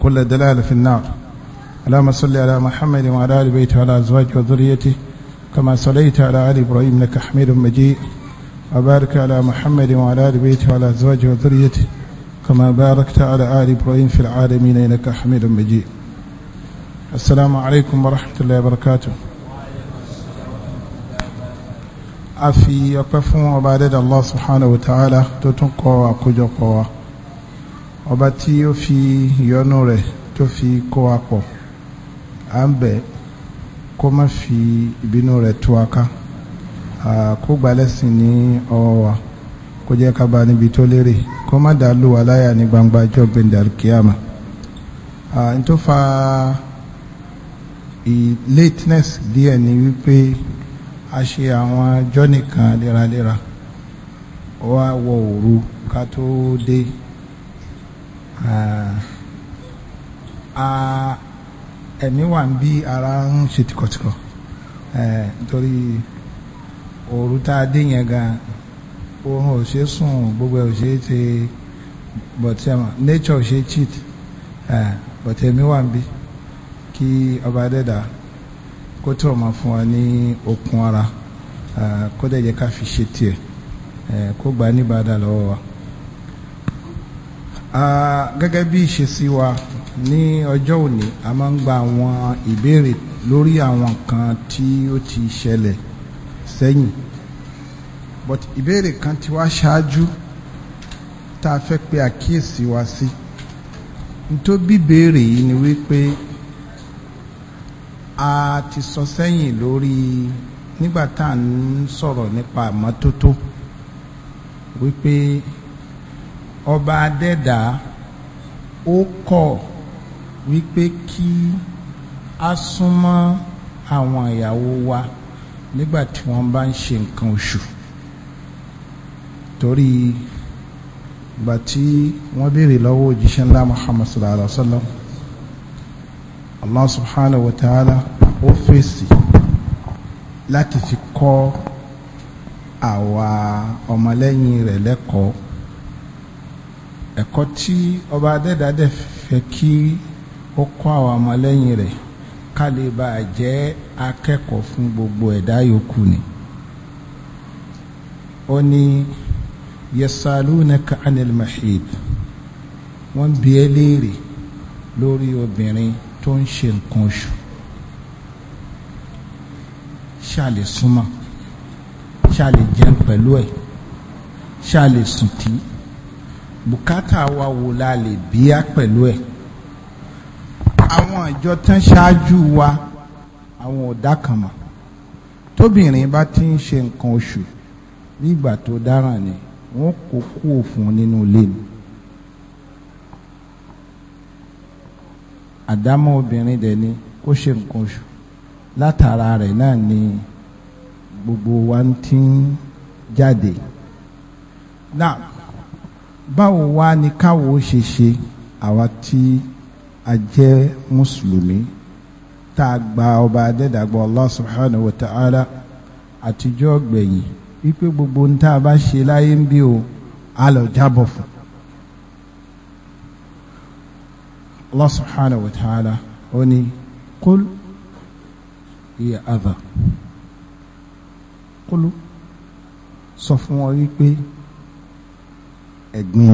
وكل دلالة في النار اللهم صل على محمد وعلى آل بيته وعلى أزواجه وذريته كما صليت على آل إبراهيم إنك حميد مجيد وبارك على محمد وعلى آل بيته وعلى أزواجه وذريته كما باركت على آل إبراهيم في العالمين إنك حميد مجيد السلام عليكم ورحمة الله وبركاته أفي يقفون ọpẹ́ الله سبحانه وتعالى تتنقوا subhanahu wa ọba tí ó fi ìyọ́nú rẹ̀ tó fi kó wa pọ̀ à ń bẹ̀ kó má fi ìbínú rẹ̀ tú wa ká kó gba ní ọwọ́ wa kó jẹ́ ká bá níbi tó lérè kó má dá lù wá láyà ní gbangba ọjọ́ gbẹ̀ndẹ̀ kíyàmà n tó fa lateness díẹ̀ ni wípé a ṣe àwọn jọ́nì kan léraléra wá wọ òru ká tó dé Ah. Ah, ẹ̀mí wà ara ń ṣe tìkọ̀tìkọ̀ eh, nítorí òru tá a dé yẹn gan ò ṣe sùn gbogbo ẹ̀ ò ṣe ṣe nature ò ṣe cheat eh, but ẹ̀mí wà ń bí kí ọba dẹ́dà kó tó fún wa ní okun ara ah, kó dẹ̀ fi ṣe tiẹ̀ eh, kó gbà wa. gẹ́gẹ́ bí ṣe sí wa ní ọjọ́ òní a máa ń gba àwọn ìbéèrè lórí àwọn kan tí ó ti ṣẹlẹ̀ sẹ́yìn but ìbéèrè kan ti wá ṣáájú tá a fẹ́ pe àkíyèsí wa sí nítorí bíbéèrè yìí ni wípé a ti sọ sẹ́yìn lórí nígbà tá à ń sọ̀rọ̀ nípa àmọ́tótó wípé ọba adẹ́dà ó kọ̀ wípé kí a súnmọ́ àwọn ìyàwó wa nígbà tí wọ́n bá ń ṣe nǹkan oṣù torí ìgbà tí wọ́n béèrè lọ́wọ́ òjíṣẹ́ ńlá Muhammad sallallahu alaihi wa sallam Allah subhanahu wa ta'ala ó fèsì láti fi kọ́ àwa ọmọlẹ́yìn rẹ̀ lẹ́kọ̀ọ́ ẹ̀kọ́ tí ọba adẹ́dàdẹ́ fẹ́ kí ó kọ́ àwọn ọmọlẹ́yìn rẹ̀ ká lè bá a jẹ́ akẹ́kọ̀ọ́ fún gbogbo ẹ̀dá yòókù ni ó ní yasalunaka anil mahid wọ́n bi ẹ́ léèrè lórí obìnrin tó ń ṣe nǹkan oṣù ṣáà lè súnmọ́ jẹun pẹ̀lú ẹ̀ ṣáà sùn tì bùkátà wa wò la lè bíá pẹ̀lú ẹ̀ àwọn ìjọ tán ṣáájú wa àwọn ọ̀dà kan mọ̀ tóbìnrin bá ti ń ṣe nǹkan oṣù nígbà tó dáràn ni wọ́n kó kú òfun nínú ilé ni àdámọ́ obìnrin dẹ̀ ni kó ṣe nǹkan oṣù látara rẹ̀ náà ni gbogbo wa ti ń jáde náà báwo wá ni káwo ṣe ṣe àwa tí a jẹ́ mùsùlùmí tá a gba ọba adẹ́dàgbọ́ Allah subhanahu wa ta'ala àtijọ́ gbẹ̀yìn wípé gbogbo ń tá a bá ṣe láyé ń bí o a lọ jábọ̀ fún Allah subhanahu wa ó ní qul hiya adha qul sọ fún wọn wípé ẹ̀gbin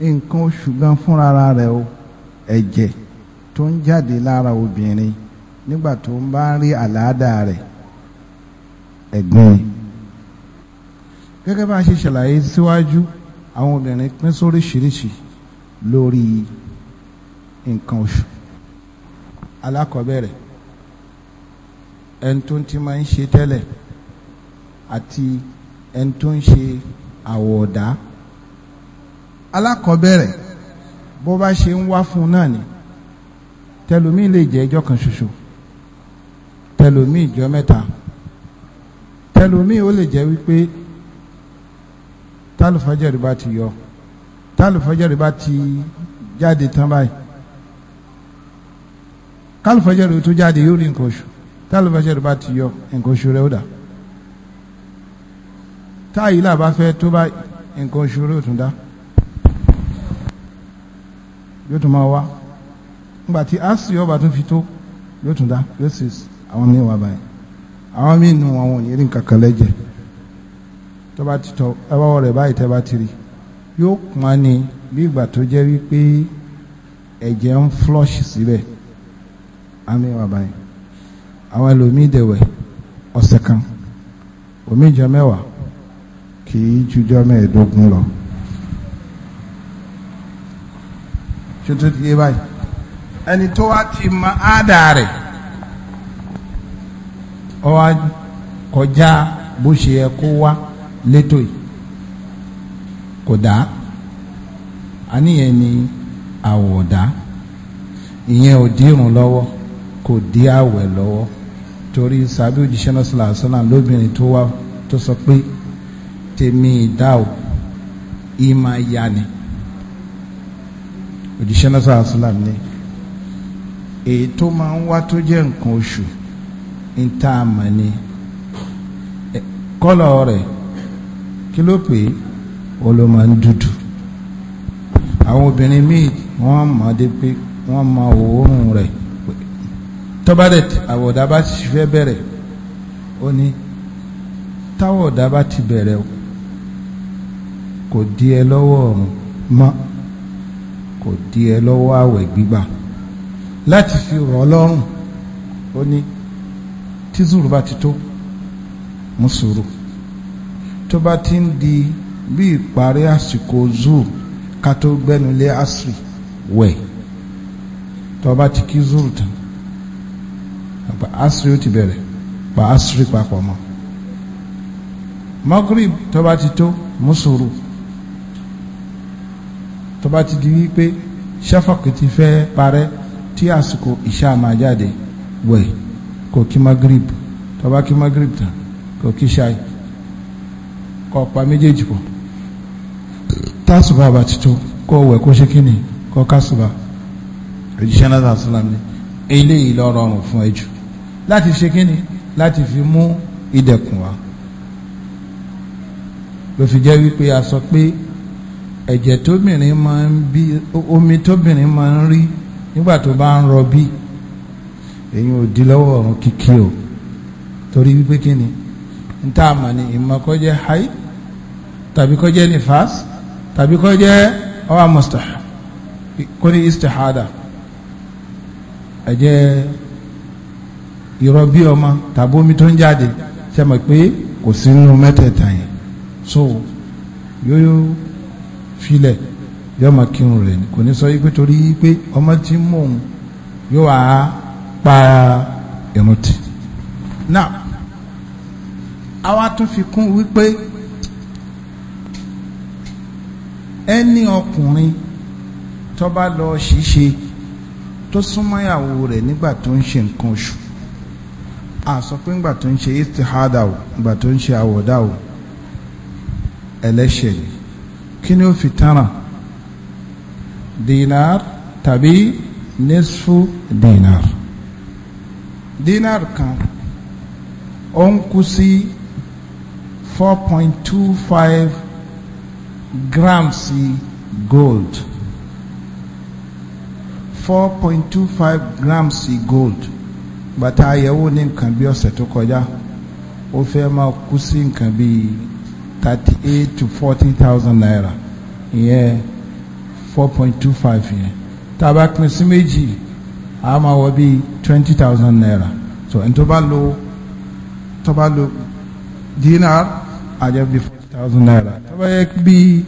ni nǹkan oṣù gan fúnra rẹ̀ o ẹ̀jẹ̀ tó ń jáde lára obìnrin nígbà tó ń bá ń rí àlàáda rẹ̀ ẹ̀gbin ni gẹ́gẹ́ bá a ṣe ṣàlàyé síwájú àwọn obìnrin pín sóríṣiríṣi lórí nǹkan oṣù alákọ̀ọ́bẹ̀rẹ̀ ẹni tó ti máa ń ṣe tẹ́lẹ̀ àti ẹni tó ń ṣe àwọ̀ ọ̀dá alákọ̀ọ́bẹ̀rẹ̀ bó bá ṣe ń wá fún náà ni tẹlomi lè jẹ́ ìjọ kan ṣoṣo tẹlomi ìjọ mẹ́ta tẹlomi ó lè jẹ́ wípé tálùfájẹ̀rì bá ti yọ tálùfájẹ̀rì bá ti jáde tán báyìí kálùfájẹ̀rì ó jáde yóò rí nǹkan oṣù tálùfájẹ̀rì bá ti yọ nǹkan oṣù rẹ̀ ó dà táyì là bá fẹ́ tó bá nǹkan oṣù rẹ̀ tún dá yóò tún máa wá nígbà tí asiri ọba tún fi tó yóò tún dá yóò sì àwọn míì wà báyìí àwọn míì nù àwọn ò ní nǹkan kan lẹ́jẹ̀ tó bá ti tọ ẹwọ́ rẹ̀ báyìí tẹ́ bá ti rí yóò pọn ni bí ìgbà tó jẹ́ wípé ẹ̀jẹ̀ ń flush síbẹ̀ àmì wà báyìí àwọn ẹlòmíì dẹ̀wẹ̀ ọ̀sẹ̀ kan òmíì jẹ mẹ́wàá kì í jújọ́ mẹ́ẹ̀ẹ́dógún lọ ṣètò ìdíyẹ báyìí ẹni tó wá ti ma ádà rẹ̀ wá kọjá bó ṣe yẹ kó wá létò yìí kò dá àníyàn ni ìyẹn ò dírun lọ́wọ́ kò dí àwẹ̀ lọ́wọ́ torí sábẹ́ òjíṣẹ́ náà sọ̀rọ̀ àṣọ náà lóbìnrin tèmi ìdá o ìmọ̀ ìyá ni òjíṣẹ́ náà sọ̀rọ̀ sílám ni èyí tó máa ń wá tó jẹ́ nǹkan oṣù ń tá a mọ̀ ni kọ́lọ̀ rẹ̀ kí ló pè é ó ló máa ń dúdú àwọn obìnrin míì wọ́n mọ̀ dé pé wọ́n mọ òórùn rẹ̀ tọ́ba dẹ̀ bá ti fẹ́ bẹ̀rẹ̀ ó ní táwọ̀dà bá ti bẹ̀rẹ̀ o kò dí ẹ lọ́wọ́ ọ̀run mọ́ kò dí ẹ lọ́wọ́ àwẹ̀ gbígbà láti fi rọ̀ lọ́rùn ó ní tí zuru bá ti tó mú sùúrù tó bá ti ń di bí ìparí àsìkò zuru ká tó gbẹnulé asri wẹ̀ tó bá ti kí zuru tán àgbà asri ó ti bẹ̀rẹ̀ pa asri papọ̀ mọ́ magrib tó bá ti tó mú sùúrù tó bá ti di wípé ṣẹ́fọ̀kì ti fẹ́ parẹ́ tí àsìkò ìṣá máa jáde wẹ̀ kò kí magrib tó bá kí magrib tán kò kí ṣáì kó pa méjèèjì pọ̀ tásùbà bá ti tó kó wẹ̀ kó ṣe kí ni kó kásùbà òjíṣẹ́ náà sàlám ni eléyìí ló rọrùn fún ẹjù láti ṣe kí ni láti fi mú ìdẹ̀kùn wá ló jẹ́ wípé a sọ pé ẹ̀jẹ̀ tóbìnrin máa ń bí omi tóbìnrin máa ń rí nígbà tó bá ń rọbí ò di lọ́wọ́ ọ̀run o torí wípé kí ni n tá a mà ní ìmọ̀ kó jẹ́ hai tàbí jẹ́ nifas tàbí kó jẹ́ ọwọ́ mustah istihada ẹ̀jẹ̀ ìrọbí ọmọ tàbí omi tó ń jáde ṣe mọ̀ pé kò sí nínú mẹ́tẹ̀ẹ̀ta yẹn so filẹ̀ yóò máa kírun rẹ̀ kò ní sọ wípé torí wípé ọmọ tí ń mú òun yóò wá pa irun tì. now àwa tún fi kún wípé ẹni ọkùnrin tó bá lọ ṣìṣe tó súnmọ́ ìyàwó rẹ̀ nígbà tó ń ṣe nǹkan oṣù a sọ pé ńgbà tó ń ṣe istihada o tó ń ṣe àwọ̀dá o ni kí ni ó fi tánràn dinar tàbí nisfu dinar dinar kan ó ń kú four point two five grams gold four point two five grams gold bàtà àyẹ̀wò ní nǹkan bí ọ̀sẹ̀ tó kọjá ó fẹ́ máa kú sí nǹkan bíi thirty eight to forty thousand naira ìyẹn four point two five yẹn tá a bá pín sí méjì a máa wọ bíi twenty thousand naira so ẹni tó bá lo tó bá lo dinar àjẹ bíi forty thousand naira tó bá yẹ bíi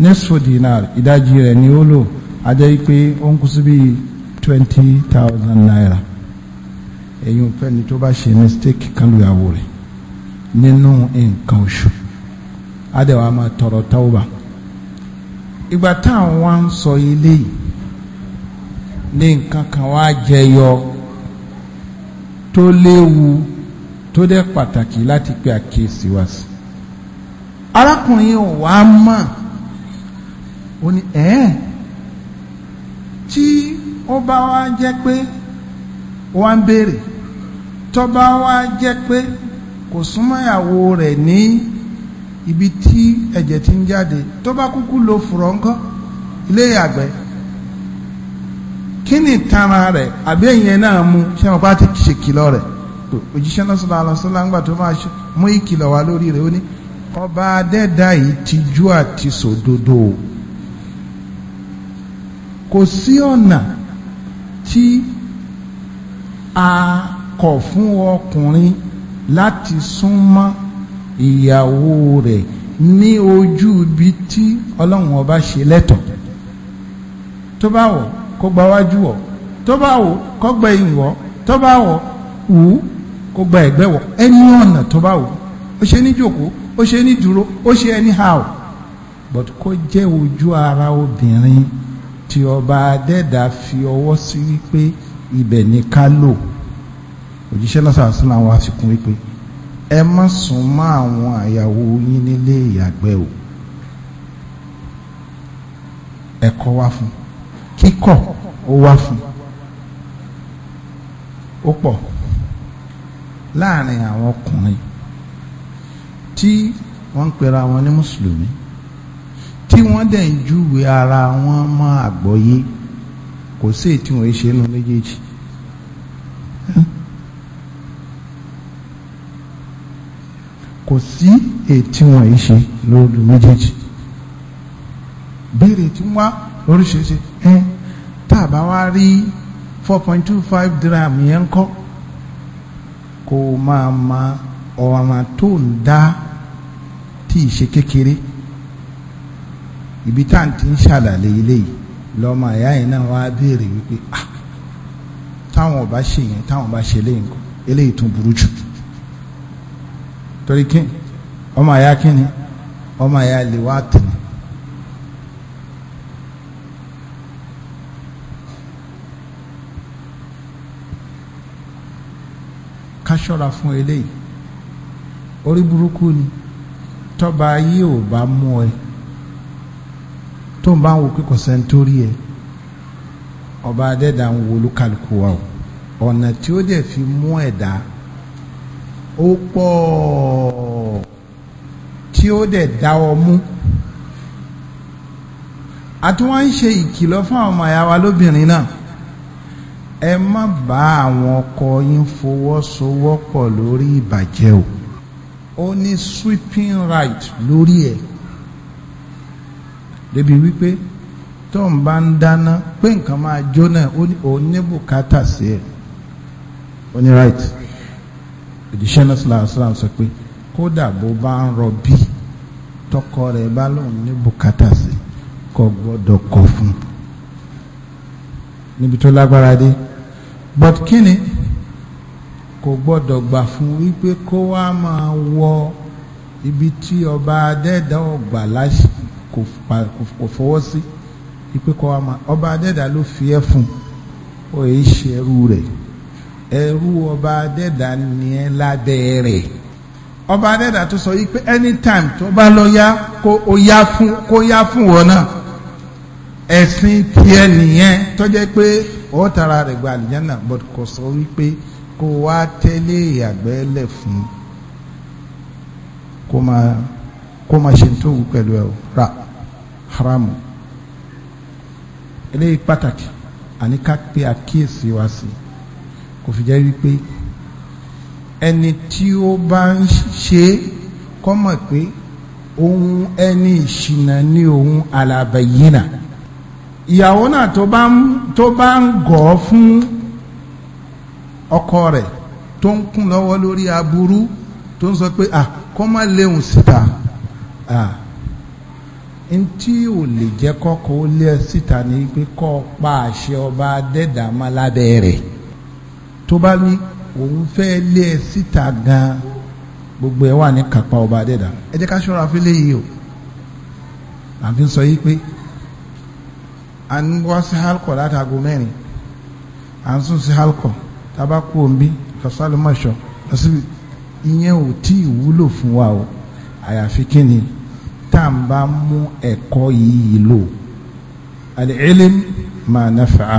nesfo dinar ìdajì rẹ̀ ni ó lò àjẹ pé ó ń kú sí bíi twenty thousand naira èyí ò fẹ́ ni tó bá ṣe mistake kálù ìyàwó rẹ̀ nínú nǹkan oṣù adẹ̀wà máa tọrọ tawba ìgbà táwọn wá ń sọ ilé yìí ní nǹkan kan wá jẹyọ tó léwu tó dẹ̀ pàtàkì láti pe àkíyèsí wa sí arákùnrin ò wá mọ̀ ó ní ẹ̀ẹ́ tí ó bá wá jẹ́ pé wá ń béèrè tó bá wá jẹ́ pé kò súnmọ́ ìyàwó rẹ̀ ní ibi tí ẹ̀jẹ̀ ti ń jáde tó bá kúkú lo fùrọ̀ ńkọ́ ilé àgbẹ̀ kí ni tara rẹ̀ àbí ẹ̀yìn náà mu ṣé wọn bá ti ṣe kìlọ̀ rẹ̀ òjíṣẹ́ náà sọ̀rọ̀ àlọ́sọ́lá ńgbà tó máa mú ìkìlọ̀ wá lórí rẹ̀ ó ní ọba adẹ́dá yìí ti jú àti sòdodo kò sí ọ̀nà tí a kọ̀ fún ọkùnrin láti súnmọ́ ìyàwó rẹ̀ ní ojú ibi tí ọlọ́run ọba ṣe lẹ́tọ̀ tó bá wọ̀ kó gba wájú wọ̀ tó bá wọ̀ kó gba ìyìn wọ̀ tó bá wọ̀ wù ú kó gba ẹ̀gbẹ́ wọ̀ ẹni ọ̀nà tó bá wọ̀ ó ṣe ní jókòó ó ṣe ní dúró ó ṣe anyhow but kó jẹ́ ojú ara obìnrin tí ọba adẹ́dà fi ọwọ́ sí wípé ibẹ̀ ni ká lò òjíṣẹ́ lọ́sàásùn làwọn àfikún wípé ẹ má sùn mọ́ àwọn àyàwó yín nílé ìyàgbẹ́ o ẹ̀kọ́ wá fún kíkọ̀ ó wá fún ó pọ̀ láàrin àwọn ọkùnrin tí wọ́n ń pera wọn ní mùsùlùmí tí wọ́n dẹ̀ ń júwe ara wọn mọ́ àgbọ́yé kò sí èyí tí wọ́n ṣe nínú méjèèjì. kò sí ètí wọn yìí ṣe lórí méjèèjì béèrè tí wọ́n lóríṣiríṣi ẹ tá a bá wá rí four point two five gram yẹn ń kọ́ kó máa ma ọ̀ràn tó ń dá tí ì ṣe kékeré ibi tá à ń ti ń ṣàlàyé eléyìí lọ́mọ àyà yẹn náà wá béèrè wípé ah táwọn ò bá ṣe yẹn táwọn ò bá ṣe eléyìí tún burú jù torí kí ọmọ àyà kí ni ọmọ àyà lè wá tì ní. ká ṣọ́ra fún eléyìí orí burúkú ni tọ́ba ayé ò bá mú ẹ tó ń bá ń wo kíkọ̀ sẹ́ńtórí ẹ ọba adẹ́dà ń wo olúkálùkù wa ọ̀nà tí ó dẹ̀ fi mú ẹ̀dá. E ó pọ̀ tí ó dẹ̀ dá ọ mú àtúwọ́n ń ṣe ìkìlọ̀ fún àwọn ọmọ àyàwó lóbìnrin náà ẹ má bá àwọn ọkọ yín fọwọ́sowọ́pọ̀ lórí ìbàjẹ́ o ó ní sweeping right lórí ẹ̀ débi wípé tóun bá ń dáná pé nǹkan máa jóná òun ní bùkátà sí ẹ̀ ó ní right òjíṣẹ́ náà sàlàsàlà sọ pé kódà bó bá ń rọbí tọkọ rẹ̀ bá lòun ní bùkátà sí kò gbọ́dọ̀ kọ̀ fún un níbi tó lágbára dé but kí ni kò gbọ́dọ̀ gbà fún wípé kó wá máa wọ ibi tí ọba adẹ́dá ọgbà láṣẹ kò fọwọ́ sí wípé kó wá máa ọba adẹ́dá ló fi ẹ́ fún ó ṣe ẹrú rẹ̀. ẹrú ọba adẹ́dà niile lábẹ́ rẹ̀ ọba adẹ́dà tó sọ wípé anytime tó bá lọ yá kó o yá fún kó yá fún wọn náà ẹ̀sìn tiẹ̀ nìyẹn tara rẹ̀ gba but kò sọ wípé kó wá tẹ́lẹ̀ ìyàgbẹ́ lẹ̀ fún kó máa kó máa ṣe tó wù pẹ̀lú ẹ̀ ra haramu eléyìí pàtàkì pé àkíyèsí wá sí i. kò fi jẹ́ wípé ẹni tí ó bá ń ṣe kó mọ̀ pé ohun ẹni ìṣìnà ní ohun alàbẹ̀yìnà ìyàwó náà tó bá ń tó bá ń gọ̀ ọ́ fún ọkọ rẹ̀ tó ń kún lọ́wọ́ lórí aburú tó ń sọ pé à kó léhùn síta à ntí ò lè jẹ́ kọ́kọ́ ó lé síta ní pé kọ́ pa àṣẹ ọba adẹ́dàá lábẹ́ rẹ̀ tó bá ní òun fẹ́ lé ẹ síta gan gbogbo ẹ wà ní kápá ọba adẹ́dà ẹ jẹ́ ká ṣọ́ra fún léyìí o à ń fi sọ yìí pé à ń wá sí halkọ látago mẹ́rin à ń sùn sí halkọ tábàkù òǹbí lọ́sálùmọ̀ṣọ́ lọ́síbi ìyẹn ò tí ì wúlò fún wa o àyàfi kí ni tá à ń bá mú ẹ̀kọ́ yìí lò al-ilm ma nafa'a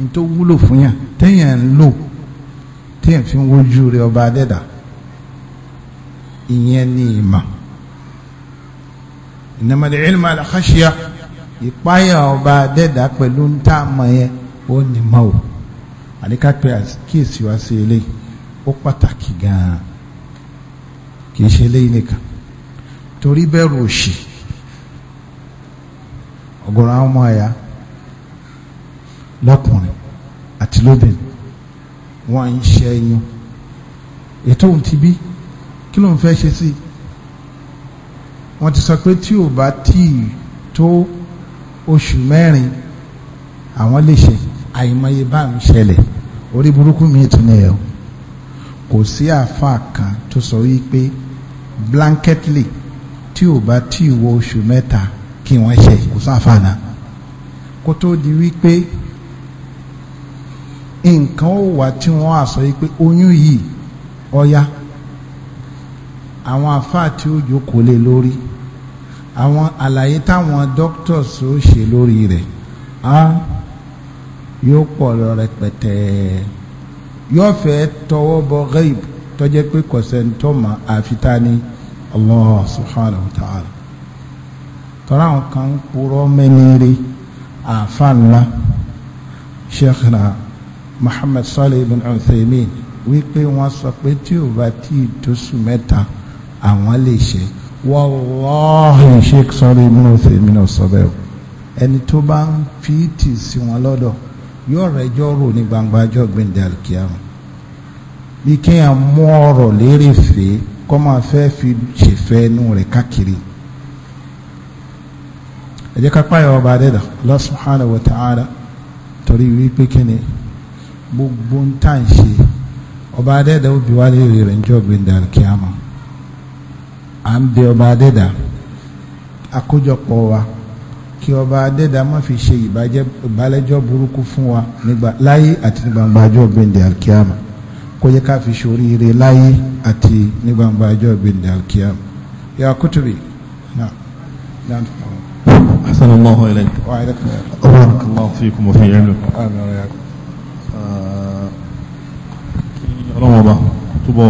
ní tó wúlò fún yàn téèyàn ń lò téèyàn fi ń wojú rẹ ọba adẹ́dà ìyẹn ni ìmọ̀ ìnàmọ̀lẹ̀ ilmọ̀ àlàkàṣíà ìpáyà ọba adẹ́dà pẹ̀lú ń tá àmọ̀ yẹn ó ní mọ̀ o àníká pé kíyèsí wá sí eléyìí ó pàtàkì gan-an kì í ṣe eléyìí nìkan torí bẹ̀rù òṣì ọ̀gọ̀rọ̀ àwọn ọmọ ẹ̀yà lọ́kùnrin àti lóbìnrin wọ́n ń ṣe ẹyin ètò òun ti bí kí ló ń fẹ́ ṣe sí wọ́n ti sọ pé tí ò bá tí ì tó oṣù mẹ́rin àwọn lè ṣe àìmọye bá ń ṣẹlẹ̀ orí burúkú mi tún ní ẹ o kò sí àáfàá kan tó sọ wípé blanketly tí ò bá tí ì wọ oṣù mẹ́ta kí wọ́n ṣe kò sáfàá náà kó tó di wípé nǹkan ó wà tí wọ́n á sọ yìí pé oyún yìí ọya àwọn àfáà tí ó jókòó lé lórí àwọn àlàyé táwọn doctors ó ṣe lórí rẹ̀ á yóò pọ̀ lọ rẹpẹtẹ yóò fẹ́ tọwọ́ bọ ghaib tọ́jẹ́ pé kọ̀sẹ̀ntọ́mà àfitání Allah subhanahu wa ta'ala tọ́ra àwọn kan ń purọ́ mẹ́ni àfa ńlá ṣẹ́kìnà Muhammad Salih ibn Uthaymin wípé wọ́n sọ pé tí ò bá tí ì tóṣù mẹ́ta àwọn lè ṣe wallahi Sheikh Salih ibn Uthaymin ọ̀sọ̀ bẹ́ẹ̀ o ẹni tó bá ń fi tì sí wọn lọ́dọ̀ yóò rẹjọ́ rò ní gbangba ọjọ́ gbẹ̀ndẹ̀ alkiyamu bí kéèyàn mú ọ̀rọ̀ lérè fèé kọ́ máa fẹ́ fi ṣèfẹ́ inú rẹ̀ káàkiri ẹ jẹ́ ká páyọ̀ ọba adẹ́dà Allah subhanahu wa ta'ala torí wípé kíni gbogbo ń tà ń ṣe ọba adẹ́dà ó bi wá léèrè rẹ̀ níjọ́ gbẹ̀ndà kíámà à ń bẹ ọba adẹ́dà àkójọpọ̀ wa kí ọba adẹ́dà má fi ṣe ìbàjẹ́ ìbálẹ́jọ́ burúkú fún wa nígbà láyé àti ní gbangba ọjọ́ gbẹ̀ndà kíámà kó yẹ ká fi ṣoríire láyé àti ní gbangba ọjọ́ gbẹ̀ndà kíámà yà kútùbì náà náà tó kọ́. أحسن الله إليك وعليكم الله فيكم وفي علمكم آمين وياكم ọlọ́run ọba túbọ̀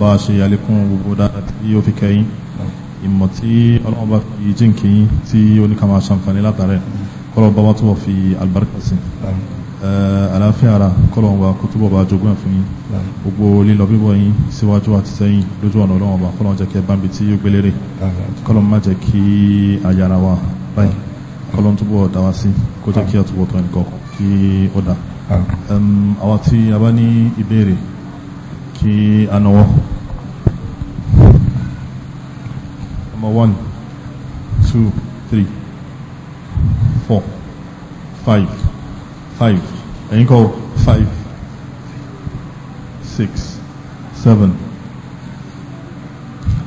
bá a ṣe àlékún gbogbo dáadáa tí ó fi kẹ́yìn ìmọ̀ tí ọlọ́run bá fi jíǹkì yín tí oníkàmá ṣàǹfààní látàrẹ kọ́lọ̀ bá wá túbọ̀ fi àlùbáríkà sí àlàáfíà ara kọ́lọ̀ ọba kó túbọ̀ bá jogún ẹ̀ fún yín gbogbo lílọ bíbọ̀ yín síwájú àti sẹ́yìn lójú ọ̀nà ọlọ́run ọba kọ́lọ̀ jẹ́ kí ẹ kọlọ́n túbọ̀ dáwà sí kó jẹ́ kí a túbọ̀ tọ́ kí ó dá. àwọn tí a bá ní ìbéèrè Key know. Number one, two, three, four, five, five. And you go five six seven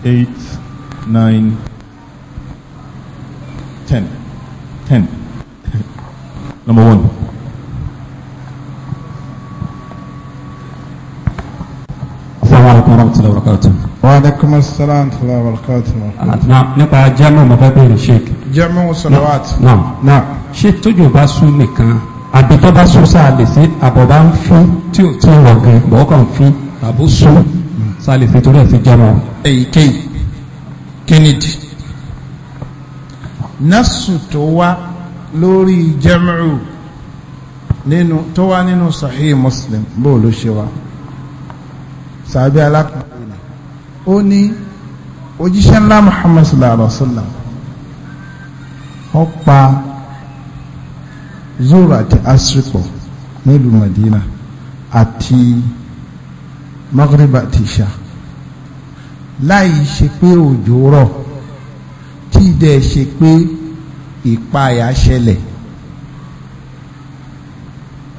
eight nine ten ten Number one. السلام عليكم ورحمة الله وبركاته وعليكم السلام ورحمة الله وبركاته نعم نبقى جمع مبابير الشيخ جمع صلوات نعم نعم ṣé tójò bá sún nìkan àbí tó bá sún sáà lè sí àbọ̀bá ń fún tí ò tí wọ̀ gan bọ̀ kàn fún àbó sún sáà lè fi torí ẹ̀ fi jẹmọ́. èyíkéyìí kennedy násù tó wá lórí jẹ́mọ̀rù tó wá nínú sahih muslim bó ló ṣe wá sàbí alákùnrin ni ó ní òjíṣẹ́ ńlá muhammad sallallahu alaihi wa sallam ó pa zoro àti asripo nílùú madina àti maghrib àti isha láì ṣe pé òjò rọ̀ tí dẹ̀ ṣe pé ìpayà ṣẹlẹ̀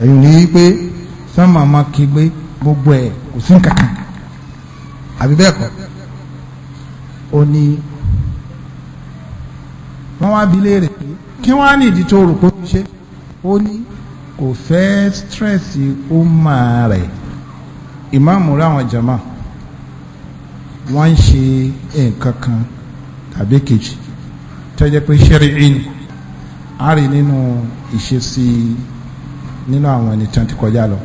ẹ̀yìn ní wípé sọ́mọ̀ ọmọ kígbe gbogbo ẹ̀ kò sí nǹkan kan àbí bẹ́ẹ̀ kọ́ ó ní wọ́n wá bi léèrè pé kí wọ́n á ní ìdí tó rò pé ó ń ṣe ó ní kò fẹ́ strẹ́sì ó máa rẹ̀ ìmáàmù ráwọn jama wọ́n ń ṣe nǹkan kan tàbí kejì tó jẹ́ pé ṣẹ́rí in á rí nínú ìṣesí nínú àwọn ẹni tí wọ́n ti kọjá lọ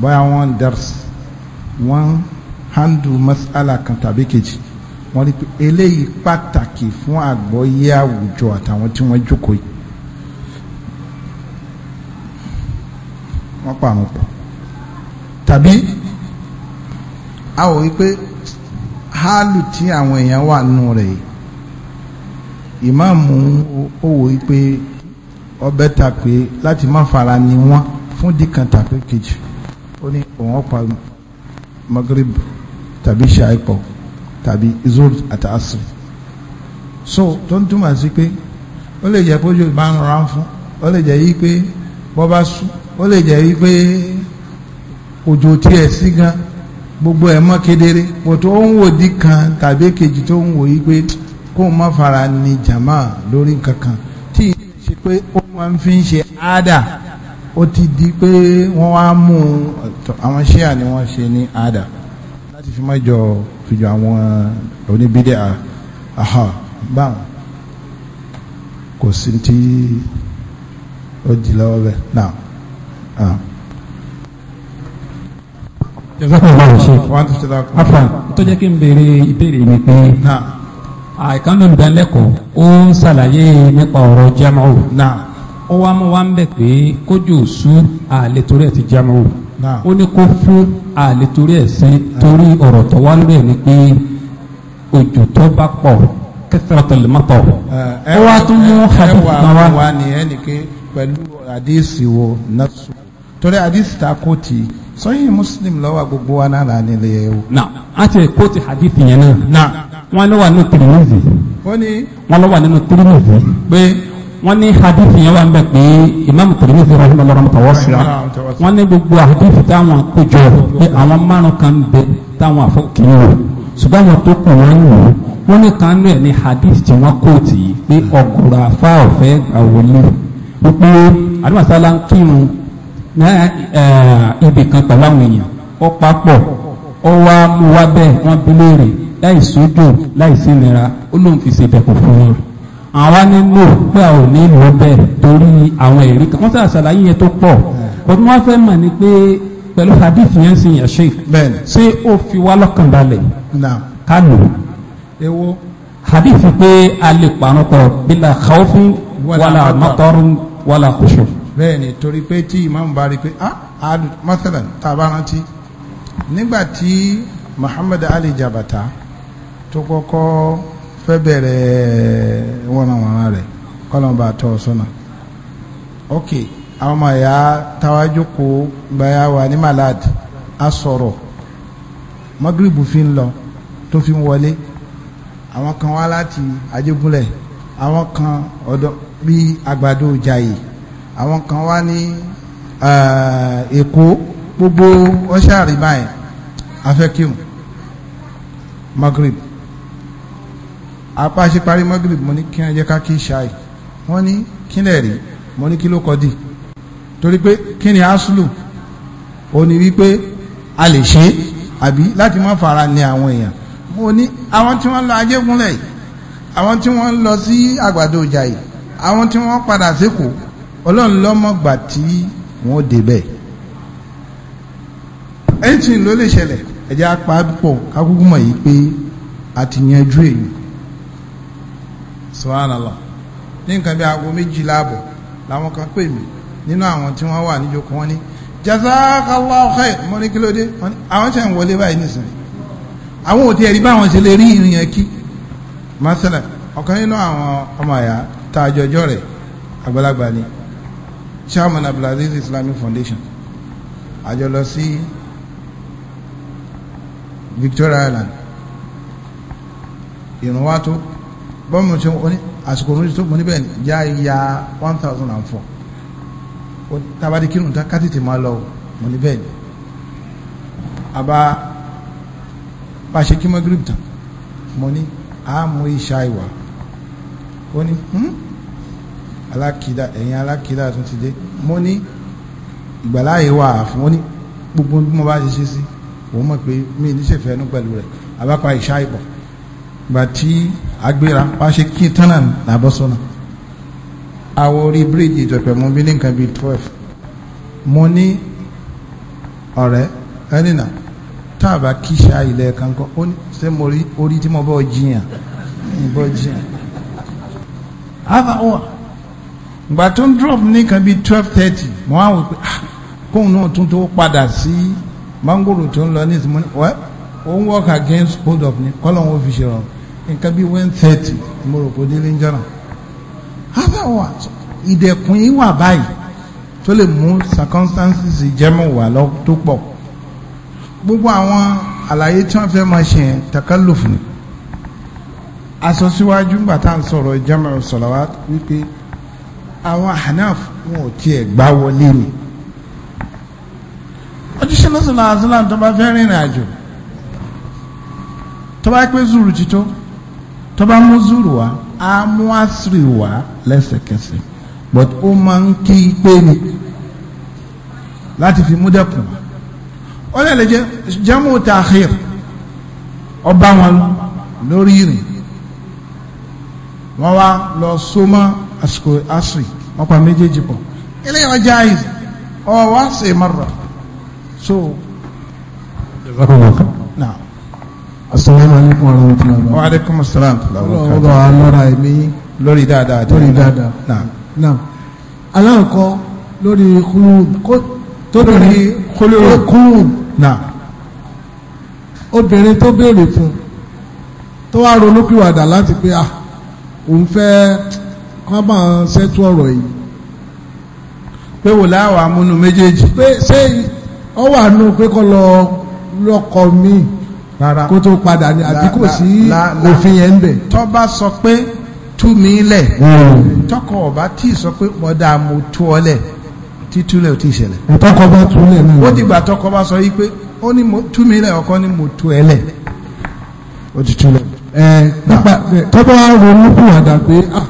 bóyá wọ́n dars wọ́n handle masala kan tàbí kejì wọ́n rí pé eléyìí pàtàkì fún àgbọ́yé àwùjọ àtàwọn tí wọ́n jókòó yìí wọ́n pa àwọn pọ̀ tàbí a ò rí pé hálù tí àwọn èèyàn wà nù rẹ̀ ìmáàmù ó wò rí pé ọbẹ̀ ta pé láti má fara ni wọ́n fún dìkan tàbí kejì ó ní òun ọ̀pá magrib tàbí ṣàìpọ̀ tàbí zoro àti asiri so tó ń túmọ̀ sí pé ó lè jẹ́ pójú máa ń ran fún ó lè jẹ́ yí pé bọ́ bá sùn ó lè jẹ́ yí pé òjò tiẹ̀ sí gan gbogbo ẹ̀ mọ́ kedere pò tó ń wò di kan tàbí kejì tó ń wò yí pé kó o má fara ni jàmá lórí nǹkan kan tí ṣe pé ó máa ń fi ń ṣe áádà ó ti di pé wọ́n wá mú àwọn ṣíà ni wọ́n ṣe ní áádà. láti fi mọ́jọ fìjọ àwọn oníbídẹ́ àhà báwọn kò sí tí ó di lọ́wọ́ bẹ́ẹ̀ náà. Ah. tó jẹ́ kí n béèrè ìbéèrè mi pé àìkánlò ìdánilẹ́kọ̀ọ́ ó ń ṣàlàyé nípa ọ̀rọ̀ jama'u ó wá mú wá ń bẹ̀ pé kójú sú ti ó ní kó fún àlè torí ẹ̀ torí ọ̀rọ̀ tó wá ni pé tó bá pọ̀ ẹ eh, wá tún mú eh, hadith náà wá. ẹ wà ní muslim lọ́wọ́ gbogbo wa náà ilé na a ti kó ti hadith na wọn lọ wà nínú wọ́n ní hadith yẹn wà ń bẹ̀ pé imam Tirmidhi rahim ọlọ́run tawọ́síra wọ́n ní gbogbo hadith táwọn kójọ pé àwọn márùn kan bẹ táwọn àfọkìlì rẹ̀ ṣùgbọ́n àwọn tó kù wọ́n ń wò wọ́n ní kan náà ní hadith tí wọ́n kó tì í pé ọ̀gùrọ̀ afá ọ̀fẹ́ àwòlé wípé àdúmọ̀sálá ń kírun ní ibì kan pẹ̀lú àwọn èèyàn ó papọ̀ ó wá mú wá bẹ́ẹ̀ wọ́n bí léèrè láì sódò láì sí ó lóun fi ṣe fún wọn àwọn ní lò pé àwọn ò ní lò bẹ́ẹ̀ torí àwọn èrí kan wọ́n sà ṣàlàyé yẹn tó pọ̀ kò tí wọ́n fẹ́ mọ̀ ni pé pẹ̀lú hadith yẹn sì yàn ṣe ṣé ó fi wá lọ́kàn balẹ̀ ká lò ó hadith pé a lè parun pọ̀ bílà khawfin wàlà mọ́tọ́rún wàlà kùsù. bẹ́ẹ̀ torí pé tí imam bá rí pé ah masalan taba rántí nígbà tí Muhammad Ali Jabata tó kọ́kọ́ fẹ́ bẹ̀rẹ̀ wọnàwọnà rẹ̀ kọlọmọba tọ sọnà ok àwọn ọmọ ẹ̀yà tawájúkú gbaya wà ní malad a sọ̀rọ̀ magribu fi ń lọ tó fi ń wọlé àwọn kan wá láti ajégúnlẹ̀ àwọn kan ọ̀dọ̀ bí àgbàdo jàyè àwọn kan wá ní èkó gbogbo ọ̀ṣà àríbáyé afẹ́kíhùn magrib apá ṣe parí magrib mo ní kí wọ́n jẹ́ ká kí ṣáì wọ́n ní kí lẹ̀ rí mo ní kí ló kọ́ dì torí pé kí ni aslu ó ní wípé a lè ṣe àbí láti má fara ní àwọn èèyàn mo ní àwọn tí wọ́n lọ ajégúnlẹ̀ yìí àwọn tí wọ́n lọ sí àgbàdo ọjà yìí àwọn tí wọ́n padà sékòó ọlọ́run lọ́mọ̀gbà tí wọ́n débẹ̀ ẹ̀yìn tí ló lè ṣẹlẹ̀ ẹ̀jẹ̀ apá pọ̀ kákúkú mọ̀ yìí pé a ti yanjú èyí subhanallah ní nǹkan bí aago méjì láàbọ̀ làwọn kan pè mí nínú àwọn tí wọ́n wà níjókòó wọn ní jazakallahu khair mo ní kí ló dé àwọn ṣe ń wọlé báyìí nísìnyí àwọn ò tiẹ̀ rí báwọn ṣe lè rí ìrìn yẹn kí masala ọ̀kan nínú àwọn ọmọ àyà tá a jọjọ́ rẹ̀ àgbàlagbà ni chairman abdulaziz islamic foundation àjọ lọ sí victoria island ìrùn wa tó bọ́mù tí ó ní àsìkò orí tó mú níbẹ̀ já ya 1004 tàbádé kírùn tá kátìtì máa lọ mú níbẹ̀ ni àbá bá ṣe kí mọ́ gírípù tán mọ́ ní àmú ìṣà ìwà ó ní hmm? alákìdá ẹ̀yìn alákìdá tún ti dé mọ́ ní ìgbàláyé wà fún ó ní gbogbo bí mo bá ṣe ṣe sí òun mọ̀ pé mí níṣẹ̀fẹ́ ẹnu pẹ̀lú rẹ̀ àbápa ìṣà ìbọ̀ gbà tí agbéra wá ṣe kí tánà làbọ́sọ́nà àwọn orí bíríìjì ìjọpẹ̀ mú bí ní nǹkan bíi twelve mo ní ọ̀rẹ́ ẹnìnà tá a bá kí ṣá ilẹ̀ kankan ó ní ṣé mo rí orí tí mo bọ́ jiyàn ìbọ́ jiyàn àbá wà ìgbà tó ń drop ní nǹkan bíi twelve thirty mo wá wò pé ah, kóun náà tún tó padà sí mángòrò tó ń lọ ní ìsinmi wẹ́ òun work against hold up ni kọ́lọ́hún ó fi ṣe rọrùn nǹkan bíi one thirty mo rò kó délé ń jọ́nà àbáwọ̀ ìdẹ̀kùn yìí wà báyìí tó lè mú circumstances jẹ́mu wà lọ tó pọ̀ gbogbo àwọn àlàyé tí wọ́n fẹ́ máa ṣe yẹn takalluf ni aṣọ síwájú ńgbà tá à sọ̀rọ̀ jẹ́mu salawat wípé àwọn Hanaf wọn ò tiẹ̀ gbá wọlé ni ojúṣe lọ́sọ̀lá àzọ́là tó bá fẹ́ rìnrìn àjò tó bá pé zuru ti tó bá mú zuru wá á mú asiri wá lẹ́sẹ̀kẹsẹ̀ but ó máa ń kí pé ni láti fi mú dẹ́kun wá ó lè lè jẹ́ jamu ta'khir ọba wọn lórí rìn wọ́n wá lọ sómọ́ àsìkò asiri wọ́n pa méjèèjì pọ̀ ilé ọjà yìí ọ wá sí mọ́rọ̀ so. Nah asalaamualeykum wa rahmatulahi wa aleykum salaam wa rahmatulahi ọba alọ́ra ẹ̀mí lórí dáadáa lórí dáadáa naam aláǹkọ lórí kúrúùd tó lórí kúrúùd naam obìnrin tó béèrè fún tó wá ronúpìwàdà láti pé à ah, òun fẹ́ kán bá ń ṣẹ́tú ọ̀rọ̀ yìí pé wò láwàá múnú méjèèjì pé ṣé ọ wà nù pé kọ́ lọ lọ́kọ míì rárá kó tó padà ní àbí kò sí òfin yẹn ń bẹ. tó bá sọ pé tú mi lẹ̀ hmm. tọkọ ọba tí sọ pé mo dáa mo tú ọ lẹ̀ títúlẹ̀ ò tí ì ṣẹlẹ̀. tọkọ bá tú lẹ̀ náà. ó dìgbà tọkọ bá sọ yìí pé ó ní mo tú mi lẹ̀ ọkọ ní mo tú ẹ lẹ̀ ó ti túlẹ̀. ẹ nípa tọ́ba ronú fún àdá pé ah,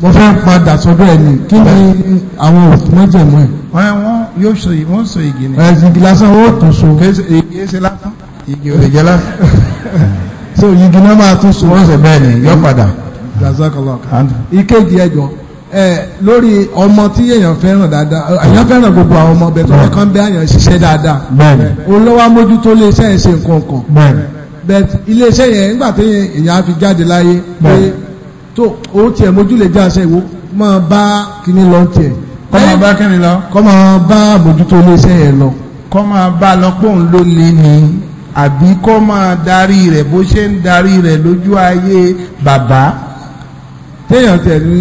mo fẹ́ padà sọ́dọ̀ ẹ̀ ni kí ni àwọn òtúmọ̀jẹ̀mọ́ ẹ̀. wọ́n yóò sọ yìí ni. ẹ̀sìn igi lásán ó tún so. kí ẹ ṣe lásán igi ò lè jẹ́ láti so igi náà máa tún sùn wọ́n sọ bẹ́ẹ̀ ni yọ padà. ìkejì ẹjọ lórí ọmọ tí èèyàn fẹ́ràn dáadáa èèyàn fẹ́ràn gbogbo àwọn ọmọ bẹ́ẹ̀ tó wọ́n kàn bẹ́ àyàn ṣiṣẹ́ dáadáa olówó amójútó lè ṣe é ṣe nǹkan kan bẹ́ẹ̀ iléeṣẹ́ yẹn nígbà tí èèyàn á fi jáde láyé pé tó o tiẹ̀ mójú lè já aṣẹ ìwò máa bá kíní lọ tiẹ̀. kọ́ máa bá kíní lọ. kọ́ máa bá àmójútó iléeṣẹ́ yẹn lọ. kọ́ máa bá lọ pé òun ló ní ni àbí kọ́ máa darí rẹ̀ bó ṣe ń darí rẹ̀ lójú ayé bàbá téèyàn tẹ̀lé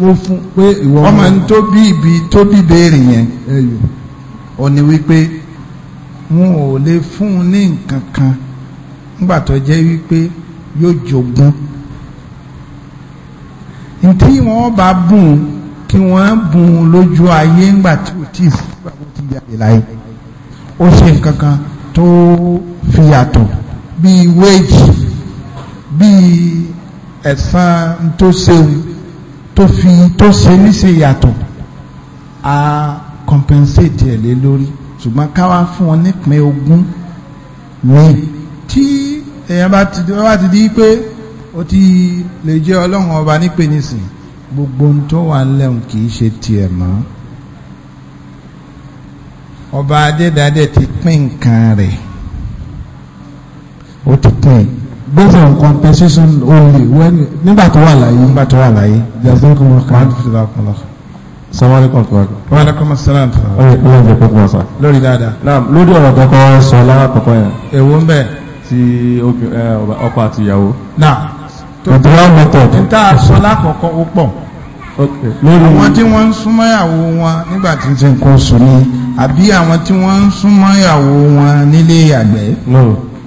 ló fún pé ìwọ ọmọ ń tó bí ibi tó bí béèrè yẹn ó ní wípé wọn ò lè fún un ní nǹkan kan nígbà tó jẹ́ wípé yóò jogún ntí wọn bá bùn kí wọn bùn lójú ayé ńgbà tí ò tí ì fún un ó ṣe nǹkan kan tó fi yàtọ̀ bíi wéèjì bíi ẹ̀san tó ṣeun tó fi tó ṣe níṣe yàtọ̀ a compensate ẹ̀ lé lórí ṣùgbọ́n ká wá fún ọ nípìn ogún mi tí èèyàn bá ti bá ti di pé ó ti lè jẹ́ ọlọ́run ọba nípè nísìn gbogbo ohun tó wà lẹ́hùn kì í ṣe tiẹ̀ mọ́ ọba adédáde ti pín nǹkan rẹ̀ ó ti tẹ̀ based on compensation only when nígbà tó wà láyé. nígbà tó wà láyé. jàdó kò wọ́n kàn. salamaleykum tuwaaku. waaleykum asalaam tuwaaku. ọyọ ọyọ ìjọ kókó wọn sọ. lórí dáadáa. naam lórí ọ̀rọ̀ kọ́kọ́ sọ lára kọ́kọ́ yẹn. èwo ń bẹ. ti ọkọ àti ìyàwó. na natural method. n ta sọ lákọ̀ọ́kọ́ ó pọ̀ lórí àwọn tí wọ́n ń súnmọ́ ìyàwó wọn nígbà tí ti ń kó sùn ni àbí àwọn tí wọ́n ń súnmọ́ wọn nílé àgbẹ̀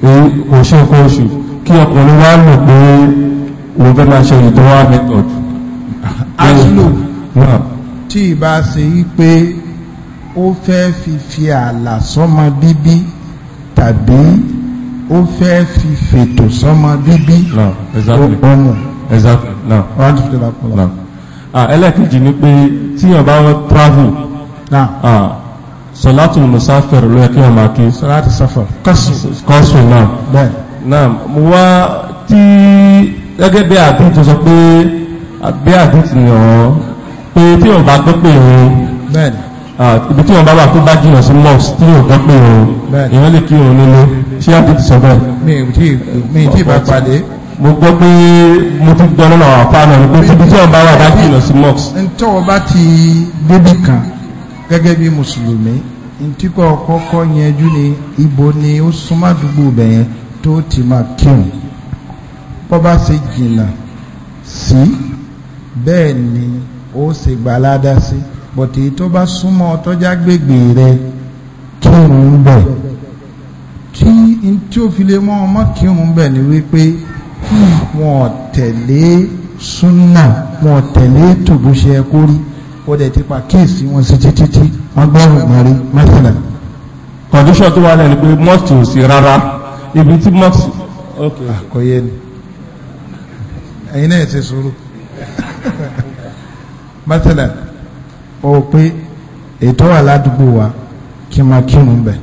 kò ṣe nǹkan oṣù kí ọkùnrin wá mọ̀ pé òun fẹ́ máa ṣe ìdánwà method. aslo tí ìbá ṣe yí pé ó fẹ́ fi fi ààlà sọ́mọ bíbí tàbí ó fẹ́ fi fètò sọ́mọ bíbí ọmọ. exactly now. ẹlẹ́kejì ni pé tíyàn bá travel. now sọlátù musafir ló yẹ kí wọ́n máa kí sọlátù safar kọ́sùn náà bẹ́ẹ̀ náà mo wá tí gẹ́gẹ́ bí àdúrà tó sọ pé bí àdúrà ti yàn ọ́ pé tí wọ́n bá gbọ́ pé òun ibi tí wọ́n bá wà tó bá jìnà sí mosque tí wọ́n gbọ́ pé òun èèyàn lè kí òun nílé ṣé àdúrà ti sọ bẹ́ẹ̀. mi ì tí ì bá pàdé mo gbọ́ pé mo ti gbọ́ lọ́nà àwọn afáàmì ẹni pé ibi tí wọ́n bá wà bá jìnà sí mosque. ń tọ́wọ́ bá ti débì kan gẹ́gẹ́ bí mùsùlùmí ntíkọ̀ kọ́kọ́ yẹnjú ni ibo ni ó súnmọ́ àdúgbò bẹ̀yẹn tó ti máa kírun bọ́ bá ṣe jìnnà sí bẹ́ẹ̀ ni ó ṣe gbalada sí bọ̀tí tó bá súnmọ́ tọ́já gbègbè rẹ kírun ń bẹ̀ tí tí ó mọ́ ọmọ kírun ń bẹ̀ ni wípé hm, wọn tẹ̀lé súnà wọn tẹ̀lé tòbúṣe kórí ó dẹ̀ ti pa kíìsì wọn sí títí tí wọ́n gbọ́rùn mọ́rí mẹ́sìlẹ̀. condition tó wà lẹ́nu pé mosque ò sí rárá ibi tí mosque. ok àkọyé ah, ni ẹ̀yin náà ti sùúrù mẹ́sìlẹ̀ ó pé ètò aládùúgbò wa kí n máa kírun bẹ̀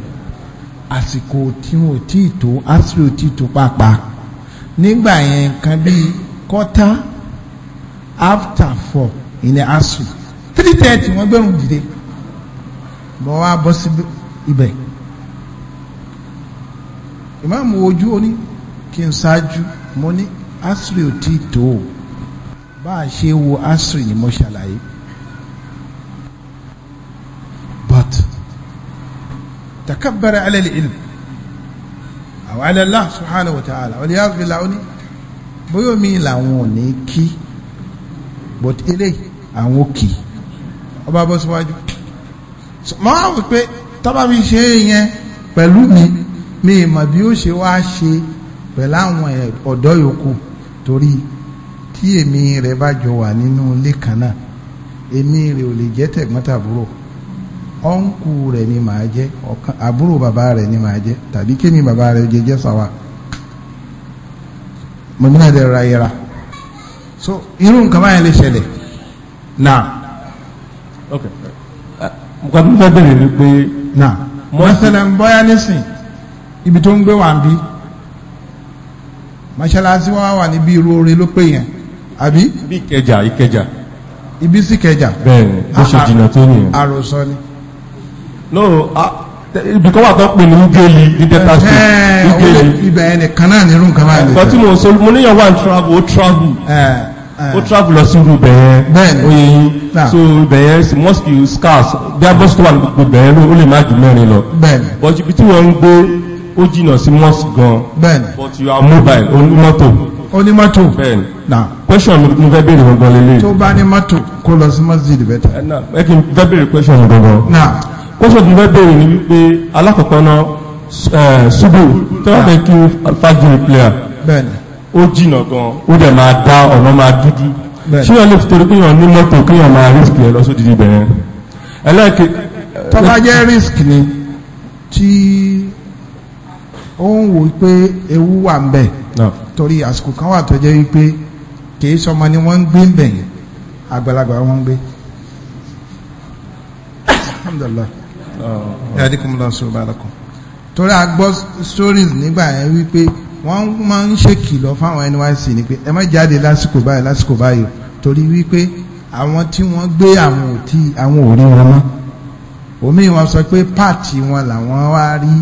àsìkò tí wọn ò tí ì tó àsìkò ò tí ì tó pàápàá nígbà yẹn nǹkan bíi quarter after four ilẹ̀ asùn thirty wọ́n gbẹ̀rùn dìde bọ́ wá bọ́ sí ibẹ̀ ìmáàmù ojú ó ní kí n ṣáájú mo ní asiri ò tí tó o bá a ṣe wo asiri ni mo ṣàlàyé but takabbara ala al-ilm aw ala Allah subhanahu wa ta'ala wal yaghfi launi boyo mi làwọn ò ní kí but eléyìí àwọn ò kì í ọba bọ́ síwájú ma wá wí pé tọ́ba ṣe yẹn pẹ̀lú mi mi ìmọ̀ bí ó ṣe wá ṣe pẹ̀lú àwọn ọ̀dọ́ yòókù torí tí èmi rẹ̀ bá jọ wà nínú ilé kan èmi rẹ̀ ò lè jẹ́ tẹ̀gbọ́ntàbúrò ọ̀nkù rẹ̀ ni màá jẹ́ àbúrò bàbá rẹ̀ ni màá jẹ́ tàbí kí ni bàbá rẹ̀ jẹ́ jẹ́ sáwà mo ní àdẹ̀rẹ̀ ayẹra so irú nǹkan báyẹn lè ṣẹlẹ̀ náà. Ok. tó fẹ́ bẹ̀rẹ̀ ni pé. na mọ́sálẹ̀ ń bọ́yá nísìn ibi tó ń gbé wà ń bí mọ́sálásí wa wà níbi irú oore ló pé yẹn àbí. bí ìkẹjà ìkẹjà. ibi sí ìkẹjà. bẹ́ẹ̀ni bó ṣe jìnnà tó nìyẹn. àròsọ ni. no ibi kan wà tó pè ní ugeli ní delta state ugeli. ibẹ̀ ẹnì kan náà nírú nǹkan báyìí. ìgbà tí mo sọ mo níyàn wà ń travel ó travel. Eh. ó travel lọ sí irú bẹ̀yẹn oye yín so bẹ̀yẹn sì must be scarce bí abọ́sí tó wà gbogbo bẹ̀yẹn ló lè má jù mẹ́rin lọ but ibi tí wọ́n ń gbé ó jìnà sí mosque gan but you are mobile onímọ́tò onímọ́tò question mo fẹ́ béèrè gangan lélẹ̀ tó bá ní mọ́tò kó lọ sí masjid bẹ́tẹ̀ eh, ẹ kí n fẹ́ béèrè question gangan question mo fẹ́ béèrè ni wípé alákọ̀ọ́kọ́ náà ṣubú eh, tó wà fẹ́ kí fagiri player ó jìnà gan ó dẹ̀ máa dá ọ̀nà máa dúdú ṣí wọ́n lè torí kíyàn ní mọ́tò kíyàn máa risk ẹ̀ lọ́sọ́ dídí bẹ̀rẹ̀ ẹlẹ́ẹ̀kẹ́ tó bá jẹ́ risk ni tí ó ń wò pé ewu wà ń bẹ̀ torí àsìkò kan wà tó jẹ́ wípé kìí sọmọ ni wọ́n ń gbé ń bẹ̀yìn àgbàlagbà wọ́n ń gbé alhamdulillah yàdíkùnmùlá sọ̀rọ̀ bá lọ́kùn torí a gbọ́ stories nígbà yẹn wípé wọ́n máa ń ṣèkìlọ̀ fáwọn NYSC ni pé ẹ má jáde lásìkò báyìí lásìkò báyìí torí wípé àwọn tí wọ́n gbé àwọn òtí àwọn òrí wọn mọ́ omi wọn sọ pé páàtì wọn làwọn wá rí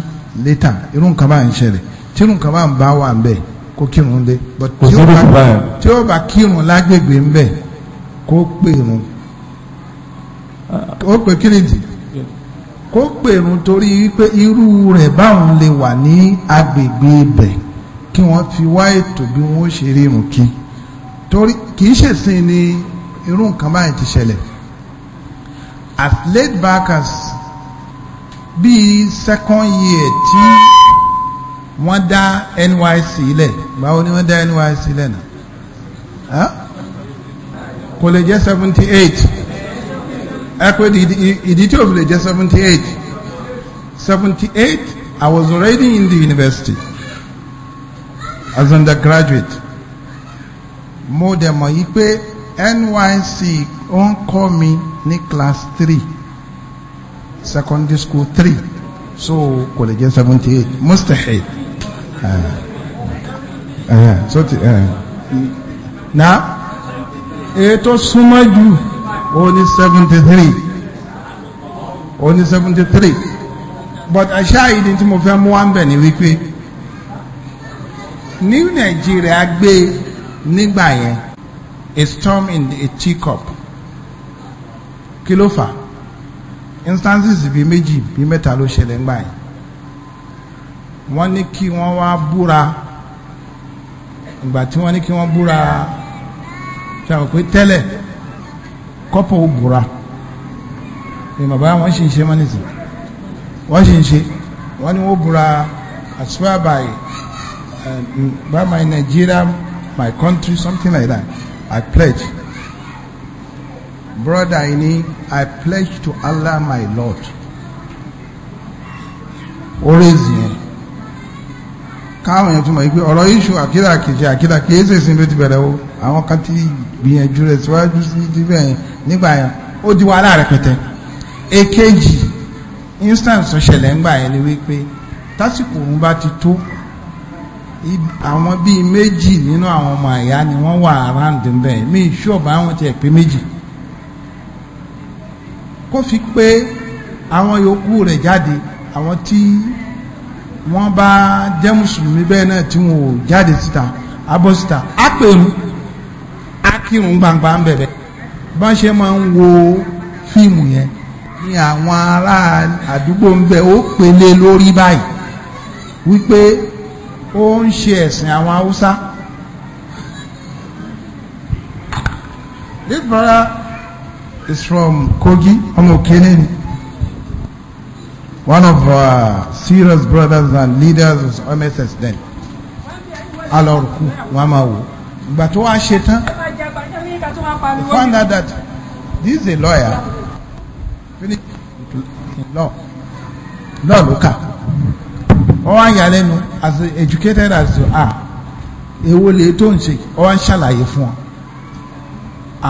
létà irú nǹkan bá ń ṣẹlẹ̀ tí irú nǹkan bá ń bá wà ń bẹ̀ kó kírun lé but tí ó bá kírun lágbègbè ń bẹ̀ kó pèrun ó pè kí nìdí kó pèrun torí wípé irú rẹ̀ báwọn lè wà ní agbègbè ibẹ̀ kí wọ́n fi wá ètò bí wọ́n ṣe rí irun kí torí kì í ṣèsìn ni irú nǹkan báyìí ti ṣẹlẹ̀ as late back as bíi second year tí wọ́n dá NYSC lẹ̀ báwo ni wọ́n dá NYSC lẹ̀ náà kò lè jẹ́ seventy eight ẹ pé ìdí tí ò fi lè jẹ́ seventy eight seventy eight I was already in the university as undergraduate mo dẹ̀ mọ̀ yí pé NYSC ó ń kọ́ mi ní class three secondary school three so kò lè jẹ́ seventy eight mustahil eh, eh, so ti eh. na ètò súnmọ́ ó ní seventy three ó ní seventy three but àṣà ìdí tí mo fẹ́ mú wá ń bẹ̀ ni wípé. New Nigeria gbé nígbà yẹn a storm in a teacup kí ló fà instances bíi méjì bíi mẹ́ta ló ṣẹlẹ̀ ńgbà yẹn wọ́n ní kí wọ́n wá búra ìgbà tí wọ́n ní kí wọ́n búra ṣàwọn pé tẹ́lẹ̀ kọ́pọ̀ ó búra ni bàbá wọn ṣì ń ṣe mọ́nìtì wọ́n ṣì ń ṣe wọ́n ní wọ́n búra àṣùwà báyìí by my Nigeria, my country, something like that. I pledge. Brother I need. I pledge to Allah my Lord. Always yẹn. Káwọn èèyàn tún mọ̀ wípé ọ̀rọ̀ iṣu àkídà kìí àkídà kìí ṣe sin ló ti bẹ̀rẹ̀ o. Àwọn kan ti gbìyànjú rẹ̀ síwájú sí ti bẹ̀rẹ̀ nígbà yẹn. Ó di wàhálà rẹpẹtẹ. Èkejì instance ṣẹlẹ̀ ńgbà yẹn ni wípé tásìkò òun bá ti tó àwọn bíi méjì nínú àwọn ọmọ àyá ni wọ́n wà around ń bẹ̀ mí ṣọ́ọ̀bù àwọn tiẹ̀ pé méjì kó fi pé àwọn yòókù rẹ̀ jáde àwọn tí wọ́n bá jẹ́ mùsùlùmí bẹ́ẹ̀ náà tí wọ́n ò jáde síta abọ́ síta á pèrú gbangba ń bẹ̀rẹ̀ bá ṣe máa ń wo fíìmù yẹn ní àwọn ará àdúgbò ń bẹ̀ ó pèlè lórí báyìí wípé ó ń ṣe ẹ̀sìn àwọn haúsá this brother is from Kogi ọmọ òkèlè ni one of our serious brothers and leaders of MSS then alọrùkù wọn máa wò ìgbà tó wá ṣe tán we found out that this is a lawyer finish law law ló kà wọ́n wá yà lẹ́nu as educated as you are èwo lè tó ń ṣe wọ́n wá ń ṣàlàyé fún wọn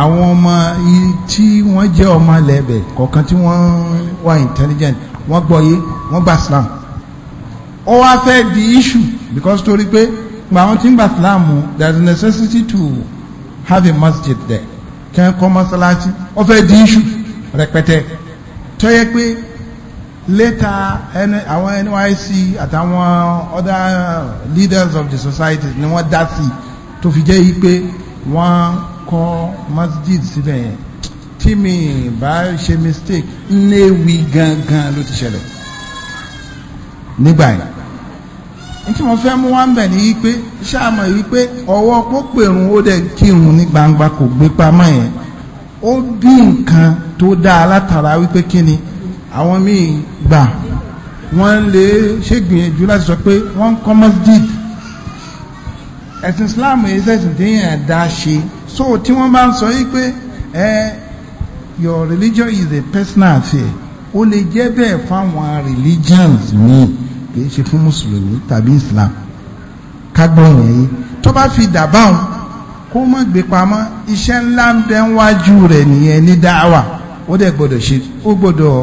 àwọn ọmọ tí wọ́n jẹ́ ọmọ lẹ́bẹ̀ kọ̀ọ̀kan tí wọ́n wà intelligent wọ́n gbọ́yé wọ́n gba Islam ó wá fẹ́ di issue because torí pé gba àwọn tí ń gba Islam there is necessity to have a masjid there kí wọ́n kọ́ mọ́sálásí ó fẹ́ di issue rẹpẹtẹ tó yẹ pé later àwọn NYSC àtàwọn other leaders of the society ni wọ́n dá sí tó fi jẹ́ wípé wọ́n kọ́ masjid síbẹ̀ yẹn tí mi bá ṣe mistake Nnewi gangan ló ti ṣẹlẹ̀ nígbà yẹn tí wọ́n fẹ́ mú wá ń bẹ̀ ní wípé ṣáàmọ̀ wípé ọwọ́ pópèrún ó dẹ̀ kírun ní gbangba kò gbé pamọ́ yẹn ó bí nǹkan tó dáa látara wípé kí ni àwọn míì gbà wọ́n lè ṣègbìyànjú láti sọ pé wọ́n ń kọ́ masjid ẹ̀sìn Islam yìí sẹ́sìn tí yẹn dá ṣe so tí wọ́n bá ń sọ yìí pé ẹ your religion is a personal affair ó lè jẹ́ bẹ́ẹ̀ fáwọn religions míì kì í ṣe fún mùsùlùmí tàbí Islam kágbọ́n yẹn yìí tó bá fi dà báwọn kó mọ̀ gbé pamọ́ iṣẹ́ ńlá ń bẹ ń wájú rẹ̀ nìyẹn ní dáwà ó dẹ̀ gbọ́dọ̀ ṣe ó gbọ́dọ̀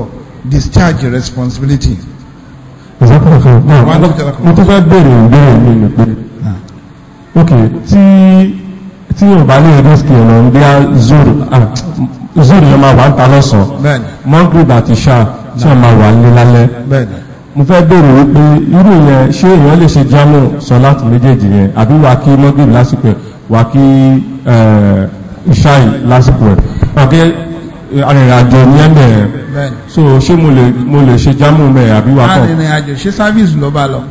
discharge responsibility. mo tún fẹ́ béèrè ìbéèrè mi ni pé ok tí tí yóò bá lè risk ọ̀nà bí a zoro zoro yẹn máa wà ń ta lọ́sàn-án mongrib àti sha tí wọ́n máa wà ní lálẹ́ mo fẹ́ béèrè wípé irú yẹn ṣé èèyàn lè ṣe jámù sọ láti méjèèjì yẹn àbí wà kí mongrib lásìkò ẹ̀ wà kí ṣáì lásìkò ẹ̀ arìnrìnàjò ní ẹ̀mẹ̀ so ṣé mo lè ṣe jámù mẹ́ àbí wakọ̀ arìnrìnàjò ṣe service ló bá lọ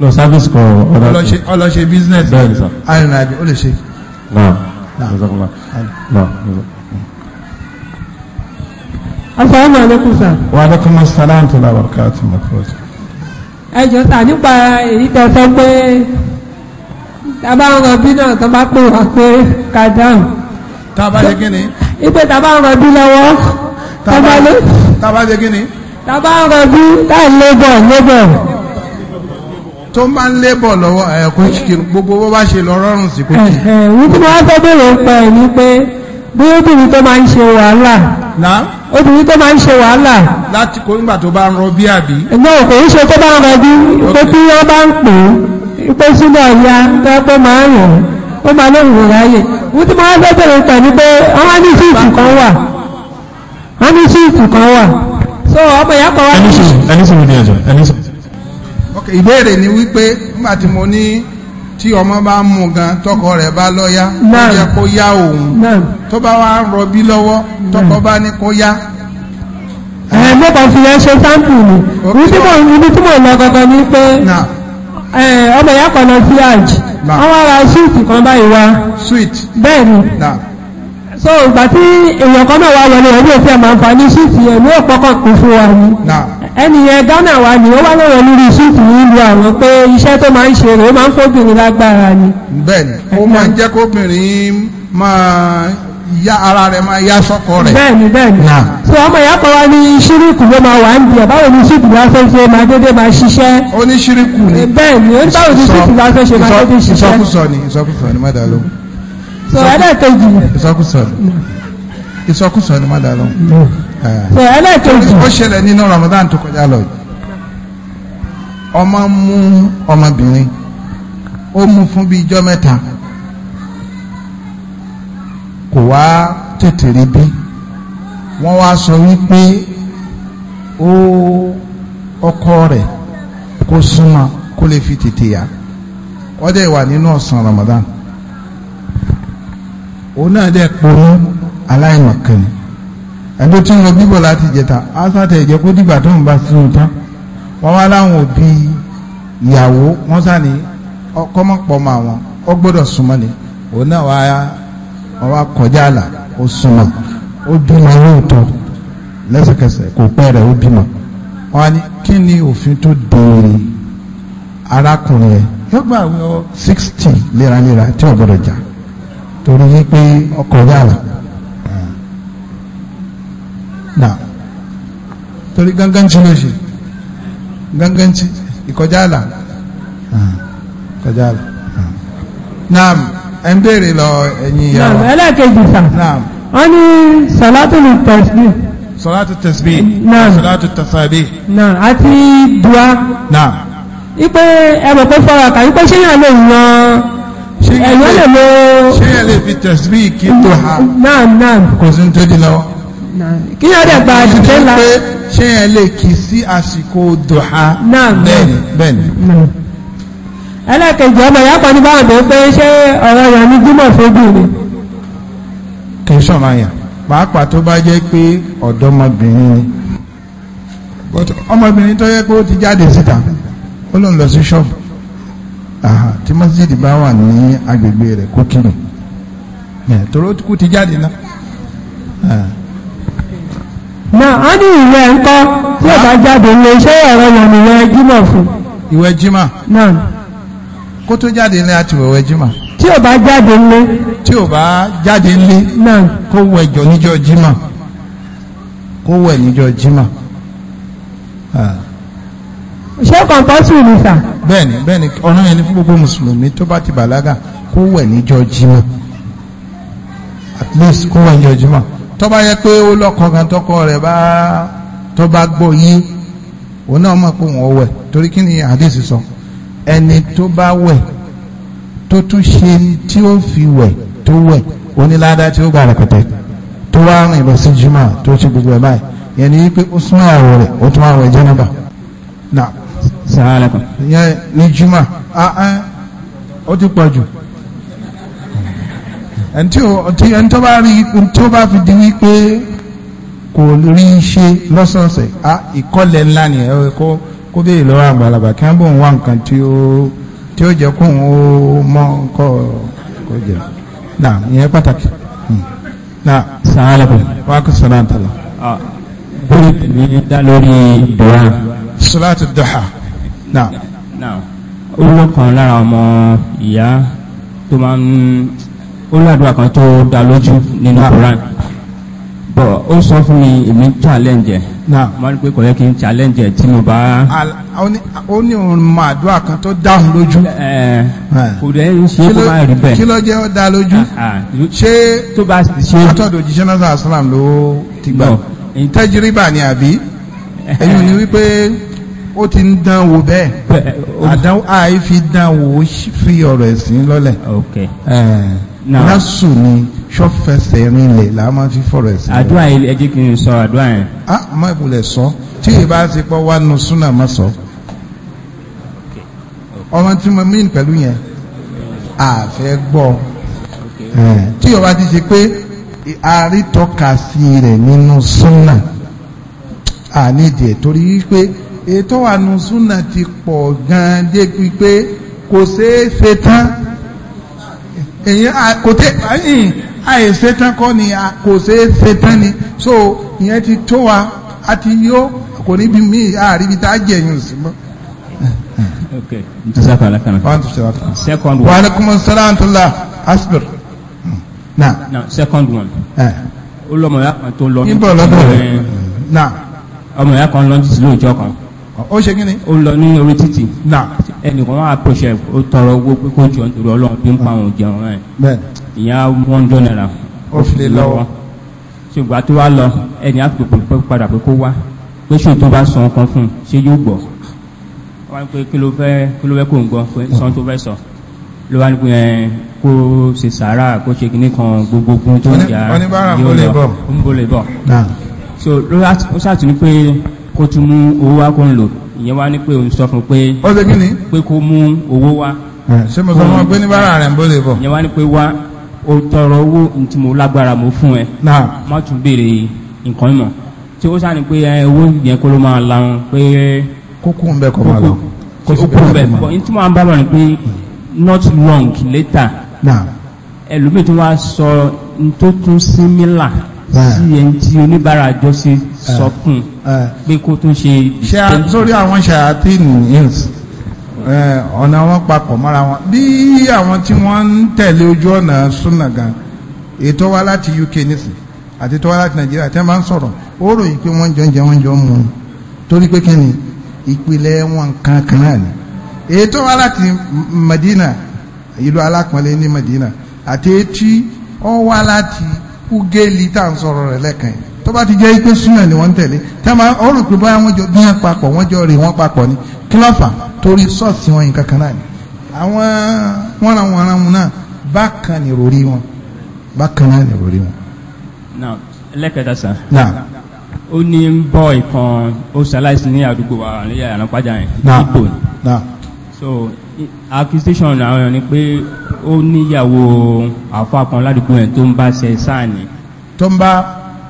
lọ service kan ọ̀dá ọlọ́ṣe business arìnrìnàjò ó lè ṣe Assalamu alaikum sir. Wa alaikum assalam tó lábàá káàtì mọ̀kọ́tì. Ẹjọ́ sà nípa èyí tẹ́ sọ pé tábà ń rọ bí náà tó bá pè wá pé ká dáhùn. Tábà lè kí ni? ipe tàbá ń rọbí lọ́wọ́ taba lé tàbá ṣe kí ni. tàbá ń rọbí tá ń lébọ̀ lébọ̀. tó ń bá ń lébọ̀ lọ́wọ́ ẹ̀ kó ṣe gbogbo bó bá ṣe lọ rọrùn sí kò kí. wọ́n ti máa fẹ́ bèrè ń pẹ́ ní pé bí obìnrin tó máa ń ṣe wàhálà obìnrin tó máa ń ṣe wàhálà láti kó nígbà tó bá ń rọ bí àbí ẹgbẹ́ òkè ń ṣe tó bá ń rọ pé kí wọ́n bá ń pè é pé sílẹ̀ ọ̀yá tẹ́pẹ́ wọ́n tí máa fẹ́ bẹ̀rẹ̀ ìtàn ní pé wọ́n ní síìtì kan wà wọ́n ní síìtì kan wà so ọmọ ìyá kan wá ní síìtì. ìbéèrè ni wípé nígbà tí mo ní tí ọmọ bá mú gan tọkọ rẹ̀ bá lọ́yà ó yẹ kó yá òun tó bá wá ń rọbí lọ́wọ́ tọkọ bá ní kó yá ẹ̀ mọ́kàn fi ẹ ṣe sáǹpù ni ibi tí mò ń lọ gangan ni pé Eh, ọmọ ìyá kan lọ sí hajj wọ́n wá ra súìtì kan báyìí wá bẹ́ẹ̀ni so ìgbà tí èèyàn kan náà wá wọlé ẹ̀rí òfin àmà ń fa ní súìtì ẹ̀ ní òpó kan kò fún wa ni ẹni yẹn Ghana wa ni ó wá lọ́wọ́ lórí súìtì ní ìlú àwọn pé iṣẹ́ tó máa ń ṣe rèé ó máa ń fóbìnrin lágbára ni. bẹ́ẹ̀ni ó máa ń jẹ́ kóbìnrin máa ya ara rẹ̀ máa ya sọ́kọ rẹ̀. bẹ́ẹ̀ni bẹ́ẹ̀ni so ọmọ ìyá kan wá ní ṣíríkù ló máa wà ń bí àbáwo ni ṣíkù bá fẹ́ ṣe máa dédé máa ṣiṣẹ́. ó ní ṣíríkù ni eh, bẹ́ẹ̀ni o ní báwo ni ṣíkù bá fẹ́ ṣe máa dédé ṣiṣẹ́. ìsọkúsọ ni ìsọkúsọ ni má dà lóhùn. so ẹlẹ́ẹ̀kejì. ìsọkúsọ ni ìsọkúsọ ni má dà lóhùn. Eh. so ẹlẹ́ẹ̀kejì. ó ṣẹlẹ̀ nínú Ramadan tó kọjá lọ ọmọ mú ọmọbìnrin ó mú fún bíi ijọ́ mẹ́ta kò wá tètè rí bí wọ́n wá sọ wípé ó ọkọ rẹ̀ kó súnmọ́ kó lè fi tètè yá wọ́n dẹ̀ wà nínú ọ̀sán Ramadan òun náà dẹ̀ pòrò aláìmọ̀kànnì ẹ̀dọ́ tí ń bíbọ̀ láti jẹta ásàtẹ̀ ìjẹ́ kó dìgbà tó ń bá sínú tán wọ́n wá láwọn òbí ìyàwó wọ́n sá ní mọ́ àwọn ọ gbọ́dọ̀ súnmọ́ ni òun náà wọ́n wá kọjá àlà ó súnmọ́ ó bímọ lóòótọ́ lẹ́sẹ̀kẹsẹ̀ kò pẹ́ rẹ̀ ó bímọ wọ́n á kí ni òfin tó dèrè arákùnrin yẹn yóò gbà sixty léraléra tí ò gbọdọ̀ jà torí wípé ọkọ̀ yàrá náà torí gánganci ló ṣe gánganci ìkọjá àlà ìkọjá àlà náà ẹ ń béèrè lọ ẹ̀yin ìyá wa. ẹlẹ́ẹ̀kejì sà. wọ́n ní sọ̀látù ní tẹ̀síbí. sọ̀látù tẹ̀síbí. sọ̀látù tẹ̀síbí. àti dùá. ipe ẹ̀rọ pé fọ́ra kà ipe ṣé yàn lè yan ẹ̀yọ́ lè lo. ṣé yàn lè fi tẹ̀síbí kí tó ha. kò sí ní tó lọ. kí yàn dẹ̀ gba àdìgbẹ́ la. ṣé yàn lè kì í sí àsìkò dùá. bẹ́ẹ̀ni bẹ́ẹ̀ni. ẹlẹ́kẹ̀jì ọmọ ya ní báwọn pé ṣé ọ̀rọ̀ yà ní jímọ̀ fojú ni. kì í sọ̀rọ̀ pàápàá tó bá jẹ́ pé ọ̀dọ́mọbìnrin ọmọbìnrin tó yẹ pé ó ti jáde síta ó lọ lọ sí ṣọ́ọ̀bù tí mọ́sídìí bá wà ní agbègbè rẹ̀ kó kú ti jáde ná. na a ní ìwé tí ọba jáde ọ̀rọ̀ jímọ̀ fún. ìwé jímọ̀. náà. kó tó jáde ńlé àti wẹ̀wẹ̀ jimá. tí ò bá jáde ńlé. tí ò bá jáde ńlé. náà kó wẹ̀ jọ níjọ́ jimá kó wẹ̀ níjọ́ jimá. ṣé kọ̀ǹpọ́sì ni sà. bẹ́ẹ̀ni bẹ́ẹ̀ni ọ̀ràn yẹn ni fún gbogbo mùsùlùmí tó bá ti bàlágà kó wẹ̀ níjọ́ jimá at least kó wẹ̀ níjọ́ jimá tó bá yẹ pé ó lọ́kọ̀ọ́ kan tọkọ rẹ̀ bá tó bá gbọ́ yé òun náà mọ̀ pé òun ọ̀wẹ̀ torí kí ni hadisi sọ ẹni tó bá wẹ̀ tó tún ṣe tí ó fi wẹ̀ tó wẹ̀ onílàádá tí ó gbà rẹpẹtẹ tó wá rìn lọ sí jimá tó ṣe gbogbo ẹ̀ báyìí yẹn ni wípé ó sún àwọ̀ rẹ̀ ó tún àwọ̀ ẹ̀jẹ̀ náà bà náà sàálàkà yẹn ah, ah, ó ti pọ̀ jù ẹni tó bá rí tó bá fi di wípé kò rí ṣe lọ́sọ̀ọ̀sẹ̀ ah, ìkọlẹ̀ ńlá ni ẹ̀rọ ẹ̀kọ́ kó béèrè lọ́wọ́ àgbàlagbà kí wọ́n bò ń wá nǹkan tí ó tí ó jẹ́ kó ń mọ́ kọ́ kó jẹ́ náà ìyẹn pàtàkì hmm. náà sàálàbọ̀ wà kó sọ̀rọ̀ àtàlà. bóyá mi dá lórí dùhà. sọláàtù dùhà náà. ó lọ́kàn lára ọmọ ìyá tó máa ń ó ládùúgbà kan tó dá lójú nínú Quran bọ̀ ó sọ fún mi èmi challenge náà mo rí pé kò kí n challenge tí mo bá. ó ní òun máa dúà kan tó dáhùn lójú. kò dẹ́ ń ṣe kó má rí bẹ́ẹ̀. kí ló jẹ́ ó dá lójú. Ah, ah, ṣé tó bá ṣe. látọ̀dọ̀ òjíṣẹ́ náà sàlám ló ti gbà. tẹ́jìrìbà ni àbí ẹ̀yin ò wípé ó ti ń dán wò bẹ́ẹ̀ àdáwò àìfi dán wò fi ọ̀rọ̀ ẹ̀sìn lọ́lẹ̀ násù ni sọ́fẹsẹ̀ rinlẹ̀ la á máa fi fọ̀rọ̀ ẹ̀sìn. àdúrà ẹjẹ́ kí n sọ àdúrà yẹn. a ah, má ìbùlẹ̀ sọ tí ìbá ti pọ̀ wá nu súnà má sọ. ọmọ tí mo mí pẹ̀lú yẹn àfẹ́ gbọ́ eh, tí ọba ti ṣe pé àrítọ́kasí rẹ̀ nínú súnà àníjẹ̀ torí wípé ètò ànusúnà ti pọ̀ gan-an débi pé kò ṣeé ṣe tán èyí kò tẹ ẹyìn àìsè tán ni kò ṣe é ṣe ni so ìyẹn ti tó wa a ti yó kò níbi míì àríbi tá a jẹyìn sí mọ́. ok nsakala kan. second one. wa aleykum salaam tula asbir. na na second one. Eh. ó lọ́mọ ya kan tó lọ ní. níbo lọ́dọ̀ rẹ̀ eh. na. ọmọ ya kan lọ ní títí lóòjọ́ kan. ó ṣe kí ni. ó lọ ní orí títì. na ẹnìkan wọn àpọ̀ṣẹ̀ ó tọrọ owó pé kó jọ nítorí ọlọ́run bí ń pa àwọn òjò ọ̀rọ̀ ẹ̀ ìyá one hundred naira ó fi lọ́wọ́ ṣùgbọ́n tó wá lọ ẹni àpèpè padà pé kó wá pé ṣé tó bá san kan fún un ṣé yóò gbọ́ wọ́n á pé kí ló fẹ́ kí ló fẹ́ kó ń gbọ́ pé san tó fẹ́ sọ ló wá ní pé ẹ kó ṣe sàárà kó ṣe kíní kan gbogbogun tó ń jà yóò lọ ń bọ̀ lè bọ̀ so ló ṣàtúnú pé kó tún mú ìyẹn wá ní pé òun sọ fún pé. ó ṣe kí ni. pé kó mú owó wá. ṣé mo sọ fún pé ní bára rẹ̀ ń bó lè bọ̀. ìyẹn wá ní pé wá o tọrọ owó tí mo lágbára mo fún ẹ. má tún béèrè nǹkan mọ̀ tí ó sáà ní pé owó yẹn kó ló máa lahun pé. kókó ń bẹ kọ́ máa lọ. kókó ń bẹ bọ̀ ní tí wọ́n bá bọ̀ ni pé not long later. ẹlòmíì tí wọ́n á sọ tó tún símílà. CNT ah. oníbàárà jọ ah. sọkùn ah. pé kó tó ṣe. ṣe sórí àwọn ṣàyàtì news eh, ọ̀nà wọn papọ̀ mọ́ra wọn bí àwọn tí wọ́n ń tẹ̀lé ojú ọ̀nà ètò wa láti UK nísìn àti tó láti Nàìjíríà tẹ́ ń sọ̀rọ̀ ó jọ ń jẹ jọ ń mu torí pé kankan ni ètò wa láti Madina ìlú ní Madina àti etí ọ wá ugeli tá à ń sọ̀rọ̀ rẹ̀ lẹ́kàn yìí tó bá ti jẹ́ pé súnà ni wọ́n ń tẹ̀lé tí a máa ọ rò pé bóyá wọ́n jọ bí wọ́n papọ̀ wọ́n jọ rè wọ́n papọ̀ ni kí ló fà torí sọ́ọ̀sì wọn yìí kankan náà ni àwọn wọ́nranwọ̀nran wọn náà bákan ni rò rí wọn bákan náà ni rò rí wọn. náà ẹlẹ́kẹ̀ẹ́ta sàn. náà ó ní ń bọ́ ìkan ó ṣaláìsí ní àdúgbò wa ní àyànnápájà yẹn. náà náà so accusation àwọn ni pé ó níyàwó àfá kan ládùúgbò ẹ̀ tó ń bá ṣe sáà ni tó ń bá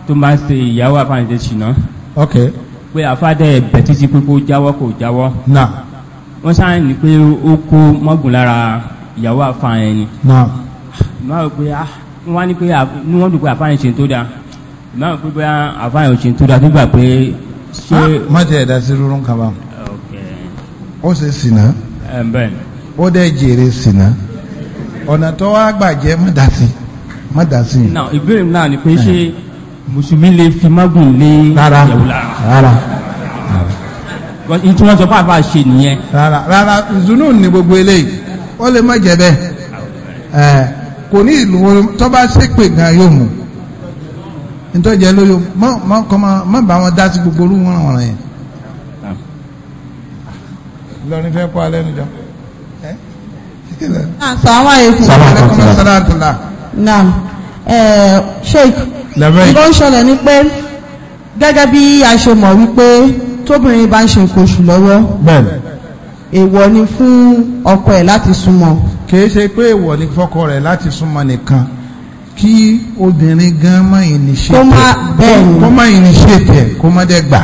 tó ń bá ṣe ìyàwó àfá ṣìná ok pé àfá dẹ̀ bẹ̀ títí pé kó jáwọ́ kò jáwọ́ náà wọ́n sáà ní pé ó kó mọ́gùn lára ìyàwó àfá ẹ̀ ni náà máa pé ah, wọ́n ní pé ah, ní wọ́n dùn pé àfá ẹ̀ ṣe tó dáa máa pé bóyá àfá ẹ̀ ṣe tó dáa tó gbà pé ṣé. Ah, má jẹ́ ẹ̀dá ó ṣe sì ó dẹ̀ jèrè sínà ọ̀nà tó wá gbàjẹ́ mọ́dásí mọ́dásí. náà ìbéèrè náà ni pé ṣe mùsùlùmí lè fi mágùn lé ìyàwó rárá sọ fún ṣe nìyẹn. rárá rárá ni gbogbo eléyìí ó lè má jẹ kò ní ìlú tó bá gan yóò mú nítorí lóyún bá wọn dá sí gbogbo olúwọ̀n Ìlọrin fẹ́ kọ́ alẹ́ nìjọ. Assalamu ah, alaikum. Naam. Sheikh. Lẹ́mẹ̀ẹ́. Ìgbọ́n ṣọlẹ̀ ni pé gẹ́gẹ́ bí a ṣe mọ̀ wípé tóbìnrin bá ń ṣe nǹkan oṣù lọ́wọ́. Bẹ́ẹ̀ni. Èèwọ̀ ni fún ọkọ ẹ̀ láti súnmọ́. Kìí ṣe pé èèwọ̀ ni fọ́kọ rẹ̀ láti súnmọ́ nìkan kí obìnrin gan mọ ìníṣẹ́ tẹ̀ kó mọ ìníṣẹ́ tẹ̀ kó mọ dẹ́ gbà.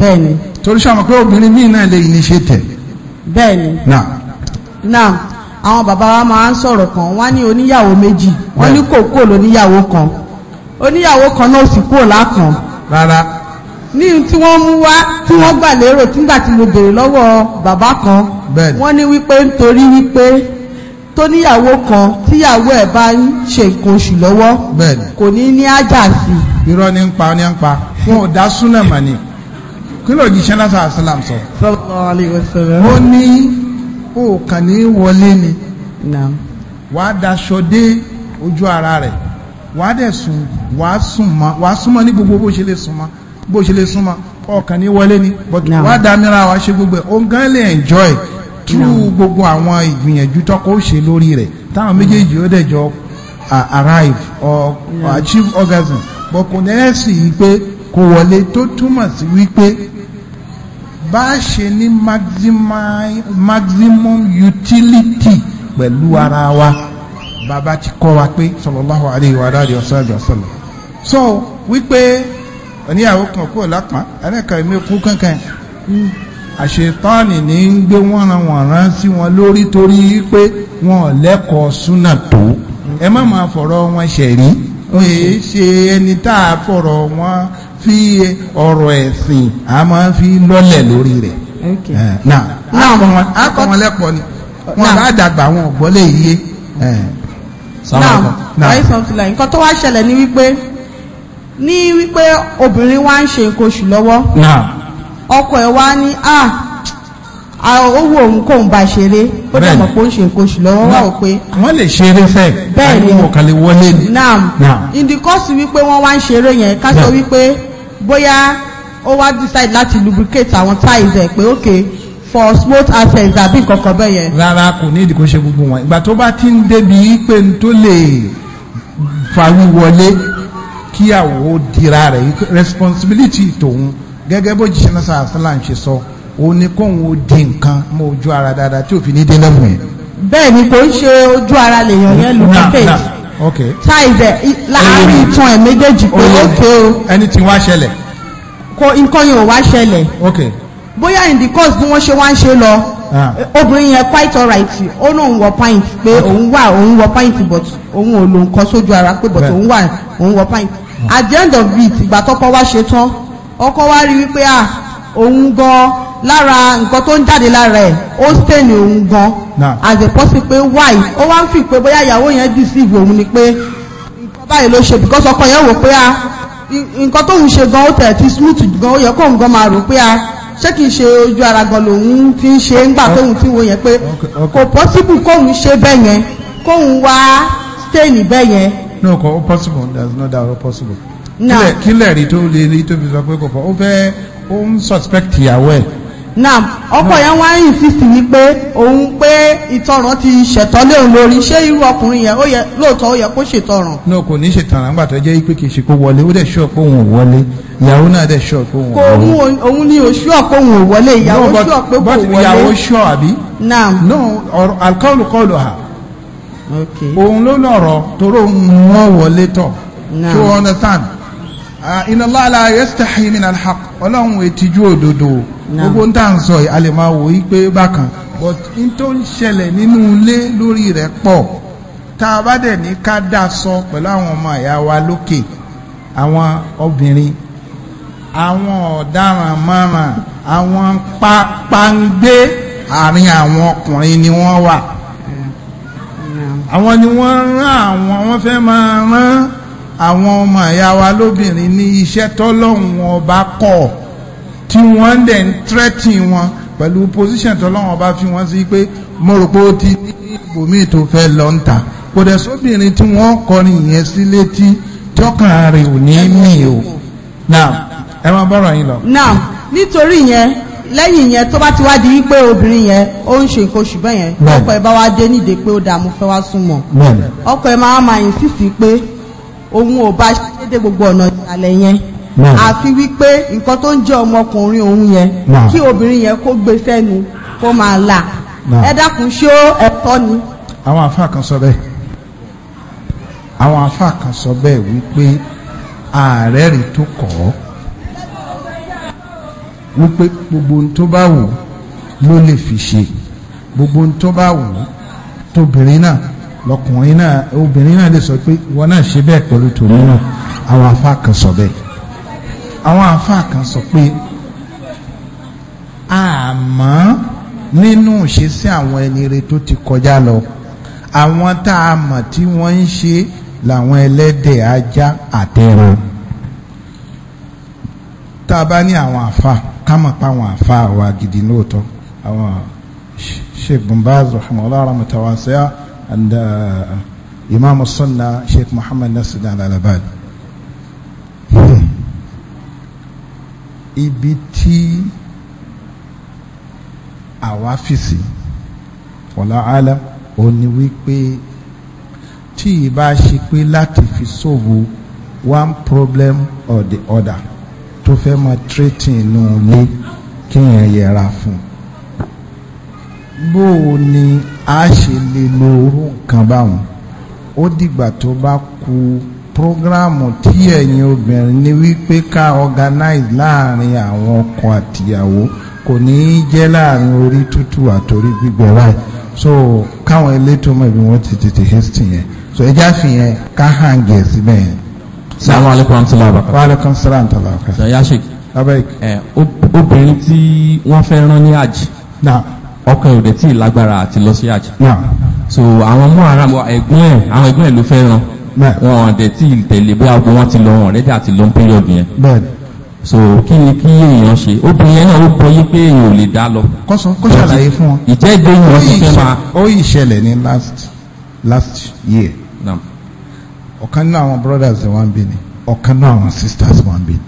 bẹ́ẹ̀ni. torí sàmọ̀ pé obìnrin míì náà lè ìníṣẹ́ tẹ̀ bẹ́ẹ̀ni náà àwọn bàbá wa máa ń sọ̀rọ̀ kan wọ́n ní oníyàwó méjì wọ́n ní kò kúrò lóníyàwó kan oníyàwó kan náà sì kúrò lákan rárá ní tí wọ́n mú wá tí wọ́n gbà lérò tí tígbà tí mo bèrè lọ́wọ́ bàbá kan wọ́n ní wípé nítorí wípé tó níyàwó kan tíyàwó ẹ̀ bá ń ṣe nǹkan oṣù lọ́wọ́ kò ní ní ájà sí. irọ́ ní ń pa ní ń pa wọn ò súnà mà ní. kí ló jíṣẹ́ lásán àṣàlám sọ. sallallahu alaihi wasallam. ó ní ó kàn ní wọlé ni. naam. wàá daṣọ dé ojú ara rẹ̀ wàá dẹ̀ sùn wàá sùn mọ́ wàá súnmọ́ ní gbogbo bó ṣe lè sùn mọ́ bó ṣe lè súnmọ́ ọkàn ní wọlé ni but wàá dá mìíràn wàá ṣe gbogbo ẹ̀ ó lè enjoy e tú gbogbo àwọn ìgbìyànjú tọkọ ó ṣe lórí rẹ̀ táwọn méjèèjì ó dẹ̀ arrive or achieve orgasm but kò ní ẹ̀ sì yí pé kò wọlé tó túmọ̀ sí wípé bá ṣe ní maximum utility pẹ̀lú ara wa bàbá ti kọ́ wa pé sallallahu alayhi wa alihi wa sallam so wípé oníyàwó kan kúrò lápá ẹlẹ́ka ìmí kú kankan àṣetọ́ọ̀nì ní ń gbé wọ́n ran wọ́n rán sí wọn lórí torí pé wọn ò lẹ́kọ̀ọ́ súnà tó ẹ má máa fọ̀rọ̀ wọn ṣẹ̀rí òye ṣe ẹni tá a fọ̀rọ̀ wọn fi ọrụ ẹ̀sìn a máa fi lọlẹ lórí rẹ náà akọ̀ wọn ni wọn bá dàgbà wọn ò gbọ́lẹ̀ yíyé. náà àìsàn fìlà nǹkan tó wá ṣẹlẹ̀ ni wípé ní wípé obìnrin wá ń ṣe nǹkan oṣù lọ́wọ́ ẹ̀ wá ní òun ṣeré ó dẹ̀ mọ̀ pé ó ń ṣe nǹkan oṣù lọ́wọ́ pé. wọ́n lè ṣeré fẹ́ kan lè wọlé ni. yẹn ká sọ wípé. bóyá ó wá decide láti lubricate àwọn ties ẹ̀ pé okay for smooth access àbí nǹkankan bẹ́ẹ̀ yẹn. rárá kò ní ìdí kó ṣe gbogbo wọn ìgbà tó bá ti ń débi pé n tó lè fàwí wọlé kíyàwó dira rẹ̀ responsibility tòun gẹ́gẹ́ bó jíṣẹ́ náà sàásánlá ń ṣe sọ òun ni kóun ó di nǹkan mọ́ ojú ara dáadáa tí òfin ní délẹ́mù yẹn. bẹ́ẹ̀ ni kò ń ṣe ojú ara lèèyàn yẹn lubricate ṣáìzẹ̀ láàárín ìtàn ẹ̀ méjèèjì pé ókè o ẹni tí wá ṣẹlẹ̀ kò nǹkan yóò wá ṣẹlẹ̀ bóyá in the course bí wọ́n ṣe wá ń ṣe lọ ah. obìnrin yẹn quite alright ó náà ń wọ pint pé òun wà òun wọ pint but òun ò lò nǹkan sójú ara pé but òun wà òun wọ pint hmm. at the end of it ìgbà tọ́kọ wá ṣe tán ọkọ wá rí wípé à ah, òun gan lára nǹkan tó ń jáde lára ẹ̀ ó stain òun gan as a person pé why ó wá ń fi pé bóyá ìyàwó yẹn deceive òun ni pé nǹkan báyìí ló ṣe because ọkọ yẹn wò pé a nǹkan tóun ṣe gan ó tẹ̀ ti smooth gan ó yẹ kóun gan máa rò pé a ṣé kìí ṣe ojú ara gan lòun ti ń ṣe ń tóun ti wo yẹn pé kò possible kóun ṣe bẹ́ẹ̀ yẹn kóun wá stain bẹ́ẹ̀ yẹn. no ko possible there is no doubt possible. na kílẹ̀ rí tó lè rí tó fi sọ pé kò fọ́ ó fẹ́ ó ń suspect ìyàwó ẹ̀ nam ọkọ yẹn wá ń insist wípé òun pé ìtọràn ti ṣètọ́lé òun lórí ṣé irú ọkùnrin yẹn ó yẹ lóòótọ́ ó yẹ kó ṣètọràn. náà kò ní ṣètọràn nígbà tó jẹ́ pé kì í ṣe kó wọlé ó dẹ̀ ṣọ́ pé òun ò wọlé ìyàwó náà dẹ̀ ṣọ́ pé òun ò wọlé. kò òun ni òṣù ọ̀pọ̀ òun ò wọlé ìyàwó ṣọ́ pé kò wọlé. ìyàwó ṣọ́ àbí. nam no ọ̀rọ̀ alukọ́lù kọ́lù hà. òun ló lọ̀rọ̀ toró wọn wọlé tọ̀ to understand. Ah, inna Allah la yastahi min al-haq ọlọ́run ètìjú òdodo gbogbo ń tà ń sọ a lè máa wò yí pé bákan but n tó ń ṣẹlẹ̀ nínú ilé lórí rẹ̀ pọ̀ tá a bá dẹ̀ ní ká dá sọ pẹ̀lú àwọn ọmọ àyà wa lókè àwọn obìnrin àwọn ọ̀daràn márùn àwọn pápángbé àárín àwọn ọkùnrin ni wọ́n wà àwọn ni wọ́n rán àwọn wọ́n fẹ́ máa rán àwọn ọmọ àyà wa lóbìnrin ní iṣẹ́ tọ́lọ́hun ọba kọ̀ tí wọ́n dẹ̀ ń tírẹ́tì wọn pẹ̀lú position tọ́lọ́wọ́n bá fi wọ́n sí pé mo rò pé ó ti ní ibòmíì tó fẹ́ lọ ń ta kò dẹ̀ sóbìnrin tí wọ́n kọrin ìyẹn sí létí tọ́kàn rẹ̀ ò ní mí o now ẹ máa bọ́rọ̀ yín lọ. now nítorí yẹn lẹ́yìn yẹn tó bá ti wá di wípé obìnrin yẹn ó ń ṣe nǹkan oṣù bẹ́ẹ̀ yẹn ọkọ ẹ̀ bá wá dé nídìí pé ó dà mo fẹ́ wá súnmọ́ ọkọ ẹ̀ máa máa insist pé òun ò bá ṣe déédéé gbogbo ọ̀nà ìsàlẹ̀ yẹn àfi wípé nǹkan tó ń jẹ́ ọmọkùnrin òun yẹn kí obìnrin yẹn kó gbé sẹ́nu kó máa là ẹ dákun ṣé ó ẹ̀tọ́ ni. àwọn àfáà kan sọ bẹ́ẹ̀ àwọn àfáà kan sọ bẹ́ẹ̀ wípé ààrẹ rẹ̀ tó kọ̀ ọ́ wípé gbogbo ohun tó bá wù ló lè fi ṣe gbogbo ohun tó bá wù tóbìnrin náà lọkùnrin náà obìnrin náà lè sọ pé ìwọ náà ṣe bẹ́ẹ̀ pẹ̀lú tòun náà àwọn àfáà kan sọ bẹ́ẹ̀ àwọn àáfàá kan sọ pé àmọ́ nínú ìṣesí àwọn ẹni rẹ tó ti kọjá lọ àwọn tá a mọ̀ tí wọ́n ń ṣe làwọn ẹlẹ́dẹ̀ ajá àtẹ̀rọ tá a bá ní àwọn àáfàá ká mọ̀ pa àwọn àáfàá wa gidi lóòótọ́ àwọn sheikh bumbaz rahmanulah rahmatawasaya and uh, imam sunna sheikh muhammad nasir al ibi tí àwa fi sí wọ̀lá àlá ò ní wípé tí ìbá ṣe pé láti fi ṣòwò one problem or the other tó fẹ́ máa tírètì inú ilé kéèyàn yẹra fún bó o ní a ṣe lè lo orú nǹkan báwọn ó dìgbà tó bá kú prógrámù tí ẹ̀yin obìnrin ní wípé ká organize láàrin àwọn ọkọ àtìyàwó kò ní í jẹ́ láàrin orí tútù àtòrí gbígbẹ báyìí so káwọn elétò mọ̀ ibi wọ́n ti tètè hasty yẹn so ẹja fi yẹn ká hàn gẹ̀ síbẹ̀ yẹn. salamu alaykum amtala abaka. wa alaykum salam tala abaka. sọ yaṣe. obìnrin tí wọ́n fẹ́ rán ní àjì. na ọkọ ẹ̀ ò dẹ̀ àti lọ sí àjì. na so àwọn mọ́ ara ẹ̀gbọ́n ẹ̀ àwọn ẹ̀gbọ́n ẹ̀ ló fẹ́ rán wọn dẹ̀ tí tẹ̀lé bí agbo wọn ti lọ wọn rẹ́dí àti lọ period yẹn so kí ni kí èèyàn ṣe obìnrin yẹn náà ó bọ yí pé èèyàn ò lè dá lọ. kọ́sọ̀ kó ṣàlàyé fún wọn. ìjẹ́ ìgbé yìí wọ́n ti fẹ́ máa. ó yìí ṣẹlẹ̀ ní last last year. Naam. ọ̀kan náà àwọn brothers wọn bí ni ọ̀kan náà àwọn sisters wọn bí ni.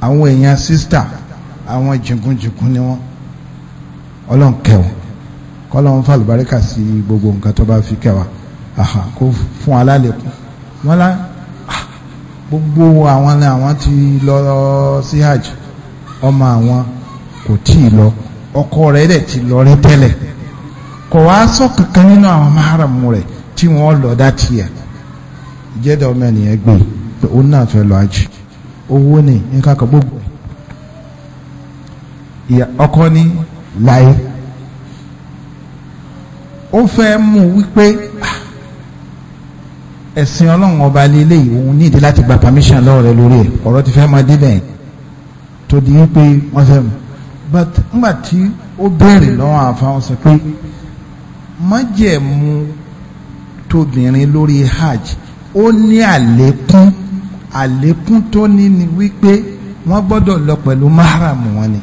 àwọn èèyàn sister àwọn jìnkúnjìnkún ni wọ́n ọlọ́run kẹwọn kọ́lọ́run fàlùbáríkà sí gbogbo nǹkan tó bá fi kẹwàá kó fún alálẹ̀kùn wọ́n lá ah, gbogbo àwọn ni àwọn ti lọ sí hajj ọmọ àwọn kò tí ì lọ ọkọ rẹ̀ dẹ̀ ti lọ rẹ̀ tẹ́lẹ̀ kò wá sọ kankan nínú àwọn maharamu rẹ̀ tí wọ́n lọ dá tiẹ̀ ọmọ ènìyàn gbé òun náà fẹ́ lọ hajj ni nǹkan kan gbogbo ọkọ ni láyé ó fẹ́ mú wípé ẹ̀sìn ọlọ́run ọba lílé òun nídìí láti gba permission lọ́wọ́ rẹ lórí ẹ̀ ọ̀rọ̀ ti fẹ́ máa débẹ̀ tó di pé wọ́n fẹ́ mu but ńgbà tí ó béèrè lọ́wọ́ àfahàn sọ pé májẹ̀mú tóbìnrin lórí hajj ó ní àlékún àlékún tó ní ni wípé wọ́n gbọ́dọ̀ lọ pẹ̀lú mahram wọn ni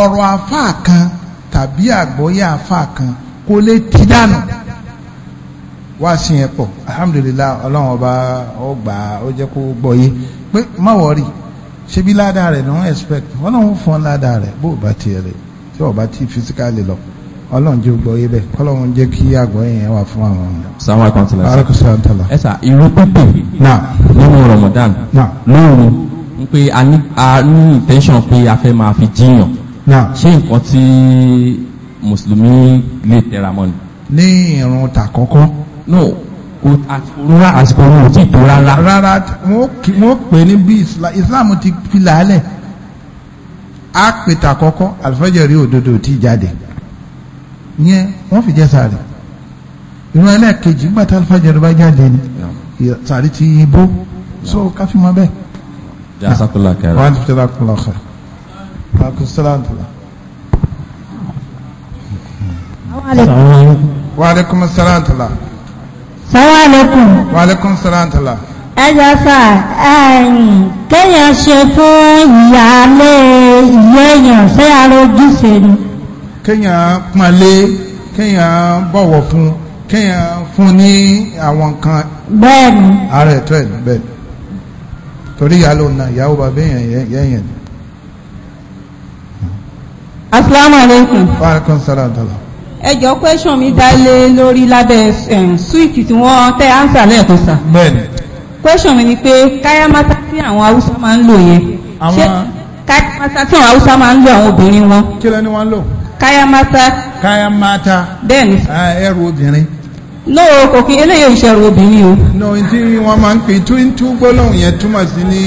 ọ̀rọ̀ àfáà kan tàbí àgbọ́yé àfáà kan kò lè ti dànù wá sí yẹn pọ̀ alhamdulilah ọlọ́run ọba ọgbà ó jẹ́ kó gbọ́yé pé má wọ́ọ̀rì ṣebí ládàá rẹ̀ ni wọ́n expect ọlọ́run fún ládàá rẹ̀ bó bá tiẹ̀ rẹ̀ tí ọba ti physically lọ ọlọ́run jẹ́ gbọ́yé bẹ́ẹ̀ kọ́lọ́run jẹ́ kí àgọ́ yẹn wà fún àwọn ọmọ. sàmà kọ́ńtàlá arákùsọ̀ àǹtàlá. ẹ sà irú pípé nínú Ramadan lóòrùn ń pé a ní intention pé a fẹ́ máa fi jiyàn ṣé nǹkan tí mùsùlùmí lè tẹ̀ra mọ́ ni. ní ìrùn tàkọ́kọ́ no rárá àsìkò wọn ò tí tó rárá. rárá wọn pè ní bí islam ti fi làálẹ̀ á pètè àkọ́kọ́ àlùfáàjẹ̀rí òdodo tí jáde yẹn wọ́n fi jẹ́ sáré ìran ẹlẹ́ẹ̀kejì nígbà tí àlùfáàjẹ̀rí bá jáde ni sáré ti bó so káfí mọ́ bẹ́ẹ̀. jasakola kẹrẹ. wọ́n á ti fi tẹ́lá kúnlọ́ kẹrẹ. akusalaamtula. waaleykum salaam Assalamu alaikum. Wa alaikum salaam tala. ẹjọ́ sà kéèyàn ṣe fún ìyáálé ìlú èèyàn ṣé ara ojúṣe ni. kéèyàn pọ́nlé kéèyàn bọ̀wọ̀ fún kéèyàn fún ní àwọn nǹkan. bẹ́ẹ̀ni. ara ẹ̀tọ́ ẹ̀ bẹ́ẹ̀ torí ìyá ló na ìyàwó bàbá èèyàn yẹ̀yẹ̀ ni. asalaamualeykum. wa alaikum ẹjọ́ question mi dá lé lórí lábẹ́ eh, switch tí wọ́n tẹ́ answer lẹ́ẹ̀kan sà. bẹ́ẹ̀ni. question mi ni pé káyámátá tí àwọn haúsá máa ń lò yẹn. àwọn káyámátá tí àwọn haúsá máa ń lò àwọn obìnrin wọn. kí lẹ́ni wọ́n lò. káyámátá. káyámátá. bẹ́ẹ̀ni. Ah, ẹrù obìnrin. no kò kí eléyìí ìṣẹ̀rù obìnrin o. no tí wọ́n máa ń pè tú gbólóhùn yẹn túmọ̀ sí ní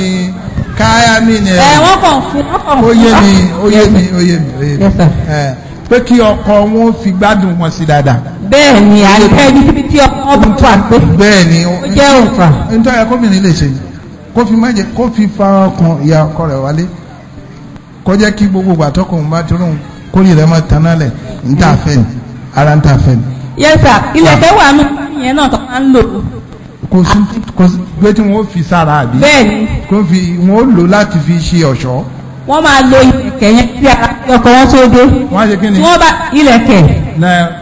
káyámí ni. ẹ eh, wọ́n kàn fún wọ́n kàn fún. ó yé mi ó yé mi ó yé pé kí ọkọ wọn fi gbádùn wọn sí dáadáa. bẹ́ẹ̀ ni àìpẹ́ ní kíbi tí ọkọ bá fà pé bẹ́ẹ̀ ni ó jẹ́ òǹfà. nítorí ẹ kóbìnrin lè ṣe kó fi mẹ́jẹ kó fi fa ọkàn ìyá ọkọ rẹ̀ wálé kó jẹ́ kí gbogbo ìgbà tó kàn bá tó lóun kórè rẹ̀ máa taná lẹ̀ ń tà fẹ́ ni ara ń tà ni. yes sir wà nù yẹn náà tó máa ń lò. kò sí pé tí wọ́n fi sára àbí. bẹ́ẹ̀ ni. kò fi wọ́n lò láti fi ṣe ọ̀ṣọ́ wọ́n máa lo ilẹ̀kẹ̀ yẹn tí ara ọkọ̀ wọn tó dé tí wọ́n bá ilẹ̀kẹ̀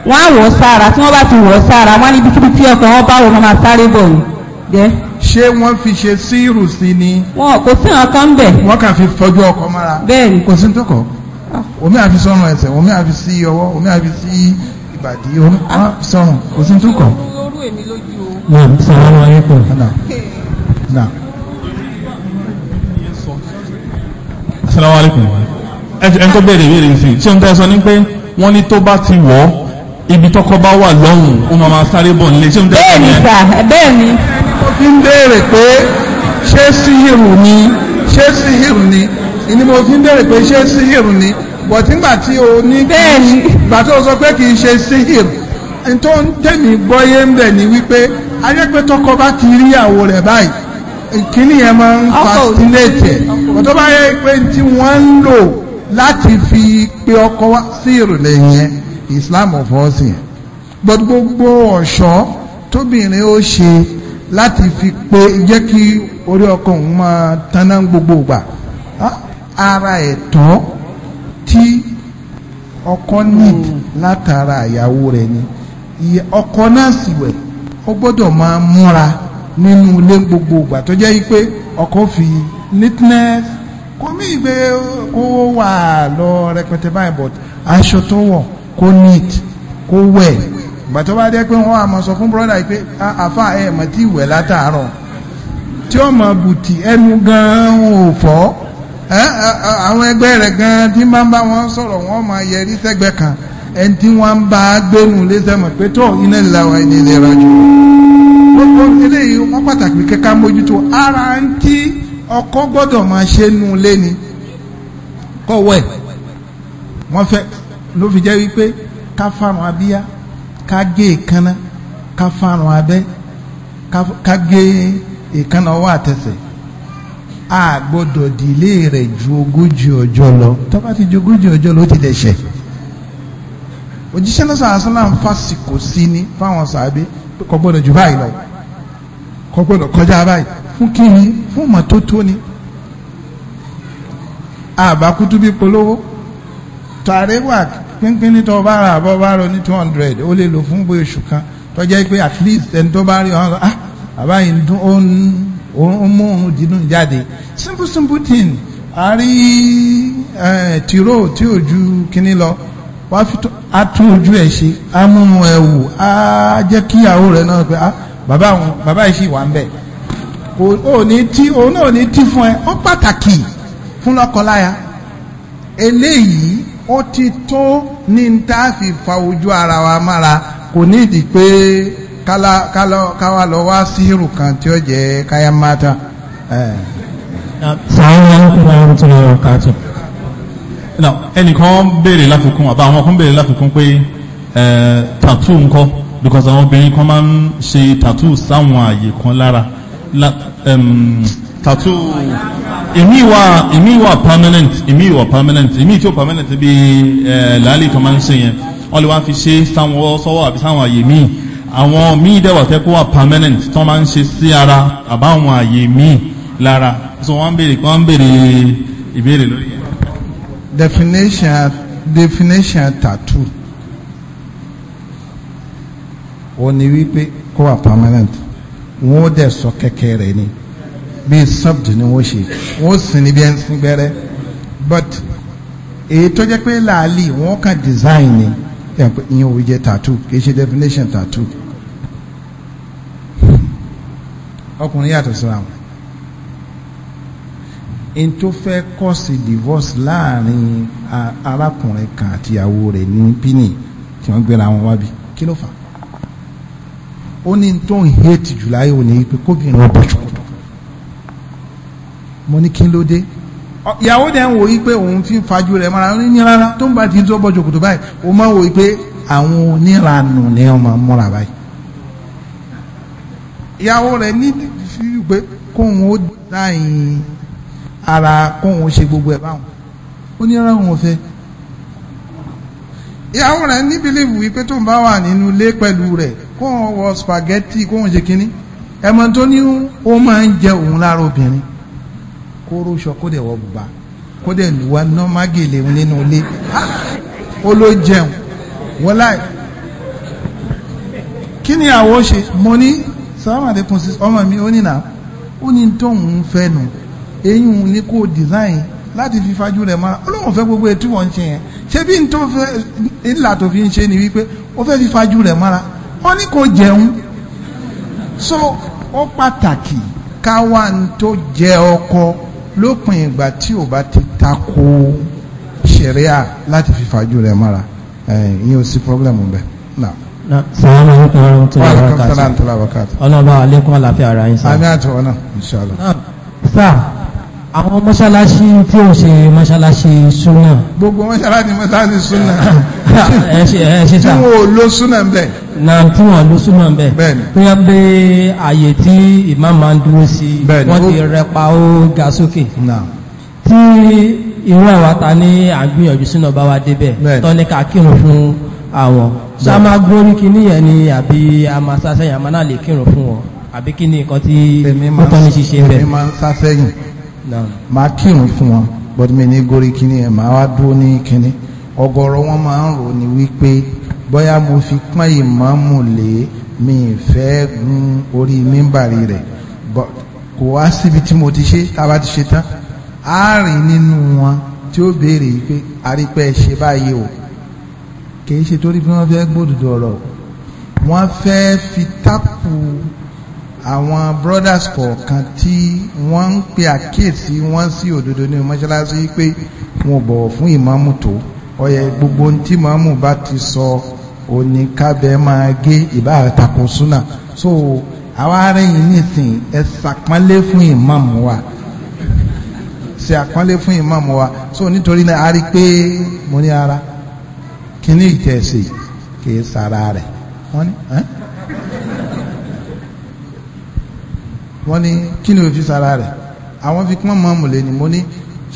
wọ́n á wọ̀ ọ́ sára tí wọ́n bá ti wọ̀ ọ́ sára wọ́n á ní bíkíbi tí ọkọ̀ wọn bá wọ̀ wọn máa sáré bọ̀ yìí ṣé wọ́n fi ṣe síìrù sí ni. wọn kò sí ọkọ ń bẹ. wọ́n kàn fi fọjú ọkọ̀ mọ́ra. bẹ́ẹ̀ni kò sí ntọ́kọ̀ ah. omi àfi sọ́run ẹsẹ̀ omi àfi sí ọwọ́ omi àfi sí ìbàdí omi àfi sọ́run kò sí ntọ́kọ̀. olóró èmi lójú o. naam salamu alaykum. naam. salamu alaykum ẹn tó bẹ̀rẹ̀ ìbéèrè sí ṣé n tẹ́ sọ ní pé wọ́n ní tó bá ti wọ̀ ibi tọ́kọ bá wà lọ́hùn ó máa ma sáré bọ̀ nílé ṣé n tẹ́ sọ ní ẹ. bẹ́ẹ̀ ni sà bẹ́ẹ̀ ni. mo pé ṣé síhìrù ni ṣé síhìrù ni ìní mo fi ń béèrè pé ṣé síhìrù ni bọ̀tí gbà tí o ní kí gbà tó sọ pé kì í ṣe síhìrù tó ń tẹ̀mí gbọ́yé ń bẹ̀ ni wípé ayẹ́pẹ́ tọ́kọ bá ti rí ìyàwó rẹ̀ báyìí kíní yẹn máa ń fascinate ẹ̀ tó bá yẹ pé tí wọ́n ń lò láti fi pé ọkọ wá sí ìrọ̀lẹ́ yẹn Islam of us yẹn gbogbo ọ̀ṣọ́ tóbìnrin ó ṣe láti fi pé jẹ́ kí orí ọkọ òun máa taná gbogbo ìgbà ah, ara ẹ̀tọ́ tí ọkọ need hmm. látara ayawu re ni ọkọ náà sì wẹ̀ ó gbọ́dọ̀ máa múra. nínú ilé gbogbo ìgbà tó jẹ́ pé ọkọ fi neatness kò mí ìgbé kó wà lọ rẹpẹtẹ báyìí but aṣọ tó wọ̀ kó neat kó wẹ̀ ìgbà tó bá dé pé wọ́n àmọ́ sọ fún brọ́dà pé àfa ẹ̀ mọ̀ tí ìwẹ̀ látàárọ̀ tí ọmọ bùtì ẹnu gan-an ò fọ́ àwọn ẹgbẹ́ rẹ̀ gan tí máa ń bá wọn sọ̀rọ̀ wọn máa yẹrí sẹ́gbẹ́ kan ẹni tí wọ́n bá gbénu lé sẹ́mọ̀ pé tó iná ìlàwọ̀ ẹni ìlera jù gbogbo eléyìí wọ́n pàtàkì kẹ́kẹ́ mójútó ara ń tí ọkọ gbọ́dọ̀ máa ṣe nù lé ni kọ́wọ́ ẹ̀ wọ́n fẹ́ ló fi jẹ́ wípé ká fárun abíyá ká gé èékánná ká fárun abẹ́ ká gé èékánná ọwọ́ àtẹsẹ̀ a gbọ́dọ̀ dìlé rẹ̀ ju ogójì ọjọ́ lọ tó bá ti ju ogójì ọjọ́ lọ ó ti dẹ̀ṣẹ̀ òjíṣẹ́ náà sàásánà ń fásikò sí ni fáwọn sàábé kò gbọ́dọ̀ jù báyìí lọ kò gbọ́dọ̀ kọjá báyìí fún kíni fún mọ́tótó ni àbákútú bí polówó tàrẹ́wà pínpín ní tọ́ bá ra àbọ̀ bá rọ ní two hundred ó lè lò fún bóyá oṣù kan tọ́jẹ́ pé at least ẹni tó bá rí ọ̀hún ah àbáyé ń dún ó ń mú òun dínú jáde simple simple thing a tìró tí ò ju kínní lọ wá fi tún ojú ẹ̀ ṣe á mú ẹ̀ wò á jẹ́ kíyàwó rẹ̀ náà pé ah bàbá òun bàbá yìí sì wà ń bẹ̀ òun ní tí òun náà ní tí fún ẹ ó pàtàkì fún lọ́kọláya eléyìí ó ti tó ní n tá a fi fa ojú ara wa mára kò ní ìdí pé kálá kálọ káwa lọ wá sí irun kan tí ó jẹ káyà máta. ẹnìkan béèrè láfikún àbá àwọn kan béèrè láfikún pé tàtú nǹkan because àwọn obìnrin kan máa ń ṣe tattoo sáwọn àyè kan lára tattoo èmi wà èmi wà permanent èmi wà permanent èmi tí ó permanent bí làálì tó máa ń ṣe yẹn wọ́n lè wá fi ṣe sáwọn sọ́wọ́ àbí sáwọn àyè míì àwọn míì dẹ̀wà tẹ́ kó wà permanent tó máa ń ṣe sí ara àbáwọn àyè míì lára so wọ́n béèrè wọ́n béèrè ìbéèrè lórí ẹ̀. definition definition tattoo wọ́n ní wípé kó wà permanent wọ́n dẹ̀ sọ kẹ́kẹ́ rẹ̀ ni bí sọ́bdì ni wọ́n ṣe wọ́n sì ní bí ẹ ń sin gbẹ́rẹ́ but èyí tó jẹ́ pé làálì wọ́n kàn design ni ìyẹn ò jẹ́ tattoo kì í ṣe definition tattoo ọkùnrin yàtọ̀ síra wọn n tó fẹ́ kọ́ọ̀sì divorce láàrin arákùnrin kan àtìyàwó rẹ̀ ní pínì tí wọ́n gbéra wọn wábi kí ló fà á ó ní tó ń hate july òní pé kóbìnrin ọ̀bọ̀ ṣòkòtò mo ní kí ló dé ìyàwó dẹ̀ ń wò yí pé òun fi ń fajú rẹ̀ mọ́ra ní ní rárá tó ń bá ti ń tó bọ̀ ṣòkòtò báyìí ó máa wò yí pé àwọn oníranù ni ọmọ múra báyìí ìyàwó rẹ̀ ní fífi pé kóun ó dáhìn ara kóun ó ṣe gbogbo ẹ̀ báwọn ó ní fẹ́ ìyàwó rẹ̀ ní bílíìfù wípé tó ń bá wà nínú ilé pẹ̀lú rẹ̀ kó wọn wọ spaghetti kó wọn ṣe kínní ẹmọ tó ní ó máa ń jẹ òun lára obìnrin kó róṣọ kó dẹ̀ wọ bùbá kó dẹ̀ lùwà ná mágèlè nínú ilé ó ló jẹun wọláì kí ni àwọ̀ ṣe mo ní sàmàdékun sí ọmọ mi ó nìyà ó ní tóun fẹ́ nù eyín ní kó design láti fi fajú rẹ̀ mọ́ra olóhùn fẹ́ gbogbo etí wọ́n ń ṣe yẹn ṣé bí n tó fẹ́ ìlà tó fi ń ṣe ni wípé ó fẹ́ fi fajú rẹ̀ mọ́ra ó ní kò jẹun so ó pàtàkì káwa ń tó jẹ ọkọ lópin ìgbà tí ò bá ti tako ṣẹ̀ríà láti fi fàájú rẹ̀ mọ́ra ìyẹn ò sí pọ́blẹ́mù bẹ́ẹ̀ náà. sàlámù alaykum wa rahmatulahi wa ọlọ́ba aleykum àlàáfíà ara yín sá. àmì àtọ̀wọ́ náà inṣàlá. sáà àwọn mọ́ṣálásí tí ó ṣe mọ́ṣálásí súnà gbogbo mọ́ṣálásí mọ́ṣálásí súnà tí wọ́n ló súnà ń bẹ̀ na tí wọ́n ló súnà ń bẹ̀ tó yá pé àyè tí ìmá máa ń dúró sí wọ́n ti rẹpa ó ga sókè tí irú àwátá ní àgbìyànjú súnà bá wá débẹ̀ tọ́níkà kírun fún àwọn sáàmà gbórí kìíní yẹn ni àbí amasásẹ́yìn àmánà lè kírun fún wọn àbí kí ni nǹkan tí mọ́tọ́ ní ṣiṣẹ́ bẹ̀ máa kírun fún wọn bọ́dí mi ní gorí kíní ẹ̀ máa wá dúró ní kíní ọ̀gọ̀rọ̀ wọn máa ń rò ní wípé bóyá mo fi pọ́n ìmáàmù lé mi fẹ́ gun orí mímbàrí rẹ̀ kò wá síbi tí mo ti ṣe tá a bá ti ṣe tán á nínú wọn tí ó béèrè pé àrípẹ́ ṣe báyìí o kì í ṣe torí bí wọ́n fẹ́ gbódùdọ̀ ọ̀rọ̀ wọ́n fẹ́ fi tápù àwọn brothers kọ̀ọ̀kan tí wọ́n ń pe àkíyèsí wọ́n sí òdodo ní mọ́ṣáláṣí pé wọn ò bọ̀wọ̀ fún ìmáàmù tó ọyẹ gbogbo tí ìmáàmù bá ti sọ oníkábẹ máa gé ìbá àtakò súnà so àwa arẹ́yìn nísìn ẹ ṣàpọ́nlé fún ìmáàmù wa ṣe fún ìmáàmù wa so nítorí náà a rí pé mo ní ara kíní ìtẹ̀sí kì í sara rẹ̀ wọ́n ní ẹ́. wọ́n ní kí ni o fi sara rẹ̀ àwọn fi kún mọ́mù lé ní mo ní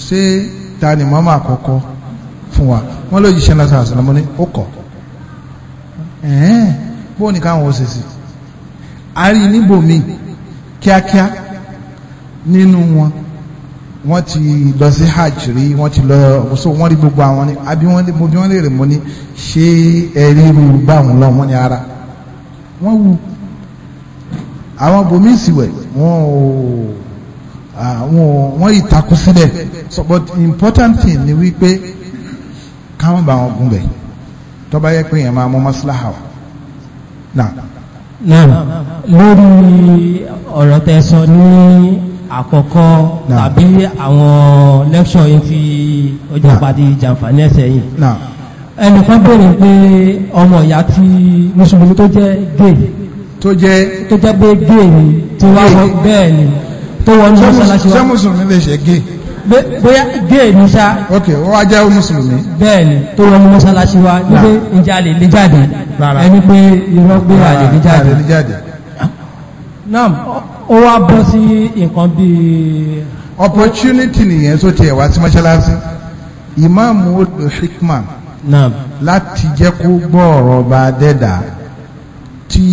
ṣé ta ni mọ́mù àkọ́kọ́ fún wa wọ́n ló jíṣẹ́ náà sàrà sàrà mo ní ó kọ̀ ẹ̀ẹ́n bó ní káwọn ó ṣèṣì a rí níbòmí kíákíá nínú wọn wọ́n ti lọ sí hajj rí wọ́n ti lọ so wọ́n rí gbogbo àwọn ni àbí wọ́n mo bí wọ́n lè rè mo ní ṣé ẹ rí irú báwọn lọ wọ́n ní ara wọ́n wù àwọn bòmí sì wẹ̀ wọ́n ò ìtakú sílẹ̀ so but important thing ni wípé káwọn bá wọn gún bẹ̀ tó bá yẹ pé yẹn máa mú maslaha wa náà. náà lórí ọ̀rọ̀ tẹ́ sọ ní àkọ́kọ́ tàbí àwọn lẹ́kṣọ̀ yìí fi ojú ìpàdé jàǹfààní ẹ̀sẹ̀ yìí ẹnìkan béèrè pé ọmọ ìyá tí mùsùlùmí tó jẹ́ gay tó jẹ́ tó jẹ́ pé gay ni tó wá wọ bẹ́ẹ̀ ni tó wọ ní mọ́sálásí wa ṣé mùsùlùmí lè ṣe gay bóyá gay ni sá ok wọ́n wá jẹ́ mùsùlùmí bẹ́ẹ̀ ni tó wọ ní mọ́sálásí wa wípé ìjà lè lè jáde ẹni pé irọ́ gbé àlè lè jáde naam ó wá bọ́ sí nǹkan bíi opportunity nìyẹn tó tiẹ̀ wá sí mọ́ṣáláṣí imaamu odo hikman láti jẹ́ kó gbọ́ ọ̀rọ̀ ọba adẹ́dà tí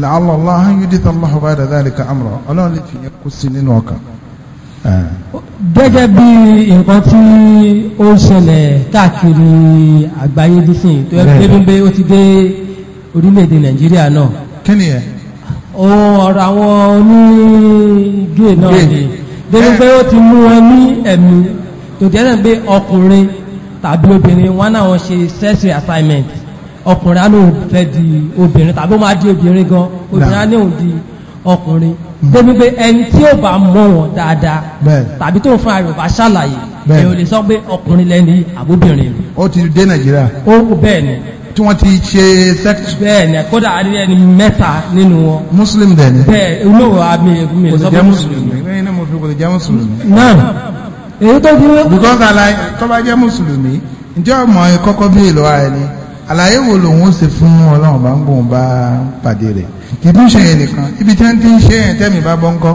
làálọ̀ الله yudith aláhùn bá dàda àlìkà amúrọ̀ ọlọ́run lè fi yẹn kó sí nínú ọkàn. gẹ́gẹ́ bí nǹkan tí ó ń ṣẹlẹ̀ káàkiri àgbáyé dísìn tó yẹ pé ó ti dé orílẹ̀-èdè nàìjíríà náà. kí ni ẹ. ọ̀rọ̀ àwọn onígbè náà ni débi pé ó ti mú wọn ní ẹ̀mí tó jẹ́ náà pé ọkùnrin tàbí obìnrin wọn náà wọ́n ṣe sẹ́ẹ̀sì assignment ọkùnrin á lóun fẹ́ di obìnrin tàbí ó máa di obìnrin gan obìnrin á lóun di ọkùnrin débi pé ẹni tí ó bá mọ̀ wọn dáadáa tàbí tó ń fún ayọ̀ bá ṣàlàyé ẹ ò lè sọ pé ọkùnrin lẹ́ni àbóbìnrin. ó ti dé nàìjíríà. ó bẹ́ẹ̀ ni. tí wọ́n ti ṣe sex. bẹ́ẹ̀ ni kódà a rí ẹni mẹ́ta nínú wọn. muslim dẹ̀ ni. bẹ́ẹ̀ olówó àmì mi sọ pé muslim. kò lè jẹ́ muslim. náà èyí tó fi. because àlàyé tó bá jẹ́ mùsùlùmí ǹjẹ́ ọmọ ẹ kọ́kọ́ bí èlò ara ẹni àlàyé wo lòun ó ṣe fún ọlọ́run bá ń gbòun bá pàdé rẹ̀ kì í tún ṣe yẹn nìkan ibi tí wọ́n ti ń ṣe yẹn tẹ́mi bá bọ́ ń kọ́.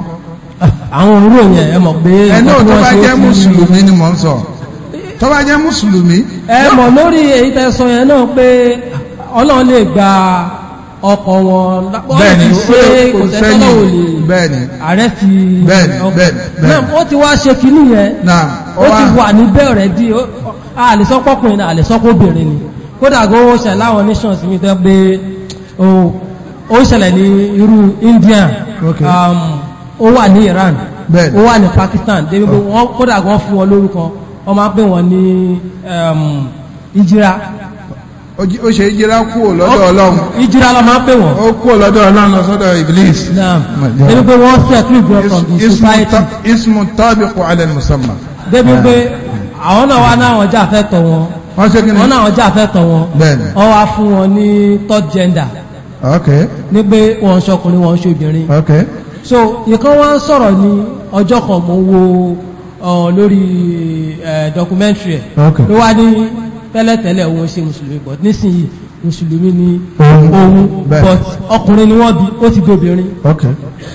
àwọn òwúrò yẹn ẹ mọ̀ pé. ẹ náà tó bá jẹ́ mùsùlùmí ni mò ń sọ tó bá jẹ́ mùsùlùmí. ẹ mọ̀ lórí èyí tẹ sọ yẹn náà pé ọlọ́run lè gba ọkọ̀ wọn bẹ́ẹ̀ni kò sẹ́yìn bẹ́ẹ̀ni ààrẹ ti bẹ́ẹ̀ni bẹ́ẹ̀ni ó ti wá ṣe kinní yẹn ó ti wà níbẹ̀ rẹ̀ di àlèsọ́pọ̀kùnrin kódà gó ó ṣẹlẹ̀ láwọn nations mi tẹ́ pé ó ṣẹlẹ̀ ní irú India um, ó wà ní Iran ó wà ní Pakistan débi pé wọ́n kódà wọ́n fún wọn lórúkọ wọ́n máa pè wọ́n ní ìjírá um, ó ṣe ìjírá kúrò lọ́dọ̀ Ọlọ́run ìjírá lọ máa pè wọ́n ó kúrò lọ́dọ̀ Ọlọ́run lọ́sọ́dọ̀ Iblis oh débi pé wọ́n secret wọn from the society ismu tabiqu ala musamma débi pé àwọn náà wá náà wọ́n jà fẹ́ wọn wọ́n ṣe kí ni. wọ́n náà ọjà fẹ́tọ̀ wọn. bẹ́ẹ̀ni. ọ wá fún wọn ní third gender. ok. ní pé wọ́n ṣọkùnrin wọ́n ṣobìnrin. ok. so ìkan wá sọ̀rọ̀ ní ọjọ́ kan mo wo lórí documentary ẹ̀. ok. ló wá ní tẹ́lẹ̀tẹ́lẹ̀ òun ṣe mùsùlùmí but nísìnyí mùsùlùmí ni òun but ọkùnrin ni wọ́n bí ó ti dobìnrin. ok.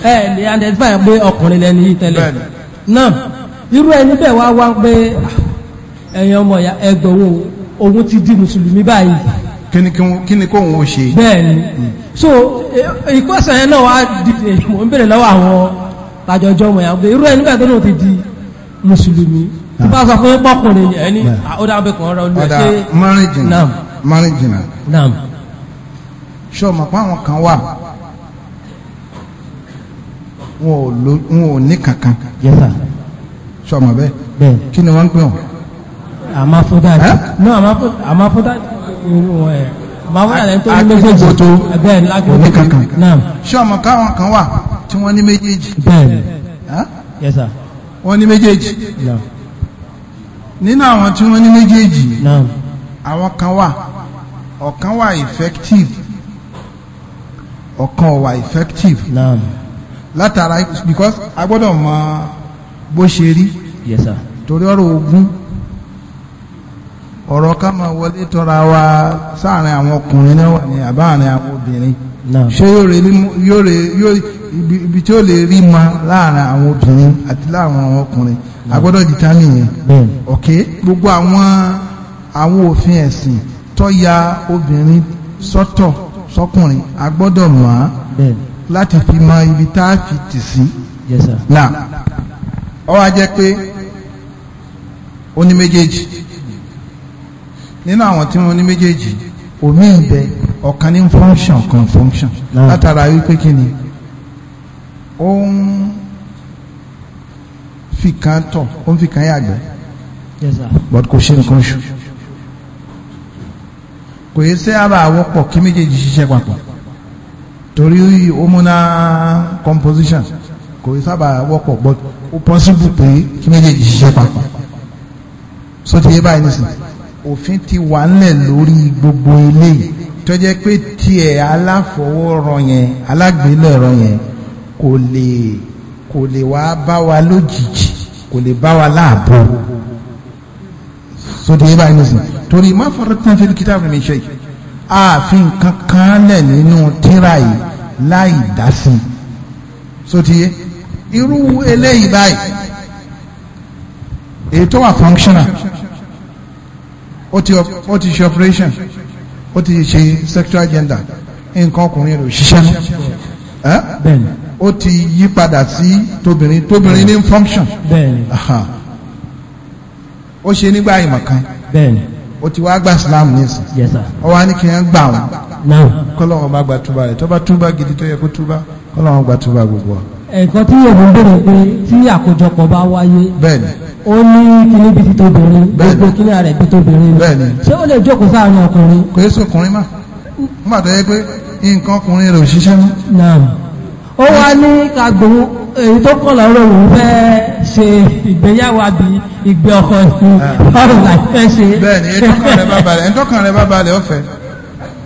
ẹ ẹ ní identify pé ọkùnrin lẹni yìí tẹ́lẹ̀. náà irú ẹni bẹ́ẹ̀ wá wá pé ẹ̀yin ọmọ ìyá ẹgbẹ̀wò òun ti di mùsùlùmí báyìí kí ni kó wọn ṣe bẹ́ẹ̀ni hmm. so ìkọ́sẹ̀ e, yẹn náà wá dìde mò ń bèrè lọ́wọ́ àwọn tàjọjọ́ ọmọ ìyá pé irú ẹni bẹ́ẹ̀ tó náà ti di mùsùlùmí tó bá sọ fún pọ́kùnrin ẹni ó dábẹ́ kan rọ lóò ṣe márìnjìnà nam ṣọ́ọ̀mọ̀ páwọn kan wà wọn ò ní kankan ṣọ́ọ̀mọ̀ bẹ́ẹ̀ kí ni wọ́n ń pè wọ́n àmáfúdájì no àmáfúdájì irú wọn ẹ̀ àmáfúdájì tó ní méjèèjì tó bẹ́ẹ̀ lágbègbè kankan náà ṣé ọmọ káwọn kan wà tí wọ́n ní méjèèjì bẹ́ẹ̀ yes sir wọ́n ní méjèèjì nínú àwọn tí wọ́n ní méjèèjì àwọn kan wà ọ̀kan wà effective ọ̀kan wà effective látara because agbọ́dọ̀ mọ bó ṣe rí yes sir torí ọ̀rọ̀ ogun ọ̀rọ̀ ká máa wọlé tọ́ra wa sáàrin àwọn ọkùnrin náà wà ní àbáàrin àwọn obìnrin ṣé yóò ibi tí ó lè rí ma láàrin àwọn obìnrin àti láàrin àwọn ọkùnrin agbọ́dọ̀ jìtá nìyẹn ok gbogbo àwọn àwọn òfin ẹ̀sìn tó ya obìnrin sọ́tọ̀ sọ́kùnrin agbọ́dọ̀ fi mọ ibi tá a fi tì sí Na ọ wá jẹ́ pé ó ní méjèèjì. nínú àwọn tí wọ́n ní méjèèjì omi ìbẹ ọ̀kan ní function kan function látara wípé kí ni ó ń fìkan tọ̀ ó ń fìkan yàgbẹ́ but kò ṣe nǹkan oṣù kò yẹ sẹ́ àbá àwọ̀pọ̀ kí méjèèjì ṣiṣẹ́ papọ̀ torí ó múná composition kò yẹ sábà wọ́pọ̀ but ó possible pé kí méjèèjì ṣiṣẹ́ papọ̀ so ti yé báyìí nísìnyí òfin ti wà ńlẹ̀ lórí gbogbo eléyìí tó jẹ́ pé tiẹ̀ aláfọwọ́rọ̀ yẹn alágbélẹ̀rọ yẹn kò lè kò lè wá bá wa lójijì kò lè bá wa láàbò sóde yìí báyìí nìsín torí má farratna fil kitab min shay ààfin kankan lẹ̀ nínú tíra yìí láì dá sóde yìí irú eléyìí báyìí èyí tó wà functional ó ti ó ti ṣe operation ó ti ṣe sexual gender nǹkan ọkùnrin rẹ̀ òṣìṣẹ́ náà ó ti yí padà sí tóbìnrin tóbìnrin ní function ó ṣe nígbà ìmọ̀ kan ó ti wá gba Islam nísìn ó wá ní kí wọ́n gbà wọ́n kọ́lọ́wọ́n bá gba túbà rẹ̀ tó bá túbà gidi tó yẹ kó túbà kọ́lọ́wọ́n gba túbà gbogbo wa ẹ̀kọ́ tí èmi ń bèrè pé tí àkójọpọ̀ bá wáyé ó ní kíní bí títóbìnrin gbogbo kíní rẹ̀ bí tóbìnrin ṣé ó lè jókòó sáàrin ọkùnrin. kò é sọkùnrin mà ń bàtà yẹ pé nǹkan ọkùnrin rẹ̀ ò ṣiṣẹ́ mọ́. ó wá ní kagbo èyí tó kọ̀ lọ́rọ̀ òun fẹ́ ṣe ìgbéyàwó àbí ìgbé ọkọ ìfún ọ̀rọ̀ láì fẹ́ ṣe. bẹ́ẹ̀ni ẹ̀ńtọ́kàn rẹ̀ bá balẹ̀ ọ̀fẹ́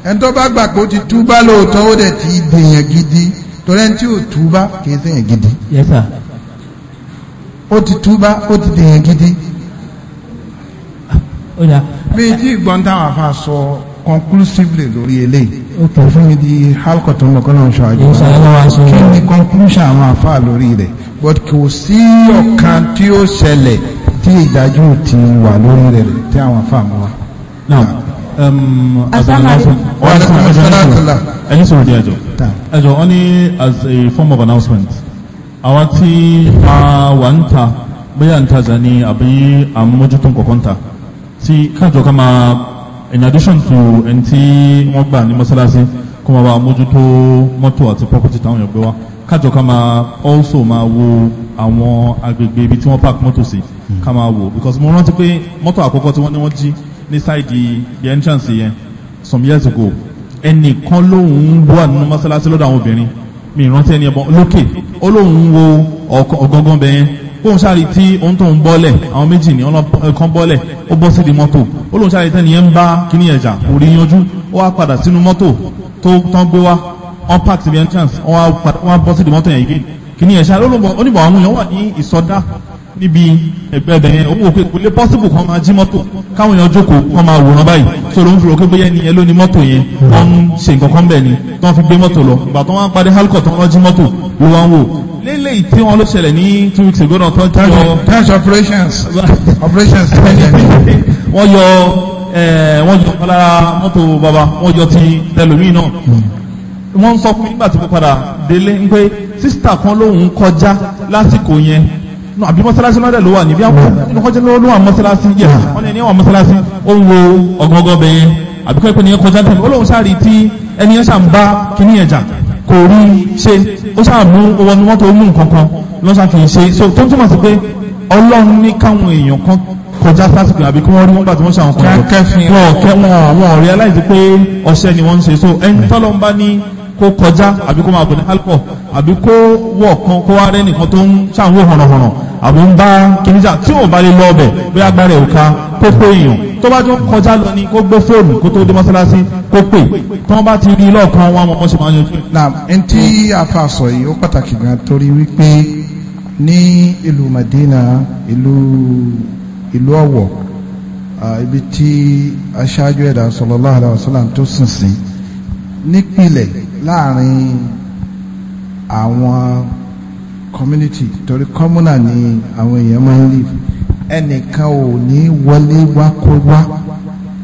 ẹ̀ńtọ́ bá gbà pé ó ti túbá lóòótọ́ ó dẹ̀ ti dèèyàn gidi torí ẹni tí ò túbá kì í sèyàn gidi yes sir ó ti túbá ó ti dèyàn gidi mi tí ìgbọ́n táwọn afa sọ conclusively lórí eléyìí ó fún mi di halkọ̀ tó ń lọ kọ́nà ọ̀ṣọ́ àjọ kí ni conclusion àwọn afa lórí rẹ̀ but kò sí ọ̀kan tí ó ṣẹlẹ̀ tí ìdájọ́ ti wà lórí rẹ̀ tí àwọn afa mọ́ wa. now um, asalaamualeykum. wa alaykum asalaam ẹ̀yìn sọ̀rọ̀ díẹ̀ ẹjọ́ ẹjọ́ wọ́n ní as a form of announcement àwọn tí a wà ń ta bóyá ń tajà ní àbí àmójútó kọ̀ọ̀kan ta tí kájọ ká máa in addition to ẹni tí wọ́n gbà ní mọ́sálásí kó máa bá àmójútó mọ́tò àti property táwọn èèyàn gbé wá kájọ ká máa also máa wo àwọn agbègbè ibi tí wọ́n park mọ́tò sí ká máa wò because mo rántí pé mọ́tò àkọ́kọ́ tí wọ́n ní wọ́n jí ní sáìdì the entrance yẹn some years ago ẹnìkan lóhun wà nínú mọ́sálásí lọ́dọ̀ àwọn obìnrin mi ìrántí ẹni ẹbọn lókè ó lóhun wo ọ̀gọ́gọ́ bẹ̀ yẹn kóhun sáré tí ohun tó ń bọ́lẹ̀ àwọn méjì ní ọlọ́kan bọ́lẹ̀ ó bọ́ sí di mọ́tò ó lóhun sáré tẹ́ni yẹn ń bá kíní ẹ̀jà kò rí yanjú ó wá padà sínú mọ́tò tó tán gbé wá on park to the entrance ó wá bọ́ sí di mọ́tò yẹn yìí kíní ẹ̀ṣà ó níbọ̀ àwọn níbi ẹgbẹ́ ẹ̀bẹ̀ yẹn owó òkè kò lè pọ́sibù kan máa jí mọ́tò káwọn èèyàn jókòó kan máa wòran báyìí sọ̀rọ̀ ń fi rògbé bóyá ẹniyẹn ló ní mọ́tò yẹn wọ́n ń ṣe nǹkan kan bẹ́ẹ̀ ni tí wọ́n fi gbé mọ́tò lọ ìgbà tó wọ́n ń parí halkọ̀ tó wọ́n jí mọ́tò ló wá ń wò lélẹ̀ tí wọ́n ló ṣẹlẹ̀ ní two weeks ago náà tó ń yọ wọ́n yọ wọ́n yọ lára mọ́tò bàbá wọ́n yọ ti tẹlòmíì náà wọ́n sọ fún nígbà tí mo padà délé ń pé sísítà kan lóun kọjá lásìkò yẹn nù àbí mọ́sálásí náà dẹ̀ ló wà níbi àwọn ọkọ̀jẹ́ ló wà mọ́sálásí yẹ wọ́n ní wà mọ́sálásí ó ń wo ọgọ́gọ́ bẹ̀ yẹn àbí kọ́ẹ̀kọ́ nìyẹn kọjá tẹ̀lé olóhùn sáàrí tí ẹni yẹn sàn bá kíní ẹ̀jà kò rí ṣe ó sàn mú owó ni wọ́n tó mú nǹkan kan lọ́sàn fi ṣe so tó túmọ̀ sí pé ọlọ́run ní káwọn èèyàn kan kọjá sásìkò àbí kí wọ́n rí wọ́n gbà tí wọ́n ṣàwọn kan lọ wọn ò realize pé ọ̀sẹ̀ ni wọ́n ń ṣe so ẹni tọ́lọ́ ń bá ní kó kọjá àbí kó máa bọ̀ ní alcohol àbí kó wọ̀ kan kó wá rẹ́ nìkan tó ń ṣàwọn hànàhànà àbí ń bá kìnìjà tí ò bá lè lọ ọbẹ̀ bí agbára ẹ̀ ò ká kó pé èèyàn tó bá tó kọjá lọ ni kó gbé fóònù kó tó dé mọ́sálásí kó pè tí wọ́n bá ti rí lọ́ọ̀kan wọn mọ́ ṣe máa yanjú. na ẹni tí afa sọ yìí ó pàtàkì gan torí wípé ní ìlú Madina ìlú ìlú Ọ̀wọ̀ ibi tí aṣáájú ẹ̀dá sallallahu alaihi wasallam tó sìn sí nípìnlẹ̀ láàrin àwọn community torí communal ni àwọn èèyàn máa ń live ẹnìkan ò ní wọlé wá kó wá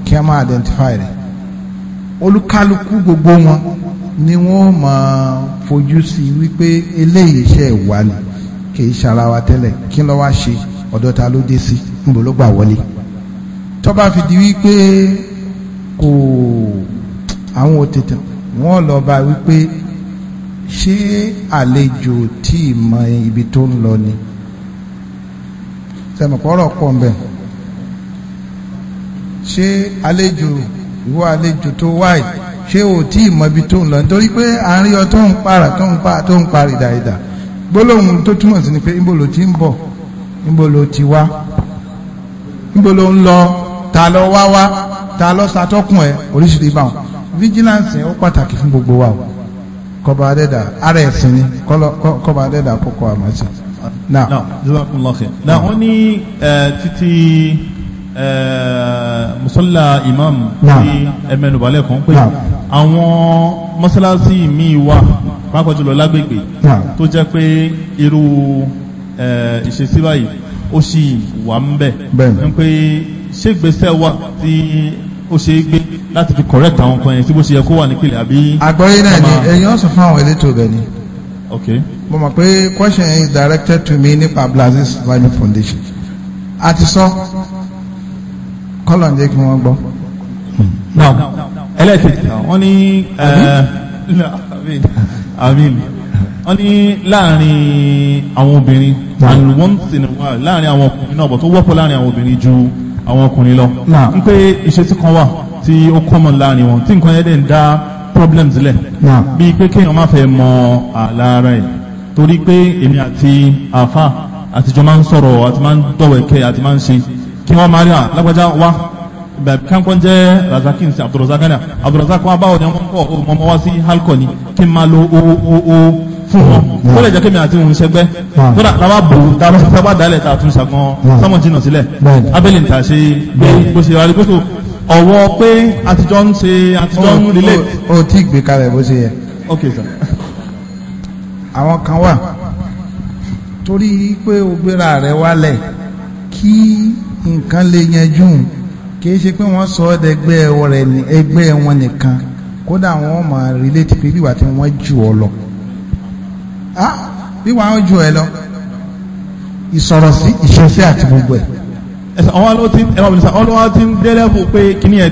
kí a máa identify rẹ̀ olúkálukú gbogbo wọn ni wọ́n máa fojú sí wípé eléyìí iṣẹ́ ìwà ni kì í ṣara wa tẹ́lẹ̀ kí ló wá ṣe ọ̀dọ̀ ta ló dé sí níbo ló gbà wọlé tó bá wípé kò àwọn ò tètè wọ́n lọ bá wípé ṣé àlejò tí ì mọ ibi tó ń lọ ni sẹmọ̀pọ̀rọ̀ pọ̀ mbẹ̀ ṣé àlejò ìwọ àlejò tó wáì ṣé ò tí ì mọ ibi tó ń lọ nítorí pé àárín ọ tó ń para tó ń pa tó ń parí dàídà gbólóhùn tó túmọ̀ sí ni pé níbo ló ti ń bọ̀ níbo ló ti wá níbo ló ń lọ ta ló wá wá ta ló satọ́kùn ẹ oríṣiríṣi báwọn vigilance ó pàtàkì fún gbogbo wa o kọba adẹ́dà ara ẹ̀sìn ni kọba adẹ́dà kọkọ àmàṣe. na na wọ́n ní títí musola imam ní ẹmẹnubalẹ kan pé àwọn mọ́sálásí míì wà pàápàá jùlọ lágbègbè tó jẹ́ pé irú ìṣesí báyìí ó sì wà ń bẹ̀ ń pé ṣégbèsè wà tí ó ṣe é gbé láti fi correct àwọn nǹkan yẹn tí bó ṣe yẹ kó wà nípìnlẹ̀ àbí. àgbọ̀yé náà ni ẹ̀yin ọ̀sán fún àwọn elétò bẹ̀ ni. ok. mo mọ̀ pé question is directed to me nípa Abdulaziz Islamic Foundation a ti sọ kọ́lọ̀ ń jẹ́ kí wọ́n gbọ́. now ẹlẹ́kẹ̀ẹ́ta wọ́n ní amin eh, wọ́n ní láàrin àwọn obìnrin and one thing láàrin àwọn ọkùnrin náà bọ̀ tó wọ́pọ̀ láàrin àwọn obìnrin ju àwọn ọkùnrin lọ n pé ìṣesí kan wà tí ó common láàrin wọn tí nǹkan yẹn dẹ̀ ń dá problems lẹ̀ bíi pé kéèyàn má fẹ́ mọ ààlà ara ẹ̀ torí pé èmi àti àfa àtijọ́ máa ń sọ̀rọ̀ àti máa ń dọ̀wẹ̀kẹ́ àti máa ń ṣe kí wọ́n máa rí à lágbájá wá kankan jẹ́ razakin sí abdulrazak abdulrazak wa báwo ni wọ́n kọ́ ọmọ wá sí halkọ ni kí lo o o o fún hmm. wọn kó lè jẹ́ kí mi àti òun ṣẹgbẹ́ hmm. kó dà tábà bò tábà tábà dálẹ̀ tà tún ṣàgbọn hmm. sọmọ jìnnà sílẹ̀ abẹ́lẹ̀ níta ṣe gbé bó ṣe wáyé gbóṣò ọ̀wọ́ pé àtijọ́ ń ṣe àtijọ́ ń relé. o ti gbé kalẹ̀ bó ṣe yẹ. ok sir. àwọn kan wà torí pé o gbéra rẹ wálẹ̀ kí nǹkan lè yanjú kì í ṣe pé wọ́n sọ ọ́ dẹgbẹ́ ẹgbẹ́ wọn nìkan kódà wọ́n máa relé ti pé bí wà tí wọ́n jù ọ lọ wíwá ó ju ẹ lọ ìsọ̀rọ̀ sí ìṣesí àti gbogbo ẹ̀. àwọn ló ti ẹ̀rọ ìṣà ọlọ́wọ́ ti ń dẹ́lẹ́fù pé kíní ẹ̀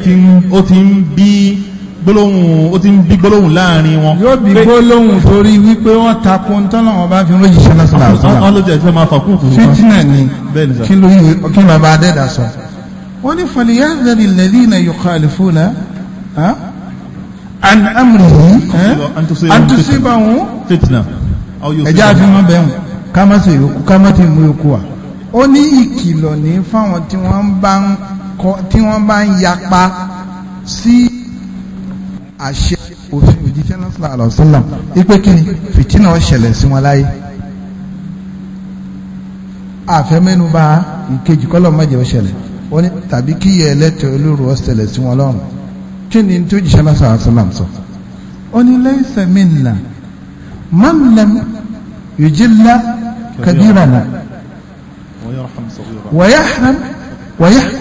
ó ti ń bí gbólóhùn ó ti ń bí gbólóhùn láàrin wọn. yóò bí gbólóhùn torí wípé wọ́n takun tọ́lọ́wọ́n bá fi ń lójì ṣẹlẹ̀ sílẹ̀ àti sílẹ̀. wọ́n ló jẹ́ ṣe máa fà kúùkù. fitinẹ ni kí ló yẹ kí ló bá dẹ́dà sọ. wọ́n ní falyahzari alladhina yukhalifuna an amri, amrihi an tusibahum fitna ẹjá fi wọn bẹ̀rùn ká má ṣe yòókù ká má ti mú yòókù wá ó ní ìkìlọ̀ ní fáwọn tí wọ́n bá ń yapa sí àṣẹ òfin òjíṣẹ́ náà sọ̀rọ̀ àlọ́sọ́là wípé kí ni fìtínà ṣẹlẹ̀ sí wọn láyé àfẹ́mẹ́nuba ìkejì kọ́lọ̀ mọ́jẹ̀ ó ṣẹlẹ̀ ó tàbí kí yẹ ẹlẹ́tẹ̀ olóró ọ̀ṣẹlẹ̀ sí wọn lọ́rùn kí ni tó jíṣẹ́ náà sọ̀rọ̀ àlọ́sọ́là sọ ó ní lẹ́sẹ̀ mí من لم يجل كبيرنا ويرحم صغيرنا ويحرم ويحرم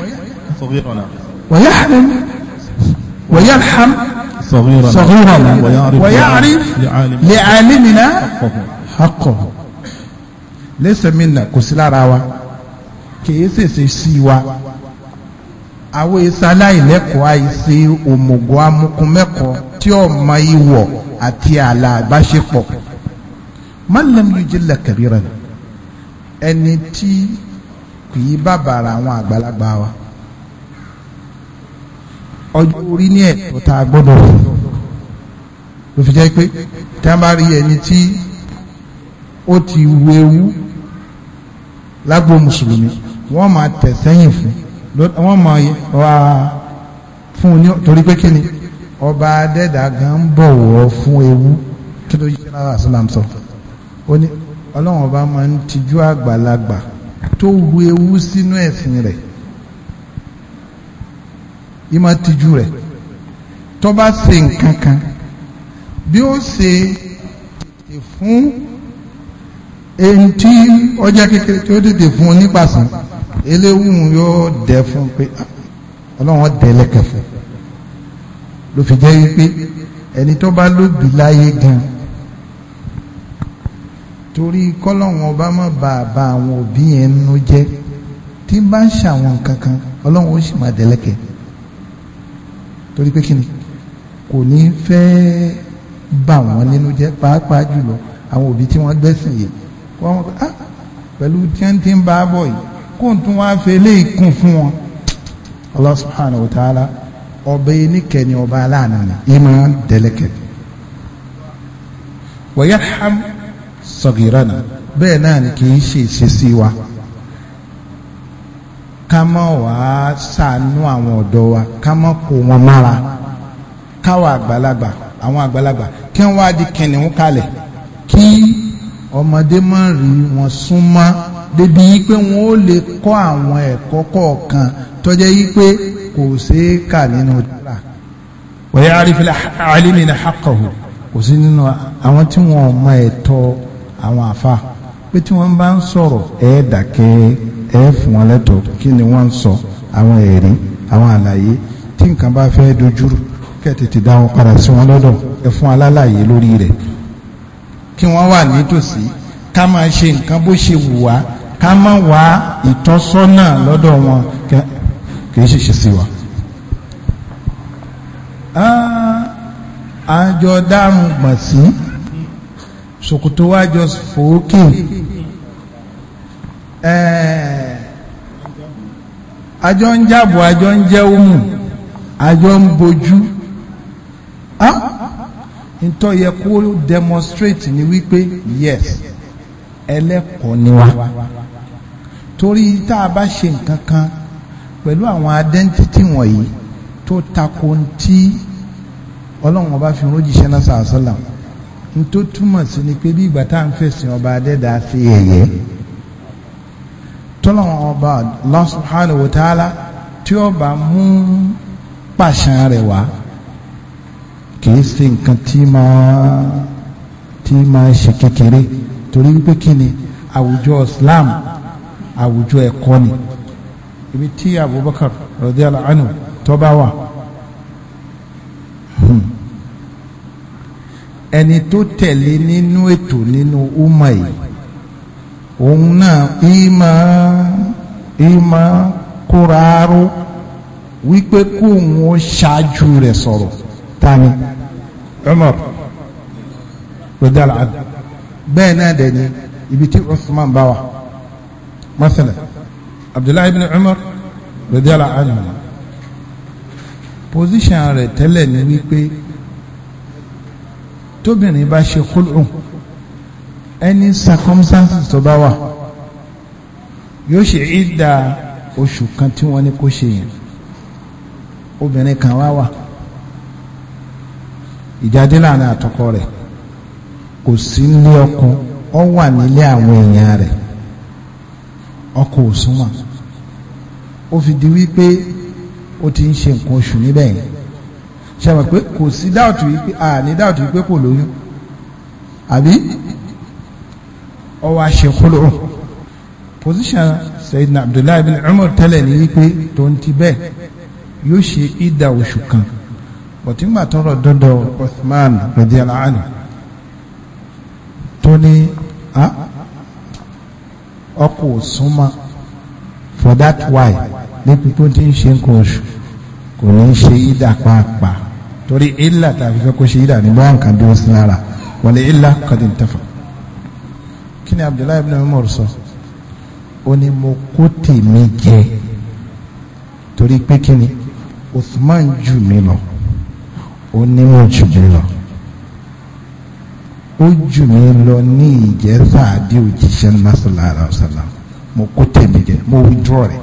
صغيرنا ويحرم ويرحم صغيرنا, صغيرنا ويعرف, ويعرف لعالمنا حقه ليس منا كسلا راوا كيسي سي سيوا àwọn ìsàlàyé lẹ́kọ̀ọ́ àìsí òmùgọ̀ amúkúnmẹ́kọ̀ọ́ tí ó mọ àti ààlà àbáṣepọ̀ mọ́lẹ́m yóò jẹ́lẹ̀ kẹ̀bíra ni ẹni tí kì í bàbàrà àwọn àgbàlagbà wa ọjọ́ orí ní ẹ̀tọ́ tá a gbọ́dọ̀ fún ló fi jẹ́ pé tí a bá rí ẹni tí ó ti wéwú lágbo mùsùlùmí wọ́n máa tẹ̀ sẹ́yìn fún wọ́n máa wá fún un ní torí pé kí ni ọba adẹ́dà gan bọ̀wọ̀ fún ewu kí ló yíṣẹ́ náà àṣìlám sọ ó ní ọlọ́run ọba máa ń tijú àgbàlagbà tó hu ewu sínú ẹ̀sìn rẹ̀ yìí máa tijú rẹ̀ tó bá ṣe nǹkan kan bí ó ṣe tètè fún ẹni tí ọjà kékeré tí ó tètè fún onípàṣán eléwu yóò dẹ fún pé ah, ọlọ́run dẹ lẹ́kẹ̀ẹ́ fún ló fi jẹ́ wípé ẹni tó bá lóbi láyé gan torí kọ́lọ́hún ọba má ba àbá àwọn òbí yẹn nínú jẹ́ tí bá ń ṣàwọn kankan ọlọ́run ó sì máa dẹ̀lẹ́kẹ̀ torí pé kí ni kò ní fẹ́ bà wọ́n nínú jẹ́ pàápàá jùlọ àwọn òbí tí wọ́n gbẹ́sìn yìí wọ́n mọ̀ ah pẹ̀lú tí ń bá bọ̀ yìí kóńtún wá fẹ́ lé ìkún fún wọn Allah subhanahu wa ta'ala ọba eníkẹ ni ọba aláàánú ni ìmọ̀ dẹ́lẹ́kẹ̀. ham! sagirana bẹ́ẹ̀ náà ni kì í ṣe ìṣesí wa ká mọ̀ wá sànú àwọn ọ̀dọ́ wa ká mọ̀ kó wọn mára káwọn àgbàlagbà àwọn àgbàlagbà kí wọ́n wá di kìnìún kalẹ̀ kí ọmọdé má rí wọn súnmọ́ débi pé wọn ó lè kọ́ àwọn ẹ̀kọ́ kọ̀ọ̀kan tọ́jẹ́ yí pé kò ṣeé kà nínú dára wọ́n yá àrífẹ́ àlímì ní àkọ̀hù kò sí nínú àwọn tí wọ́n mọ ẹ̀tọ́ àwọn àfa pé tí wọ́n bá ń sọ̀rọ̀ ẹ̀ dàkẹ́ ẹ̀ fún wọn lẹ́tọ̀ọ́ kí ni wọ́n ń sọ àwọn ẹ̀rí àwọn àlàyé tí nǹkan bá fẹ́ dojúrú kẹ́tẹ̀tẹ̀ dá wọn padà sí wọn lọ́dọ̀ ẹ̀ fún alálàyé lórí rẹ̀ kí wọ́n wà nítòsí ká máa ṣe nǹkan bó ṣe wù wá ká má wá ìtọ́sọ́nà lọ́dọ̀ wọn kìí ṣe ṣe sí wa àjọ dárùn gbàsí ṣòkòtò wájọ fòókè àjọ ń jábọ̀ àjọ ń jẹ́ òmù àjọ ń bojú ntọ́ yẹ kó demonstrate ni wípé yes ẹlẹ́kọ̀ọ́ ni wá torí tá a bá ṣe nǹkan kan pẹ̀lú àwọn identity wọ̀nyí tó tako tí ọlọ́run ọba fi rójìṣẹ́ náà sàásọ́là n tó túmọ̀ sí ni pé bí ìgbà tá à ń fẹ̀sìn ọba adẹ́dà sí ẹ̀yẹ́ tọ́lọ́run ọba Allah subhanahu wa ta'ala tí ọba mú pàṣán rẹ̀ wá kìí ṣe nǹkan tí máa tí máa ṣe kékeré torí wípé kí ni àwùjọ Islam àwùjọ ẹ̀kọ́ ni ibi tí abubakar radiyallahu anhu tó bá wà hmm. ẹni tó tẹ̀lé nínú ètò nínú umma yìí òun náà ìmá ìmá kóraró wípé kóun ó ṣáájú rẹ̀ sọ̀rọ̀ tani Umar radiyallahu anhu bẹ́ẹ̀ náà dẹ̀ ni ibi tí Usman bá wà masalan abdullahi ibn umar radiyallahu anhu position rẹ̀ tẹ́lẹ̀ ni wípé tóbìnrin bá ṣe kúlùn any circumstances tó bá wà yóò ṣe ìdá oṣù kan tí wọ́n ní kó ṣe yẹn obìnrin kan wá wà ìjáde láàrin àtọkọ rẹ̀ kò sí nílé ọkọ ọ wà nílé àwọn èèyàn rẹ̀ ọkọ òsúnmà ó fi di wípé ó ti ń ṣe nǹkan oṣù níbẹ̀ yẹn ṣe mọ̀ pé kò sí dáàtù wípé a ní dáàtù wípé kò lóyún àbí ọwọ́ àṣekúlò position Sayyidina Abdullahi bin Umar tẹ́lẹ̀ ní wípé tó ń ti bẹ́ẹ̀ yóò ṣe ìdá oṣù kan bọ̀tíngbà tọrọ dọ́dọ̀ Uthman radiyallahu anhu tó ní ah ọkọ òsúnmọ́ for that why níbi tó ti ń ṣe nǹkan oṣù kò ní í ṣe ìdà pàápàá torí ìlà tàbí fẹ́ kó ṣe ìdà ní bá nǹkan dúró sí lára wọlé ìlà kọ́dé tẹ̀fọ̀. kí ni Abdullahi ibn Umar sọ ó ní mo kó tèmi jẹ torí pé kí ni Uthman jù mí lọ ó ní mo jù mí lọ. o ju mí lọ ní ìjẹ́sà àbí òjíṣẹ́ lásìlá àlọ́sàlá mo kó kute jẹ mo withdraw rẹ̀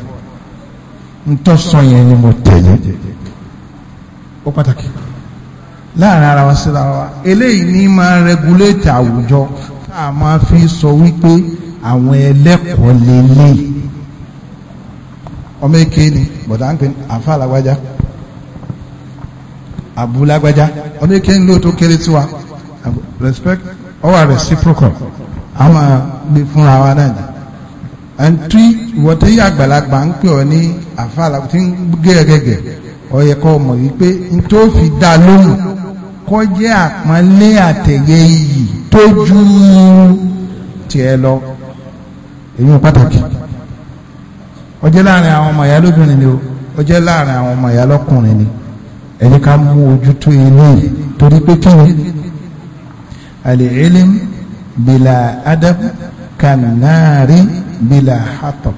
ntọ́ sọ yẹn ni mo tẹ̀lé ó pàtàkì láàrin ara wa síra wa eléyìí ní máa rẹgulétì àwùjọ tá a máa fi sọ wípé àwọn ẹlẹ́kọ̀ọ́ lélẹ̀ ọmọ èké ni bọ̀dá ń pè ní àfa làgbájá ọmọ èké tiwa respect ọ reciprocal a máa gbé fúnra wa náà jẹ ẹn tí ìwọ tí àgbàlagbà ń pè ọ ní àfàlà tí ń gẹ́gẹ́gẹ́ ọ yẹ kó mọ̀ wípé n tó fi dá lóhùn kó jẹ́ àpọ́nlé àtẹ̀yẹ iyì tó ju tiẹ̀ lọ èyí pàtàkì ó jẹ́ láàrin àwọn ọmọ ìyá lóbìnrin ni o ó jẹ́ láàrin àwọn ọmọ ìyá lọ́kùnrin ni ẹ̀yẹ ká mú ojú tó ilé torí pé kí ni al-ilm bila adab kanari bila hatab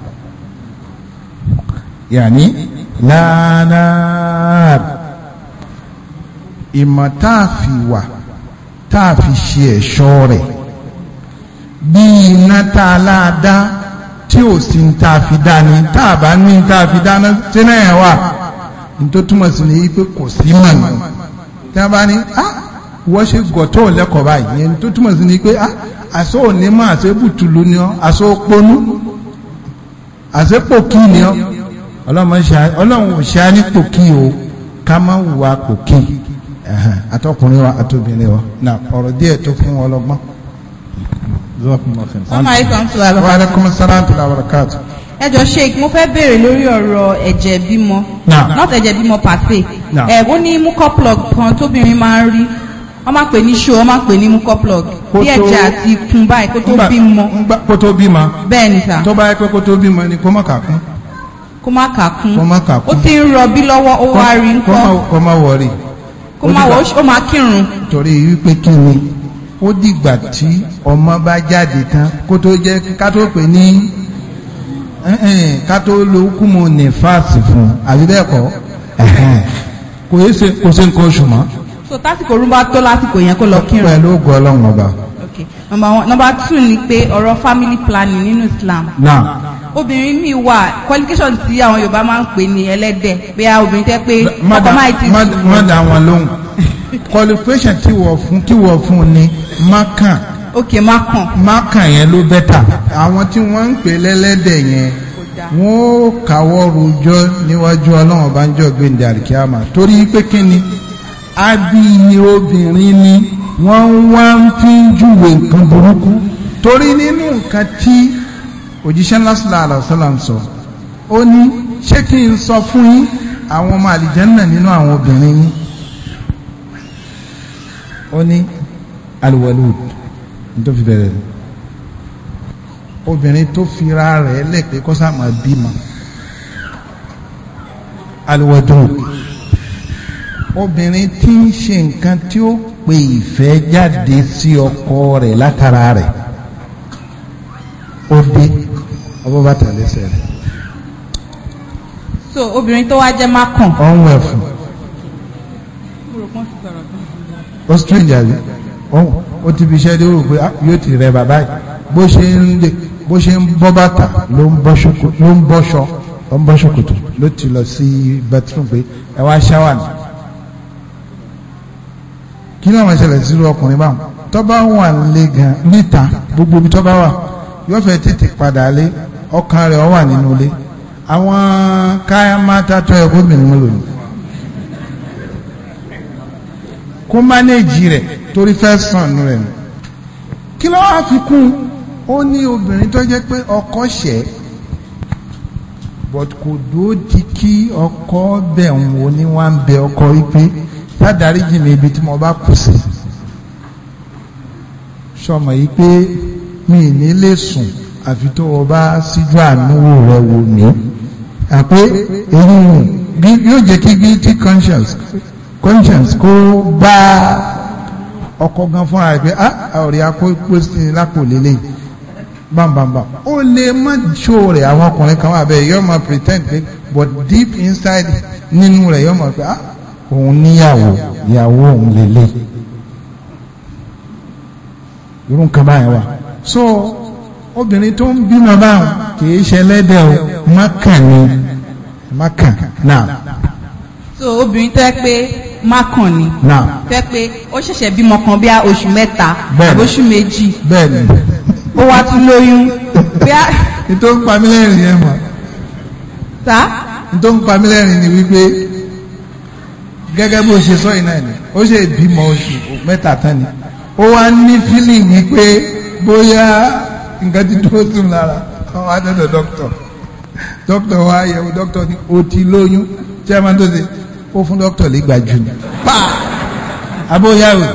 yani laanar ìmọ̀ táàfi wà táàfi ṣe ẹ̀ṣọ́ rẹ̀ bí iná tá a láadá tí ò sí ń táàfi dání táàbá ní táàfi dáná tí náà wà ní tó túmọ̀ sí ní pé kò sí mọ̀ ní tí wọ́n bá ní ah wọ́n ṣe gọ̀tọ́ lẹ́kọ̀ọ́ báyìí yẹn tó túmọ̀ sí ni pé ah, àṣọ òní mọ́ àṣẹ bùtùlù ni ọ́ àṣọ ponú àṣẹ pòkí ni ọ́ ọlọ́run ṣá ní pòkí o ká má wùwà pòkí àtọkùnrin wa àtobìnrin wa náà ọ̀rọ̀ díẹ̀ tó fún wọn lọ́gbọ́n. ẹ jọ̀ọ́ sheik mo fẹ́ béèrè lórí ọ̀rọ̀ ẹ̀jẹ̀ bímọ not ẹ̀jẹ̀ bímọ pàṣẹ ẹ ó ní mú kan tóbìnrin máa ń rí wọ́n máa pè ní ṣó wọ́n máa pè ní mukọ́ plug bí ẹ̀jẹ̀ àti kun báyìí kó tó bímọ. kó tó bímọ. bẹ́ẹ̀ ni sà. tó bá yẹ pé kó tó bímọ ni kó má kà kún. kó má kà kún. kó má kà kún. ó ti ń rọbí lọ́wọ́ ó wá rí nǹkan. kó má wọrí. kó má wọ ó máa kírun. torí wípé kí ni ó dìgbà tí ọmọ bá jáde tán kó tó jẹ́ ká tó pè ní ká tó lo kúmọ̀ nífàsì fún àbí bẹ́ẹ̀ kọ́ kò ṣe nǹkan oṣù mọ́ so tásìkò orun bá tó lásìkò yẹn kó lọ kírun. pẹ̀lú ògùn ọlọ́run ọba. okay number one number two ni pé ọ̀rọ̀ family planning nínú Islam. na obìnrin mi wà qualification tí àwọn Yorùbá máa ń pè ní ẹlẹ́dẹ̀ bí a obìnrin tẹ́ pé ọkọ máa ti sùn. má dá wọn lóhùn qualification tí wọ́n fún tí wọ́n fún ni mákàn. ok mákàn. mákàn yẹn ló bẹ́tà àwọn tí wọ́n ń pè lẹ́lẹ́dẹ̀ yẹn wọ́n ó rojọ́ níwájú ọlọ́run ọba ń jọ gbé ní àríkíámà torí pé kí ni abíyí obìnrin ni wọ́n wá ń fi ń júwe nǹkan burúkú torí nínú nǹkan tí òjíṣẹ́ ńlá sallallahu alaihi wasallam sọ ó ní ṣé kí n sọ fún yín àwọn ọmọ àlìjẹ́nà nínú àwọn obìnrin yín ó ní alwalud tó fi bẹ̀rẹ̀ rẹ̀ obìnrin tó fira rẹ̀ lẹ́pẹ́ kọ́sàmà bímọ alwadud obìnrin tí ń ṣe nǹkan tí ó pe ìfẹ́ jáde sí ọkọ rẹ̀ látara rẹ̀ ó dé ọbọ̀ bàtà lẹ́sẹ̀ rẹ̀. so obìnrin tó wá jẹ́ má kàn. ọ̀hún ẹ̀fọn. ó strange àbí ọ̀hún ó ti fi iṣẹ́ dé rò pé ah, yóò ti rẹ bàbá yìí bó ṣe ń lè bó ṣe ń bọ́ bàtà ló ń bọ́ṣọ ló ń bọ́ṣọ ló ti lọ sí bathroom pé ẹ wá ṣáwà ni kí ló máa ṣẹlẹ̀ sí ọkùnrin báwọn tó bá wà lé gan níta gbogbo ibi tó bá wà yóò fẹ́ tètè padà lé ọkàn rẹ̀ ọ wà nínú ilé àwọn káyà máa tatọ́ ẹ̀ gómìnà wọn lòdì kó mánéèjì rẹ̀ torí fẹ́ sàn rẹ̀ nù kí ló wá fi kún ó ní obìnrin tó jẹ́ pé ọkọ ṣẹ̀ but kò dúró di kí ọkọ bẹ̀ ń wo ní wá ń bẹ ọkọ wípé dádarí jìnnà ibi tí mo bá kù sí sọmọ yìí pé mi ní lè sùn àfi tó o bá síjú àánúwò rẹ wò mí àpé èyí yóò jẹ́ kí guilty conscience conscience kó bá ọkọ gan fúnra rẹ̀ pé ọ̀rẹ́ ah, akókó sí i lápò lélẹ̀ bambamba ó lè má ṣó rẹ̀ àwọn ọkùnrin kan wà bẹ́ẹ̀ yóò máa pretend but deep inside nínú rẹ̀ yóò máa pé ah òun níyàwó ìyàwó òun lélẹ̀ irú nǹkan báyìí wà so obìnrin tó ń bímọ báwọn kìí ṣe lẹ́dẹ̀ o mákàn ni mákàn náà. so obìnrin tẹ́ pé mákàn ni tẹ́ pé ó ṣẹ̀ṣẹ̀ bímọ kan bí i oṣù mẹ́ta àbí oṣù méjì ó wá tún lóyún bí a. ètò ń pa mí lẹ́rìn yẹn mọ̀. ta. ètò ń pa mí lẹ́rìn ni wípé gẹ́gẹ́ bó ṣe sọ iná ni ó ṣe bímọ oṣù mẹ́ta tán ni ó wá ní feeling wípé bóyá nǹkan ti dúró tún lára àwọn adọ́dọ̀ dókítọ̀ dókítọ̀ wa yẹ̀wò dókítọ̀ ni ó ti lóyún chairman tó ṣe ó fún dókítọ̀ lẹ́gbàá jù ní pa abóyáwò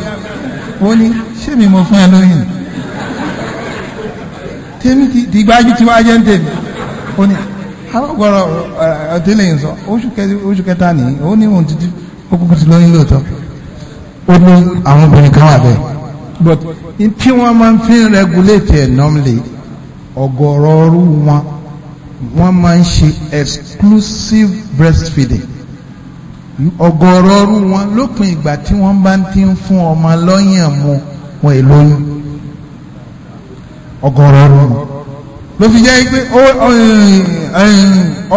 ó ní ṣé mi mo fún ẹ lóyún tèmi ti dìgbájú tí wàá jẹ́ ń tèmi ó ní arọ́gbọ́rọ̀ ọ̀tẹ́lẹ̀ ń sọ oṣù kẹta nìyí ó ní òun ti ó kúkú ti lóyún lóòótọ́ ó ní àwọn obìnrin kan wà bẹ́ẹ̀ but tí wọ́n máa ń fi regulate ẹ̀ normally ọ̀gọ̀rọ̀ ọrú wọn wọ́n máa ń ṣe exclusive breastfeeding ọ̀gọ̀rọ̀ ọrú wọn lópin ìgbà tí wọ́n bá ti ń fún ọmọ lọ́yàn mu wọn è lóyún ọ̀gọ̀rọ̀ ọrú wọn ló fi jẹ́ pé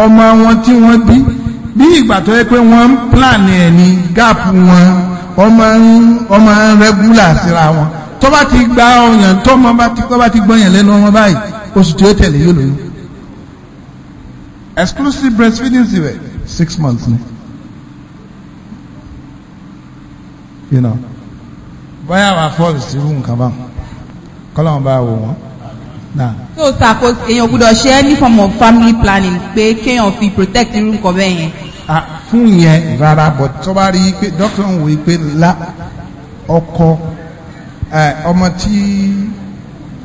ọmọ wọn tí wọ́n bí bí ìgbà tó yẹ pé wọ́n ń plan ẹ̀ ní gáàpù wọn ọmọ ọmọ rẹ́gúlà síra wọn tó bá ti gba ọyàn tó ọmọ bá ti kọ́ bá ti gbọ́yàn lẹ́nu ọmọ báyìí oṣù tí ó tẹ̀lé yóò lóyún exclusive breastfeeding sí six months ni. You know. báyà wà fọ́ọ̀lù sí irú nǹkan báwọn kọ́lọ́mù bá wò wọ́n tó tako èèyàn gbúdọ̀ ṣe any form of family planning pé kéèyàn fi protect irú nǹkan bẹ́ẹ̀ yẹn. fún yẹn rárá bọ̀ tó bá rí i pé dókítà ń wòye pé la ọkọ ọmọ tí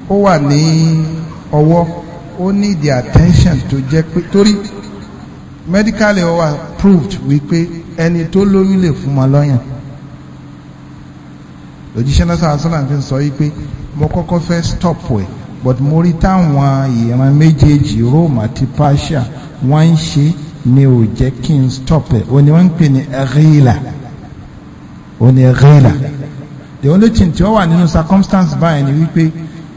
ó wà ní ọwọ́ ó ní the attention tó jẹ́ pé torí medically ó wà proved wípé ẹni tó lóyún lè fún ọmọ lọ́yàn òjíṣẹ́ náà sọ àṣọ náà fi sọ yìí pé mo kọ́kọ́ fẹ́ stop ẹ̀ but mo rí táwọn ìran méjèèjì Rome àti Persia wọ́n ń ṣe ni ò jẹ́ kí n stop ẹ̀ o ni ń pè ní ẹ̀rìlà o ni the only thing tí ó wà nínú circumstance báyìí ni wípé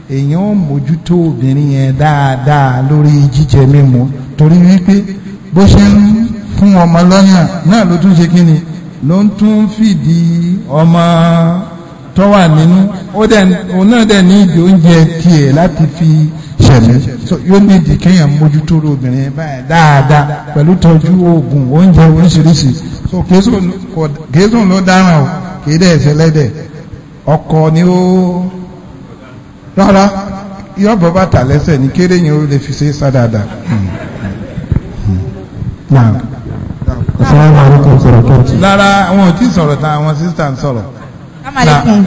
èèyàn ò mójútó obìnrin yẹn dáadáa lórí jíjẹ mímu torí wípé bó ṣe ń fún ọmọ lọ́yàn náà ló tún ṣe kí ni ló ń tún fìdí ọmọ tó wà nínú òun náà dẹ̀ ní ìdí oúnjẹ tiẹ̀ láti fi ṣẹ̀mí yóò ní ìdí kéèyàn mójútó obìnrin báyìí dáadáa pẹ̀lú tọ́jú oògùn oúnjẹ oríṣiríṣi so kéésùn ló dáràn o kìí dẹ̀ ẹ̀sẹ̀ lẹ́dẹ̀ ọkọ ni ó rárá yọ̀bọ̀ bàtà lẹ́sẹ̀ ní kéré yẹn ó lè fi ṣe é sá dáadáa. Hmm. Hmm. lára àwọn ò tí sọ̀rọ̀ tá àwọn sísà ń sọ̀rọ̀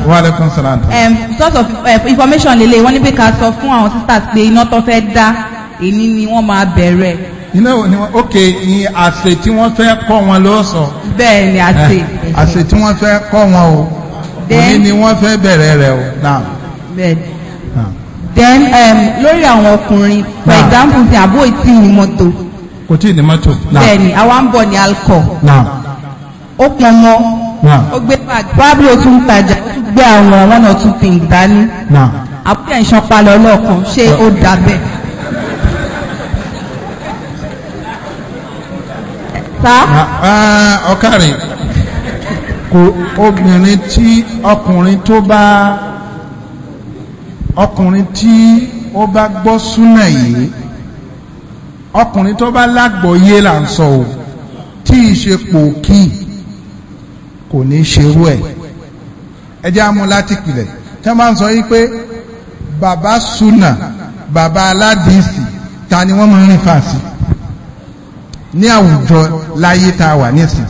wàlẹ́kùn sọ̀rọ̀ àǹtà. source of eh, information lele wọ́n ní pé ká sọ fún àwọn sisters pé iná tó fẹ́ dá èyí ni wọ́n máa bẹ̀rẹ̀. iná ò ní wọn ok ìyìn àṣẹ tí wọ́n fẹ́ kọ́ wọn ló sọ. bẹ́ẹ̀ ni àṣẹ. Eh, àṣẹ tí wọ́n fẹ́ kọ́ wọn o òní ni wọ́n fẹ́ bẹ̀rẹ̀ rẹ̀ o. bẹ́ẹ̀ then lórí àwọn ọkùnrin for example ti àbó ìtì ní mọ́tò. kò tí ì ní mọ́tò. bẹ́ẹ̀ ni àwa ń bọ̀ ní alcohol. ó pọn mọ́ ó gbé bag bábí o tún tajà ó tún gbé àwọn one or two things dání àbúrò ẹ̀ ń ṣanpa lọ lọ́ọ̀kan ṣé ó dà bẹ́ẹ̀. Uh, ọ̀kàrìn kò obìnrin tí ọkùnrin tó bá ọkùnrin tí ó bá gbọ́ súnà yìí ọkùnrin tó bá lágbọ̀ọ́yé là ń sọ ò tí ì ṣe pòkì kò ní ṣerú ẹ̀ ẹjẹ́ amú láti pìlẹ̀ tí wọ́n máa ń sọ yí pé bàbá súnà bàbá aládìsí ta ni wọ́n máa ń rìn fàásì ní àwùjọ láyé tá a wà nísìn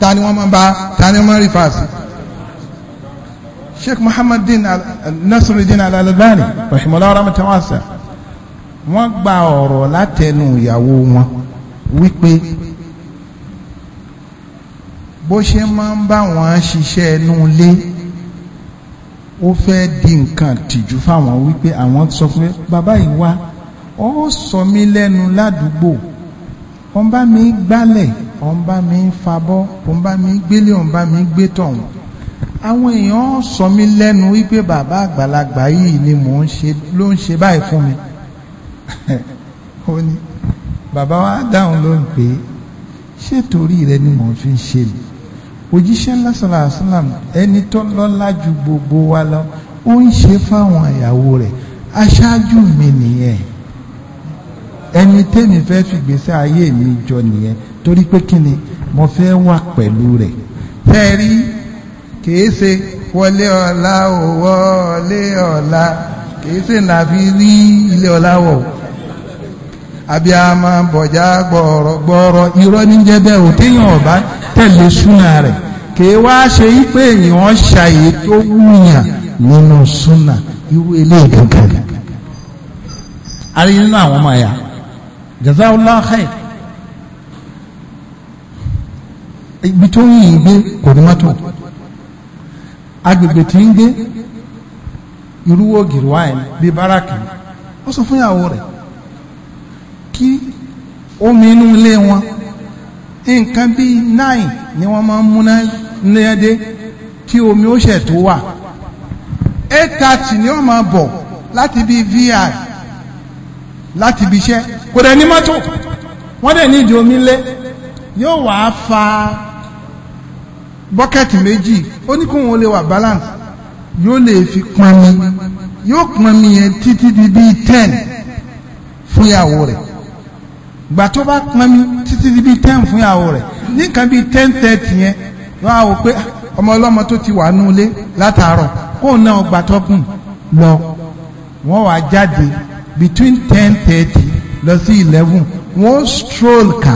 ta ni wọ́n máa ń bá ta ni wọ́n máa ń rìn fàásì sheikh muhammadin nasiruddin al rahimahullah rahmatan wọ́n gba ọ̀rọ̀ látẹnu ìyàwó wọn wípé bó ṣe máa ń bá wọn ṣiṣẹ́ ẹnu ilé ó fẹ́ di nǹkan tìjú fáwọn wípé àwọn sọ fún bàbá yìí wá ó sọ mí lẹ́nu ládùúgbò òun bá mi gbálẹ̀ òun bá mi fabọ́ òun bá mi gbélé òun bá mi gbé tọ̀hún àwọn èèyàn sọ mí lẹ́nu wípé bàbá àgbàlagbà yìí ni mò ń ṣe ló ń ṣe báyìí fún mi ó ní bàbá wa dáhùn ló ń pè é ṣé torí rẹ ni mò ń fi ṣe mi òjíṣẹ́ ńlá sọ̀rọ̀ àṣàlám ẹni tó lọ́lá ju gbogbo wa lọ ó ń ṣe fáwọn ìyàwó rẹ̀ aṣáájú mi nìyẹn ẹni tẹ́mi fẹ́ fi ayé mi jọ nìyẹn torí pé kí ni mo fẹ́ wà pẹ̀lú rẹ̀ fẹ́ rí kìí ṣe wọlé ọ̀la ò wọlé ọ̀la kìí ṣe làfi rí ilé ọ̀la wọ̀ àbí a máa bọ̀já gbọ̀rọ̀ gbọ̀rọ̀ irọ́ níjẹ́ bẹ́ẹ̀ ò téèyàn ọ̀bá tẹ̀lé súnà rẹ̀ kèé wá ṣe yí pé èèyàn ṣàyè tó wúyàn nínú súnà irú ilé ìgbàgbà arí nínú àwọn ọmọ ẹ̀yà jazakallahu khair ibi tó yìí gbé kò ní mọ́tò agbègbè tí ń gbé irúwó gìrìwá ẹ̀ bí báràkì ó sọ fún ìyàwó rẹ̀ kí omi inú ilé wọn nǹkan bí nine ni wọ́n máa ń múná léyàdé tí omi ó ṣẹ̀ tó wà eight ni wọ́n máa bọ̀ láti bí vr láti bí iṣẹ́ kò dẹ̀ ní mọ́tò wọ́n dẹ̀ ní ìdí omi lé yóò wá fa bọ́kẹ́tì méjì ó ní kóun ó lè wà balance yóò lè fi pọnmi yóò pọnmi yẹn títí di bíi ten fún ìyàwó rẹ̀ gbà tó bá pọn mi títí bíi ten fún ìyàwó rẹ̀ ní nǹkan bíi ten thirty yẹn wọ́n á wò pé ah, ọmọ ọlọ́mọ tó ti wà nú ilé látàárọ̀ kóun náà gbà tọ́kùn lọ wọ́n wá jáde between ten thirty lọ sí eleven wọ́n stroll ká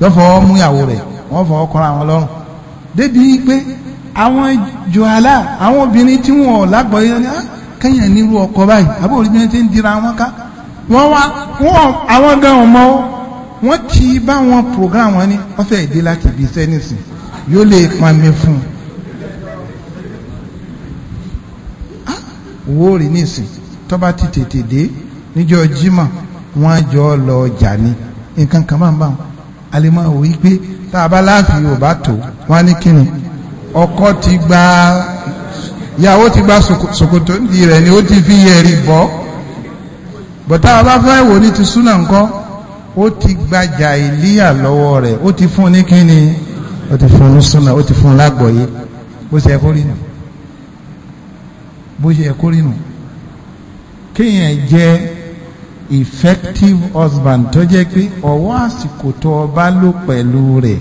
lọ́fọ̀ọ́ mú ìyàwó rẹ̀ wọ́n fọwọ́ kọ́ra àwọn lọ́rùn débi pé àwọn jòhálà àwọn obìnrin tí wọn ò lágbọ̀ọ́ yẹn ni ah, kẹ́yìn nírú ọkọ báyìí àbúrò obìnrin ti ń dira wọn ká wọ́n wá wọ́n àwọn gan ọmọ wọ́n ti bá wọn program wọn ní wọ́n fẹ́ dé láti ibi iṣẹ́ nísìn yóò lè pamẹ́ fún un owó ah, rí nísìn tó bá ti tètè dé níjọ́ Jímọ̀ wọ́n jọ lọ jà ní nǹkan kan máa ń bá wọn alẹ́ máa wò yí pé tá a bá láàfin yorùbá tó wọ́n á ní kíni ọkọ ti gba ìyàwó ti gba ṣòkòtò ń di ni ó ti fi yẹ̀rì bọ́ bọ̀tá bá fẹ́ wò ní ti súnà ńkọ́ ó ti gbajà ìlíyà lọ́wọ́ rẹ̀ ó ti fún ní kíni ó ti fún ní súnà ó ti fún lágbọ̀yé bó ṣe ẹkó rínù bó ṣe ẹkó rínù kéèyàn jẹ́ effective husband tó jẹ́ pé ọwọ́ àsìkò tó ọba lò pẹ̀lú rẹ̀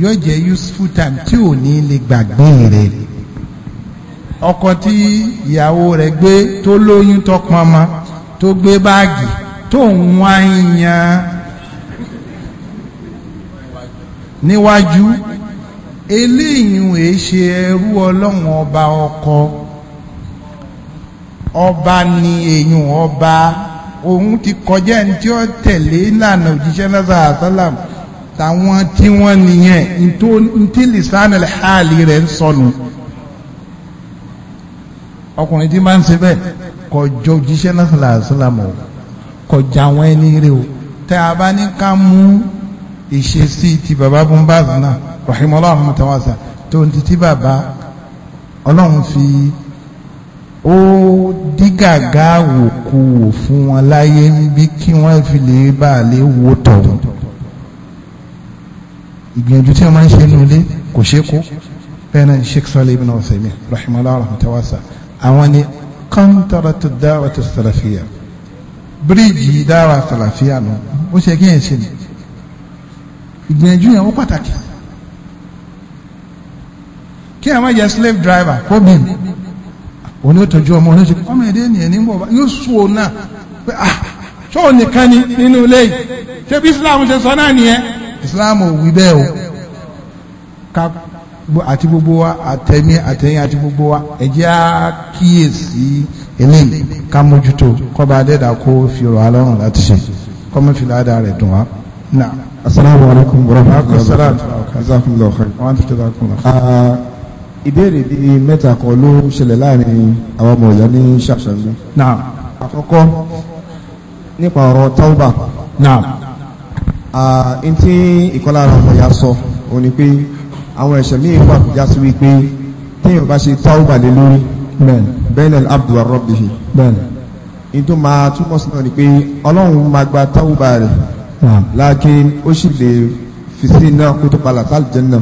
yóò jẹ́ useful time tí ò ní lè gbàgbé rẹ̀ ọkọ tí ìyàwó rẹ̀ gbé tó lóyún tó pọn mọ́ tó gbé báàgì tó ń wá yan níwájú eléyìn è ṣe ẹrú ọlọ́run ọba ọkọ ọba ni èyàn ọba òun ti kọjá ẹni tí ó tẹ̀lé ìlànà òjíṣẹ́ lọ́sà àsálàm táwọn tí wọ́n nìyẹn ní tí lìsánà hàlì rẹ̀ ń sọnù. So ọkùnrin tí máa ń ṣe bẹ́ẹ̀ kọjọ jíṣẹ́ náà sàlámù kọjá àwọn ẹni rẹ o tẹ a bá ní ká mú ìṣesí ti bàbá bumbaz náà rahimahullah mutawasa tó ń titi bàbá ọlọ́run fi ó dígàgá wòkú wò fún wọn láyé bí kí wọ́n fi lè bá a lè wò tọ̀hún ìgbìyànjú tí wọ́n máa ń ṣe nílé kò ṣe kó bẹ́ẹ̀ náà sheikh salim ibn ọ̀sẹ̀ mi rahimahullah mutawasa àwọn ni kọ́ńtàràtù dáwàtù sàlàfíà bíríìjì dáwà sàlàfíà nù ó ṣe kí ẹ̀ ṣe ni ìgbìyànjú yẹn ó pàtàkì kí ẹ má jẹ slave driver kó bí mi òní ó tọ́jú ọmọ oníṣe ọmọ èdè ènìyàn ní bọ̀ yóò sùn òun náà pé ah ṣó o nìkan ni nínú ilé yìí ṣé bí Islam ṣe sọ náà nìyẹn Islam ò wí bẹ́ẹ̀ o àti gbogbo wa àtẹ̀mí àtẹ̀yìn àti gbogbo wa ẹ jẹ́ á kíyèsí eléyìí ká mójútó kọ́ba adẹ́dà kó fi rọ̀ alọ́run láti ṣe kọ́mọ́ fi láàdá rẹ̀ dùn wá. asalaamu alaykum wa rahmatulahi jazakumullahu khairan wa antum jazakumullahu ah, khairan. ìbéèrè bíi mẹ́ta kan ló ṣẹlẹ̀ láàrin àwọn ọmọ ìyá ní ṣàṣàmì. àkọ́kọ́ nípa ọ̀rọ̀ tọ́wbà. Ah, ntí ìkọlára ọmọ ìyá sọ òní pé àwọn ẹ̀ṣẹ̀ míì wà kò já sí wípé téèyàn bá ṣe táwùbà lé lórí bẹ́ẹ̀lẹ̀ abdu wa rabbihi in tó máa túmọ̀ sí náà ni pé ọlọ́run máa gba táwùbà rẹ̀ lákin ó sì lè fi sí náà kó tó palà sálì jẹ́ náà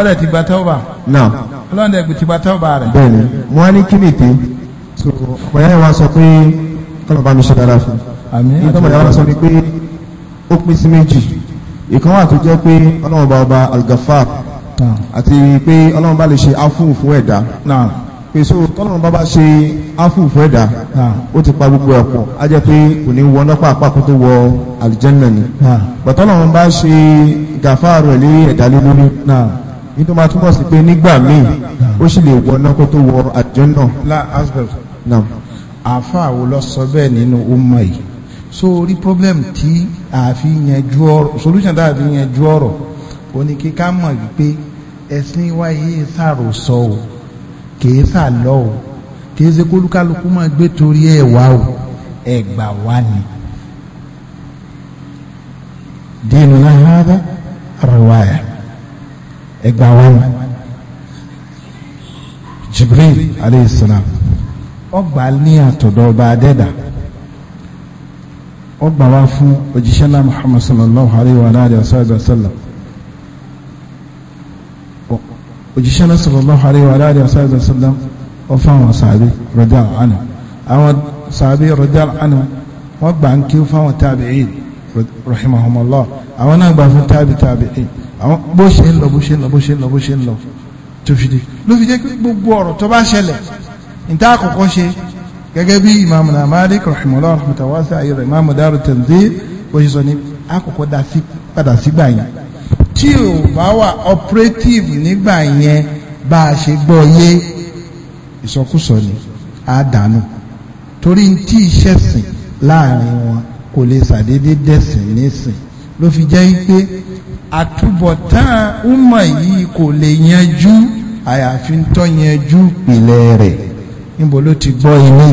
ọlẹ́ ti gba táwùbà ọlọ́run ti gba táwùbà rẹ̀ bẹ́ẹ̀ni wọ́n á ní kí nìtì ọ̀yá ìwà sọ pé kọ́lọ̀ bá mi ṣe dára fún un ìtọ́mọ̀ ìyá wa sọ pé ó pín sí méjì ìkan wà tó jẹ́ pé ọlọ́run bá ọba al-Ghaffar àti pé ọlọ́run bá lè ṣe áfù fún ẹ̀dá pèsè tọ́lọ́run bá bá ṣe áfù fún ẹ̀dá ó ti pa gbogbo ọ̀pọ̀ á jẹ́ pé kò ní wọ ọlọ́pàá àpapọ̀ tó wọ àlìjẹ́nà ni bàtọ́lọ́run bá ṣe Ghaffar rẹ̀ lé ẹ̀dá lé lórí nítorí máa túmọ̀ sí pé nígbà míì ó sì lè wọ ọlọ́pàá tó wọ àlìjẹ́nà. àfáà wo lọ sọ bẹ́ẹ̀ nínú ó mọ̀ yìí so orí problem tí àfi yanjú ọ̀rọ̀ solution tá àfi yanjú ọ̀rọ̀ ó ní kí ká mọ̀ wípé ẹ̀sìn wa yìí ṣàròsọ o kìí ṣàlọ́ o kìí ṣe kólúkálukú máa gbé torí ẹ̀ wá o ẹ̀gbà wá ni. dínú náà hádà rẹwàyà ẹ̀gbà wá ni. Jibril aleyhisselam ọgbà ní àtọ̀dọ̀ ọba adẹ́dàá ó gbà wá fún òjíṣẹ́ náà muhammad sallallahu alayhi wa alayhi wa sallam òjíṣẹ́ náà sallallahu alayhi wa alayhi wa sallam ó fáwọn sàbí rọjá àánú àwọn sàbí rọjá àánú wọ́n gbà ń kí fáwọn tabi'in rahimahumallah àwọn náà gbà fún tabi tabi'in àwọn bó ṣe ń lọ bó ṣe ń lọ bó ṣe ń lọ bó ṣe ń lọ tó fi dé ló fi dé gbogbo ọ̀rọ̀ tó bá ṣẹlẹ̀ níta àkọ́kọ́ ṣe gẹ́gẹ́ bí imaamu na malik rahimahullah rahmatawasa ayé rẹ̀ imaamu daru tanzil bó ṣe sọ ní àkọ́kọ́ dá sí padà sígbà yẹn tí ò bá wà operative nígbà yẹn bá a ṣe gbọ́ yé ìsọkúsọ ni a dànù torí tí iṣẹ́ sìn láàrin wọn kò lè ṣàdédé dẹ̀sìn nísìn ló fi jẹ́ pé àtúbọ̀tán ọmọ yìí kò lè yanjú àyàfi ń tọ́ yanjú ìpìlẹ̀ rẹ̀ níbo ló ti gbọ́ ilé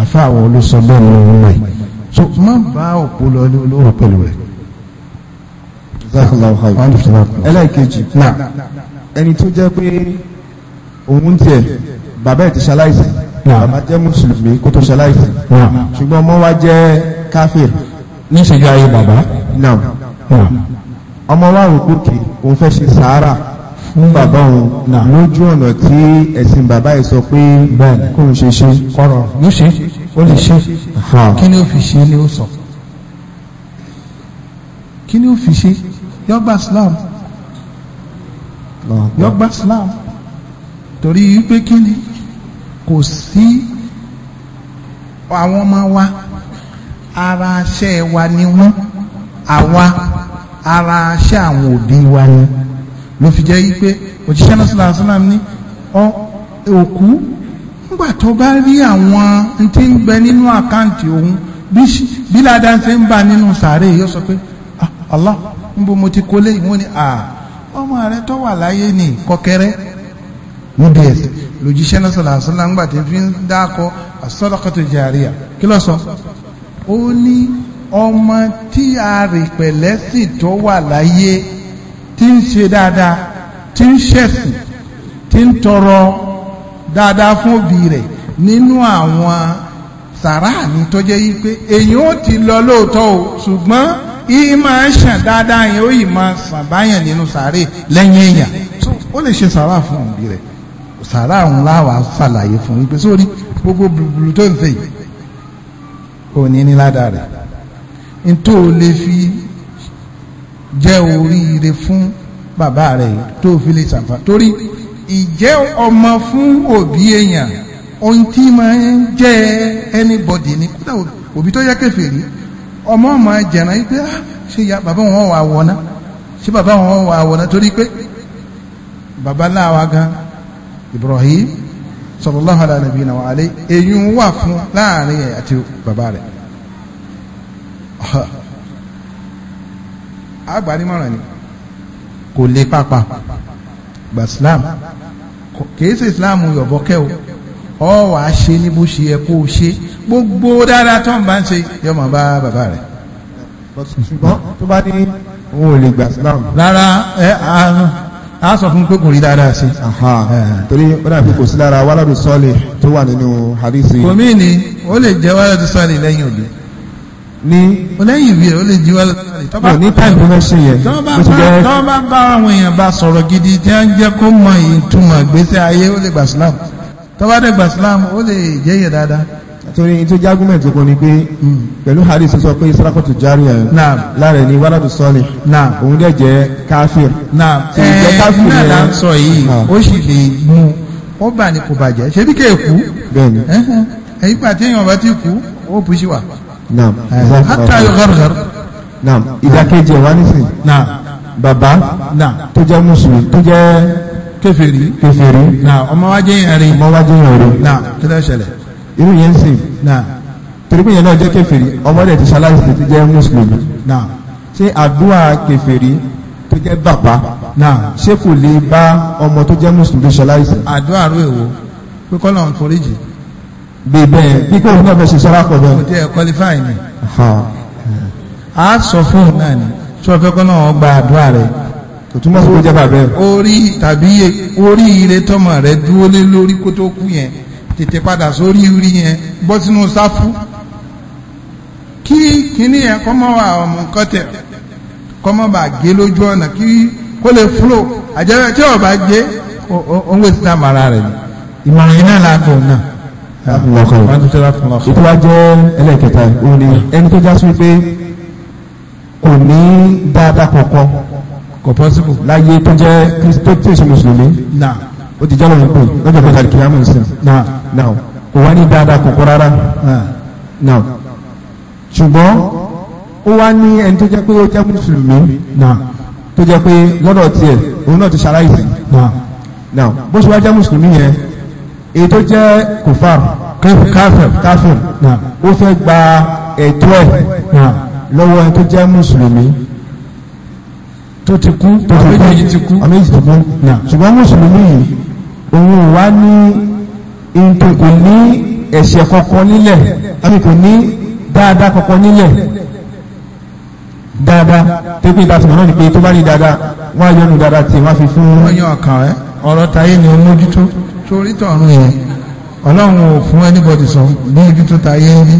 àfa àwọn olóṣọ bẹ́ẹ̀ ni rẹ̀ so má bá òpó lọ ní olóró pẹ̀lú rẹ̀. ẹlẹ́ẹ̀kejì náà ẹni tó jẹ́ pé òun tiẹ̀ bàbá ẹ̀ ti ṣaláìsì bàbá jẹ́ mùsùlùmí kó tó ṣaláìsì ṣùgbọ́n ọmọ wa jẹ́ káfíìr. níṣẹ́jú ayé bàbá. ọmọ wa rò kókè òun fẹ́ ṣe sàárà fún bàbá òun lójú ọ̀nà tí ẹ̀sìn bàbá ẹ̀ sọ pé kò ń ṣe ṣe kọ̀rọ̀ ló ṣe ó lè ṣe kí ni ó fi ṣe ni ó sọ kí ni ó fi ṣe yọgbà Islam yọgbà Islam torí wípé kí ni kò sí àwọn ọmọ wa ara aṣẹ́ wa ni wọ́n àwa ara aṣẹ́ àwọn òbí wa ni ló fi jẹ́ wípé òjíṣẹ́ náà sílá sílám ní òkú nígbà tó bá rí àwọn tí ń bẹ nínú àkáǹtì òun bí ládá ṣe ń bá nínú sàárè yóò sọ pé ah, Allah ń bo mo ti kó lé ìwọ́n ni ah, ọmọ rẹ tó wà láyé ní kọkẹrẹ níbi ẹ̀sẹ̀ lòjíṣẹ́ náà sílá sílám nígbà tí fi ń dákọ as-sadaqatu kí ló sọ ó ní ọmọ tí a rè pẹ̀lẹ́sì tó wà láyé tí ń ṣe dáadáa tí ń ṣẹ̀sìn tí ń tọrọ dáadáa fún òbí rẹ̀ nínú àwọn sàráàní tó jẹ́ yí pé èyàn ó ti lọ lóòótọ́ o ṣùgbọ́n yìí máa ń ṣàn dáadáa yẹn ó yìí máa sàn báyàn nínú sàárè lẹ́yìn èèyàn ó lè ṣe sàrá fún òbí rẹ̀ sàrá òun láwà ṣàlàyé fún yín pé sórí gbogbo bùbùrù tó ń fẹ́ yìí ò ní ládàá rẹ̀ nítorí o lè fi jẹ́ oríire fún bàbá rẹ̀ tó fi lè sàǹfà torí ìjẹ́ ọmọ fún òbí èèyàn ohun tí máa ń jẹ́ anybody ni kódà òbí tó yẹ kèfèrí ọmọ ọmọ jẹ̀rán yí pé ah, ṣé ya bàbá wọn wà wọ̀ná ṣé bàbá wọn wà wọ̀ná torí pé bàbá láwa gan Ibrahim sallallahu ala nabiyina wa alayhi eyín wà fún láàrin ẹ̀ àti bàbá rẹ̀ àgbà nímọ̀ràn ni kò lè pápá gba islam kìí ṣe islam yọ̀bọ̀ o ọ wàá ṣe ní bó ṣe yẹ kó o ṣe gbogbo dáadáa tó ń bá ń ṣe yọ mọ̀ bá bàbá rẹ̀. ṣùgbọ́n tó bá ní òun ò lè gba islam. rárá ẹ àánú a sọ fún pé kò rí dáadáa sí. torí ó dà bí kò sí lára wàládù sọ́ọ̀lì tó wà nínú hadisi. kò mí ni ó lè jẹ́ wàládù sọ́ọ̀lì lẹ́yìn òde ní. olóyìn ìwé ó lè jí wá lálẹ́. tọ́ba ní táì fún ẹṣin yẹn. tọ́ba bá bá àwọn èèyàn bá sọ̀rọ̀ gidi tí wọ́n jẹ́ kó mọ ìtumọ̀ gbèsè ayé ó lè gbà sílámù. tọ́ba dẹ̀ gbà sílámù ó lè jẹ́ yẹn dáadáa. torí tó jẹ́ argument kan ni pé hmm. pẹ̀lú hadith sọ pé sarakotu jariya lára ni wàlàdù sọ́ọ̀lì òun dẹ̀ jẹ́ káfíìr. ẹ̀ẹ́n náà la ń sọ yìí ah. ó sì lè mú ó bà ní kò bàjẹ́ ṣebí kéèkú ẹ̀yìn pàtẹ́yìn ọ̀bá ti kú ó bù sí wa naam hata yóò gàrgàr. naam ìdákẹ́jẹ́ wa nísìn. naam bàbá. naam tó jẹ́ mùsùlùmí tó jẹ́. kèfèrí. kèfèrí. naam ọmọ wa jẹ́ yẹn rí. ọmọ wa jẹ́ yẹn rí. naam kí ló ṣẹlẹ̀. irú yẹn ń sìn. naam torípé yẹn náà jẹ́ kèfèrí ọmọ rẹ̀ ti ṣaláìsì tó jẹ́ mùsùlùmí. naam ṣé àdúrà kèfèrí tó jẹ́ bàbá. naam ṣé kò lè bí bẹ́ẹ̀ bí kò náà fẹ́ ṣe sọ́ra pọ̀ bẹ́ẹ̀. kò tí ẹ qualify ni. a sọ fún un náà ni tí wọ́n fẹ́ kọ́ náà wọ́n gba àdúrà rẹ̀. kò túmọ̀ sí kó jẹ́ bàbá ẹ̀. orí tàbí orí ire tọmọ rẹ dúró lé lórí kó tó kú yẹn tètè padà sórí rí yẹn bọ́ sínú sáfù kí kíní yẹn kọ́ mọ́ wà ọmọ nǹkan tẹ̀ kọ́ mọ́ bà gé lójú ọ̀nà kí kó lè fúlò àjẹbẹ tí ò bá gé òun wèsì tá màrà rẹ̀ ìmọ̀ràn yìí náà la náà ìtú wa jẹ́ ẹlẹ́kẹta òní ẹni tó já sí wípé kò kristo tí èsì mùsùlùmí náà ó ti jálọ̀ nípò lọ́jọ́ pẹ̀lú àdìkìyàmù ìsìn náà náà kò wá ní dáadáa kọ̀ọ̀kan rárá náà ṣùgbọ́n ó wá ní ẹni tó jẹ́ pé ó jẹ́ mùsùlùmí tó jẹ́ pé lọ́dọ̀ tiẹ̀ òun náà ti ṣaláìsì bó ṣe wá jẹ́ mùsùlùmí yẹn èyí tó jẹ́ kòfàr káfẹ̀ káfẹ̀ ó fẹ́ gba ẹ̀tọ́ ẹ̀ lọ́wọ́ ẹni tó jẹ́ mùsùlùmí tó ti kú tó ti kú àméjì ti kú àméjì ti kú ṣùgbọ́n mùsùlùmí yìí òun wá ní nǹkan kò ní ẹ̀ṣẹ̀ kankan nílẹ̀ àmì kò ní dáadáa kankan nílẹ̀ dáadáa tó pé ìdásùn náà ni pé tó bá rí dáadáa wọ́n á yọnu dáadáa tí wọ́n á fi fún ọ̀rọ̀ tayé ni ó mójútó torí tọ̀run yẹn ọlọ́run ò fún anybody sọ ní ibi tó ta yé ní.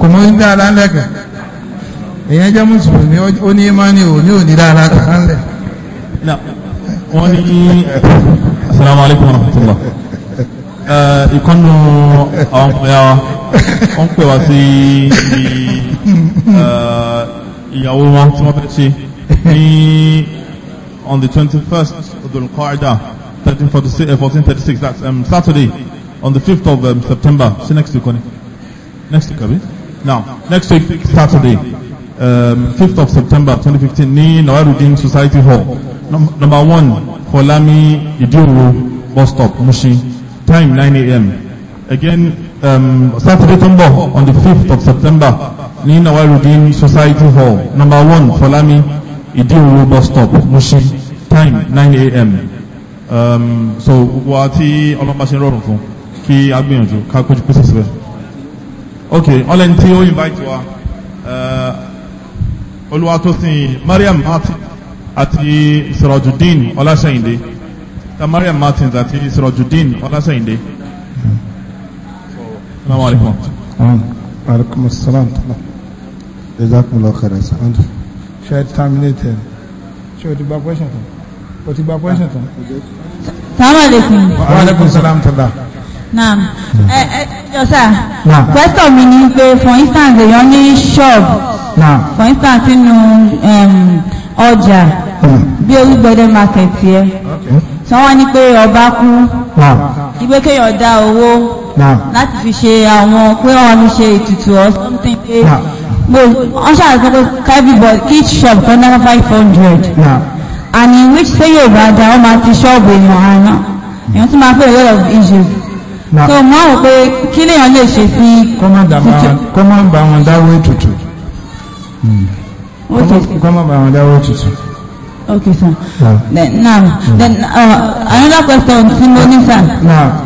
kò mọ ní dáadáa ńlẹ̀ kan èyàn jẹ́ mùsùlùmí ó ní ìmánì ò ní òní dáadáa kan ńlẹ̀. wọ́n ní asalaamualeykum wa rahmatulah ìkọ́nù àwọn ọmọ ya wa wọ́n pè wá sí ìyàwó wọn tí wọ́n fẹ́ ṣe ní. on the 21st of the Qaeda, 1436, eh, that's um, Saturday, on the 5th of um, September. See next week, Connie. Next week, Abi. Now, next week, Saturday, um, 5th of September 2015, near Society Hall. Num number one, Folami Iduru, bus stop, Mushi. Time 9 a.m. Again, um, Saturday Tombo on the 5th of September, near Nawaruddin Society Hall. Number one, Folami ìdíòwò bus stop Mushin time 9am um, so gbogbo àti ọlọ́pàá ṣe rọrùn fún kí a gbìyànjú ká kójú pèsè síbẹ̀ ok ọlẹ́ni tí ó invite wa uh, olúwa tó sìn Mariam Martin àti Sirajudeen Ọláṣẹ́yìndé ta Mariam Martins àti Sirajudeen Ọláṣẹ́yìndé salamu alaykum. alaykum salaam. jazakumullahu khairan ṣe terminated ṣe o ti gba question tán o ti gba question tán. sàmàlẹ́kùn. wàhálẹ́kùn sàlám tàlà. naam ẹ ẹ jọ̀sà. naam question mi ni pé for instance èèyàn ní shop. naam for instance nínú ọjà hmm. bí Olúgbọdẹ market yẹ. sọ wọn ni pé ọba kú. naam ìgbé kéèyàn dá owó. naam láti fi ṣe àwọn pé wọn ṣe ètùtù or something naam ọṣà Can pé buy each shop kan náà five hundred and in which say yóò bá dá ọmọ àti ṣọ́ọ̀bù èèyàn àná èèyàn tún máa fẹ́ a lot of issues so mo rò pé kí lèèyàn lè Come on, kọ́ máa bá wọn dáwọ́ ètùtù kọ́ máa bá wọn dáwọ́ ètùtù. Okay, sir. Yeah. Then, now, yeah. then uh, another question, Simoni, sir. Now.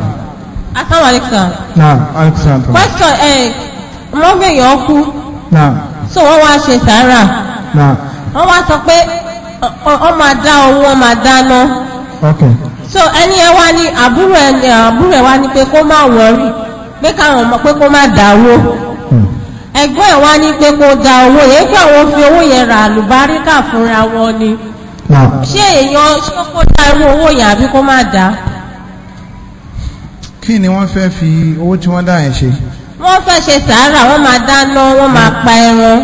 Assalamu alaikum. Now, alaikum. Question, eh, mo gbé yàn kú. so wọ́n wá ṣe sàárà wọ́n wá sọ pé ọ máa dá owó wọ́n máa dáná so ẹni ẹ wá ní àbúrò ẹ àbúrò ẹ wá ní pé kó má wọrí pé káwọn ọmọ pé kó má dáwó hmm. ẹ wá ní pé kó da owó yẹn pé àwọn fi owó yẹn ra àlùbáríkà fúnra wọn ni ṣé èèyàn ṣé kó dá irú yẹn àbí kó wọ́n fẹ́ ṣe sàárà wọ́n máa dáná wọ́n máa pa ẹran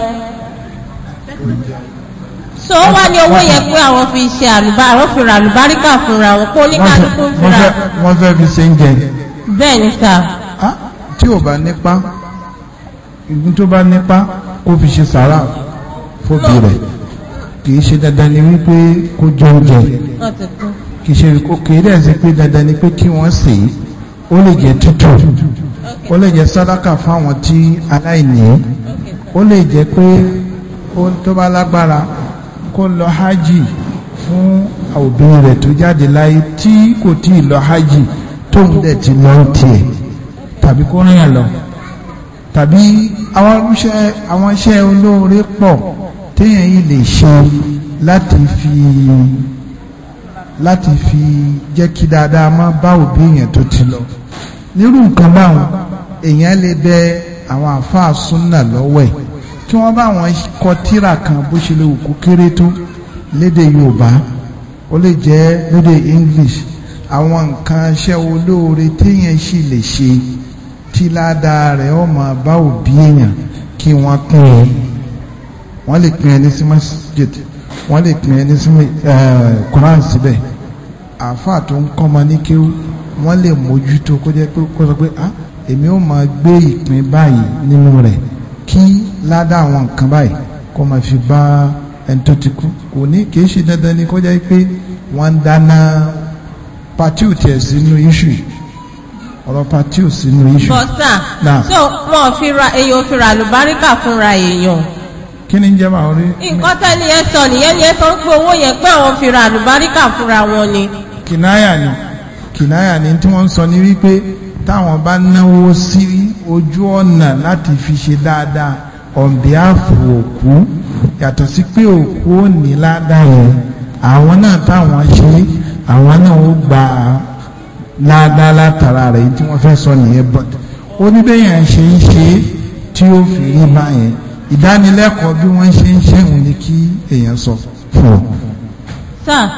so ó wá ní owó yẹn pé àwọn fi ṣe àlùbá àwọn fi ra àlùbáríkà fúnra wọn kó oníkálukú fúnra wọ́n fẹ́ fi ṣe ń jẹ bẹ́ẹ̀ ni sà tí ò bá nípa ìgbín tó bá nípa kó fi ṣe sàárà fóbi rẹ̀ kìí ṣe dandan ni wípé kó jọ oúnjẹ kìí ṣe kìí dẹ̀ sí pé dandan ni pé kí wọ́n sèé ó lè jẹ́ tútù ó lè jẹ́ sàdákà fáwọn tí aláìní ó lè jẹ́ pé ohun tó bá lágbára kó lọ hajj fún òbí rẹ̀ tó jáde láyé tí kò tí ì lọ hajj tó ń dẹ̀ ti lọ tiẹ̀ tàbí kó rìn lọ tàbí àwọn iṣẹ́ àwọn iṣẹ́ olóore pọ̀ téèyàn yìí lè ṣe láti fi láti fi jẹ́ kí dáadáa má bá òbí èèyàn tó ti lọ nírú nǹkan báwọn èèyàn lè bẹ àwọn àfáà súnà lọ́wọ́ ẹ̀ tí wọ́n bá wọn kọ tírà kan bó ṣe lè wù kéré tó lédè Yorùbá ó lè jẹ́ lédè English àwọn nǹkan iṣẹ́ olóore téèyàn sì lè ṣe tí ládàá rẹ̀ ó máa bá òbí èèyàn kí wọ́n pín in wọ́n lè pín ẹni sí masjid wọ́n lè pín ẹni sí Quran síbẹ̀ àáfàá tó ń kọ́ ọmọ ní kéwú wọ́n lè mójútó kó jẹ́ pé kó sọ pé ah èmi ó máa gbé ìpín báyìí nínú rẹ̀ kí ládà àwọn nǹkan báyìí kó máa fi bá ẹni tó ti kú kò ní kì ṣe dandan ni kó jẹ́ pé wọ́n ń dáná patiu tiẹ̀ sínú iṣu ọ̀rọ̀ patiu sínú iṣu. bọ́sà so wọn fi ra èèyàn fi ra àlùbáríkà fúnra èèyàn kí ni jẹ́ máa rí. nǹkan tẹ́lẹ̀ yẹn sọ nìyẹn ni ẹ sọ pé owó yẹn pé àwọn fi ra àlùbáríkà fúnra wọn ni. kìnnáyà ni kìnnáyà ni tí wọ́n ń sọ ni wípé táwọn bá náwó sí ojú ọ̀nà láti fi ṣe dáadáa on behalf òkú yàtọ̀ sí pé òkú ò ní ládàá yẹn àwọn náà táwọn ṣe àwọn náà ó gba ládàá látara rẹ̀ tí wọ́n fẹ́ sọ nìyẹn but ó ṣe ń ṣe tí ó fi rí báyẹn ìdánilẹ́kọ̀ọ́ bí wọ́n ṣe ń ṣẹ́hùn ní kí èèyàn sọ fún ọ. sir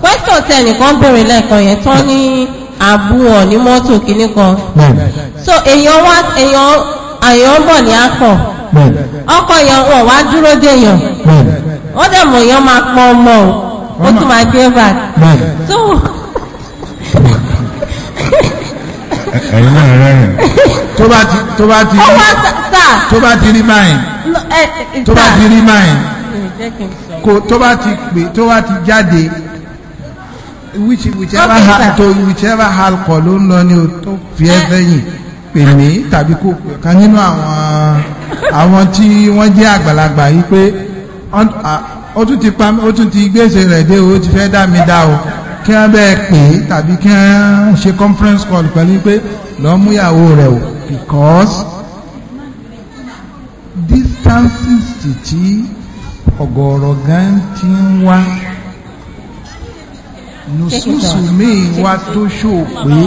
question tẹnìkan béèrè lẹ́ẹ̀kan yẹn tán ní àbúwọ̀ ní mọ́tò kìíní kan so èèyàn wá èèyàn àyàn bọ̀ ní akọ̀ ọkọ̀ èèyàn wọ̀ wá dúró déèyàn ó dẹ̀ mọ̀ èèyàn máa pọ̀ ọmọ o ó tún máa dé back so. ẹ̀yin náà rẹ́rìn tó bá ti tó bá ti rí tó bá ti rí máìn eh, eh, tó bá ti rí máìn tó bá ti pè tó bá ti jáde which whichever okay, ha whichever halkọ ló ń lọ ni o tó fi ẹ sẹ́yìn pè mí tàbí kò pè kan nínú àwọn àwọn tí wọ́n jẹ́ àgbàlagbà yìí pé ó tún ti pa ó tún ti gbèsè rẹ̀ dé o ti fẹ́ dá mi dá o kí wọ́n bẹ́ẹ̀ pè é tàbí kí wọ́n ṣe conference call pẹ̀lú pé lọ́ọ́ mú ìyàwó rẹ̀ o because distances ti ti ọ̀gọ̀ọ̀rọ̀ gan ti ń wá mùsùlùmí wa tó ṣòpé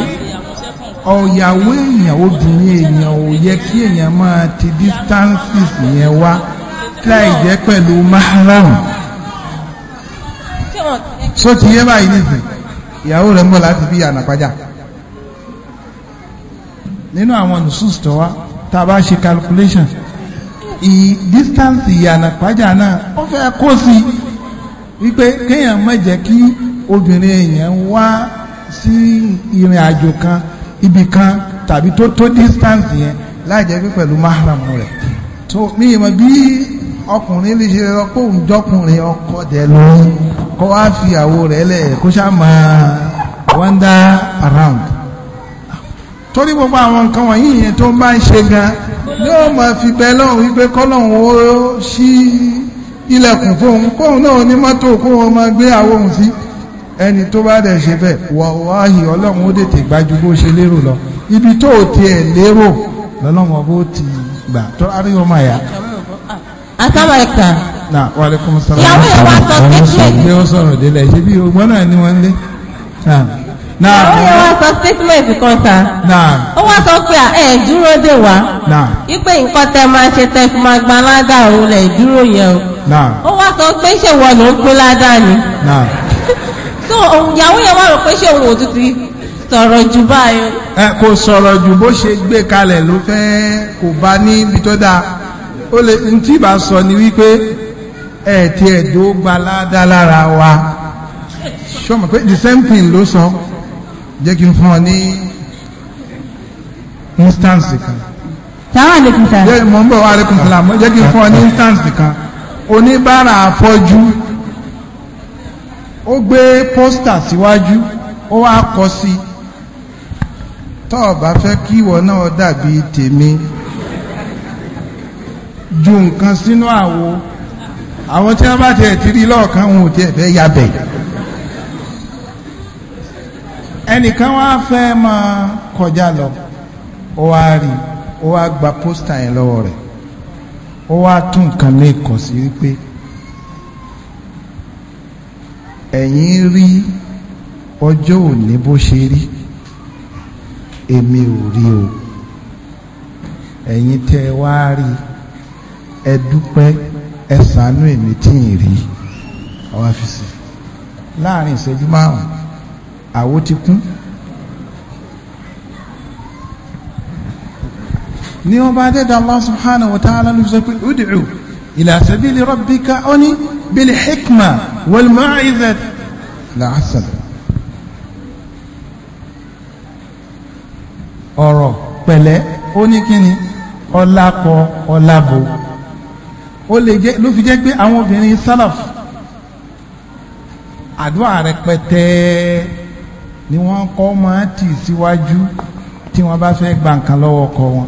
ọ̀yàwó èèyàn obìnrin èèyàn ò yẹ kí èèyàn máa ti distances yẹn wá láì jẹ́ pẹ̀lú mahram so ti yé báyìí nìsín ìyàwó rẹ̀ ń bọ̀ láti bí ànàpájà nínú àwọn nùsùs tó wá tá a bá ṣe calculation ì distance ìyànàpájà náà ó fẹ́ kó sí wípé kéèyàn má jẹ́ kí obìnrin èèyàn ń wá sí ìrìn àjò kan ibì kan tàbí tó tó distance yẹn láì jẹ́ pé pẹ̀lú mahram rẹ̀ tó mi ìmọ̀ bí ọkùnrin lè ṣe lọ pé òun jọkùnrin ọkọ dẹ̀ lóyún kó wá fi àwo rẹ̀ lẹ̀ kó ṣáà máa wander around torí gbogbo àwọn nǹkan wọ̀nyí yẹn tó ń bá ń ṣe gan yóò máa fi bẹ lọ́hùn wípé kọ́lọ́hùn ó ṣí ilẹ̀kùn fóun kóun náà ní mọ́tò kóun máa gbé àwọn òun sí ẹni tó bá dẹ̀ ṣe bẹ́ẹ̀ wàláhì ọlọ́run ó dètè gbájú bó ṣe lérò lọ ibi tó ò tiẹ̀ lérò lọ́lọ́run ọbó ti gbà tó rárí ọmọ àyà. asábàáìkà. na wàlẹ́kùn sọ̀rọ̀ ìyàwó yẹn wá sọ statement. ṣé ó sọ̀rọ̀ délẹ̀ ṣé bí ogbọ́n náà ni wọ́n lé. ìyàwó yẹn wá sọ statement kan sa. ó wá sọ pé ẹ dúró dè wá. ipe nǹkan tẹ máa ṣe tẹ fi máa gba ládà òun lẹ̀ dúró yẹn o. ó wá sọ pé ṣèwọ ló ń gbé ládà ni. tó òun ìyàwó yẹn wà rò pé ṣé òun òtútù yìí sọ̀rọ̀ jù báyọ̀. ẹ kò sọ̀rọ̀ jù bó ṣe gbé kalẹ̀ ló fẹ́ kò bá ní ibi tó dáa lè tí sọ ni wípé ẹ ti ẹ̀dó gba lára wa ṣọmọ pé wá àlékún jẹ́ kí ó gbé pósítà síwájú ó wá kọ sí tó o bá fẹ́ kí ìwọ náà dàbí tèmi ju nǹkan sínú àwo àwọn tí wọ́n bá tiẹ̀ ti rí lọ́ọ̀kan wọn ò tiẹ̀ fẹ́ yabẹ̀ ẹnìkan wá fẹ́ máa kọjá lọ ó wá rí ó wá gba pósítà yẹn lọ́wọ́ rẹ̀ ó wá tún nǹkan mẹ́kọ̀ọ́ sí wípé ẹ̀yin rí ọjọ́ òní bó ṣe rí èmi ò rí o ẹ̀yin tẹ́ wá rí ẹ dúpẹ́ ẹ ṣàánú èmi tí ì rí àwọn àfisì láàrin ìṣẹ́jú márùn àwo ti kún ni wọ́n bá dẹ́dà Allah subhanahu wa ta'ala ló sọ pé ud'u ila sabili rabbika ó ní bil بالحكمة والموعظة الحسنة ọ̀rọ̀ pẹ̀lẹ́ ó ní kíni ọlápọ̀ ọlábo ó lè jẹ́ ló fi jẹ́ pé àwọn obìnrin sálàf àdúrà rẹpẹtẹ ni wọ́n kọ́ máa tì síwájú tí wọ́n bá fẹ́ gba nǹkan lọ́wọ́ wọn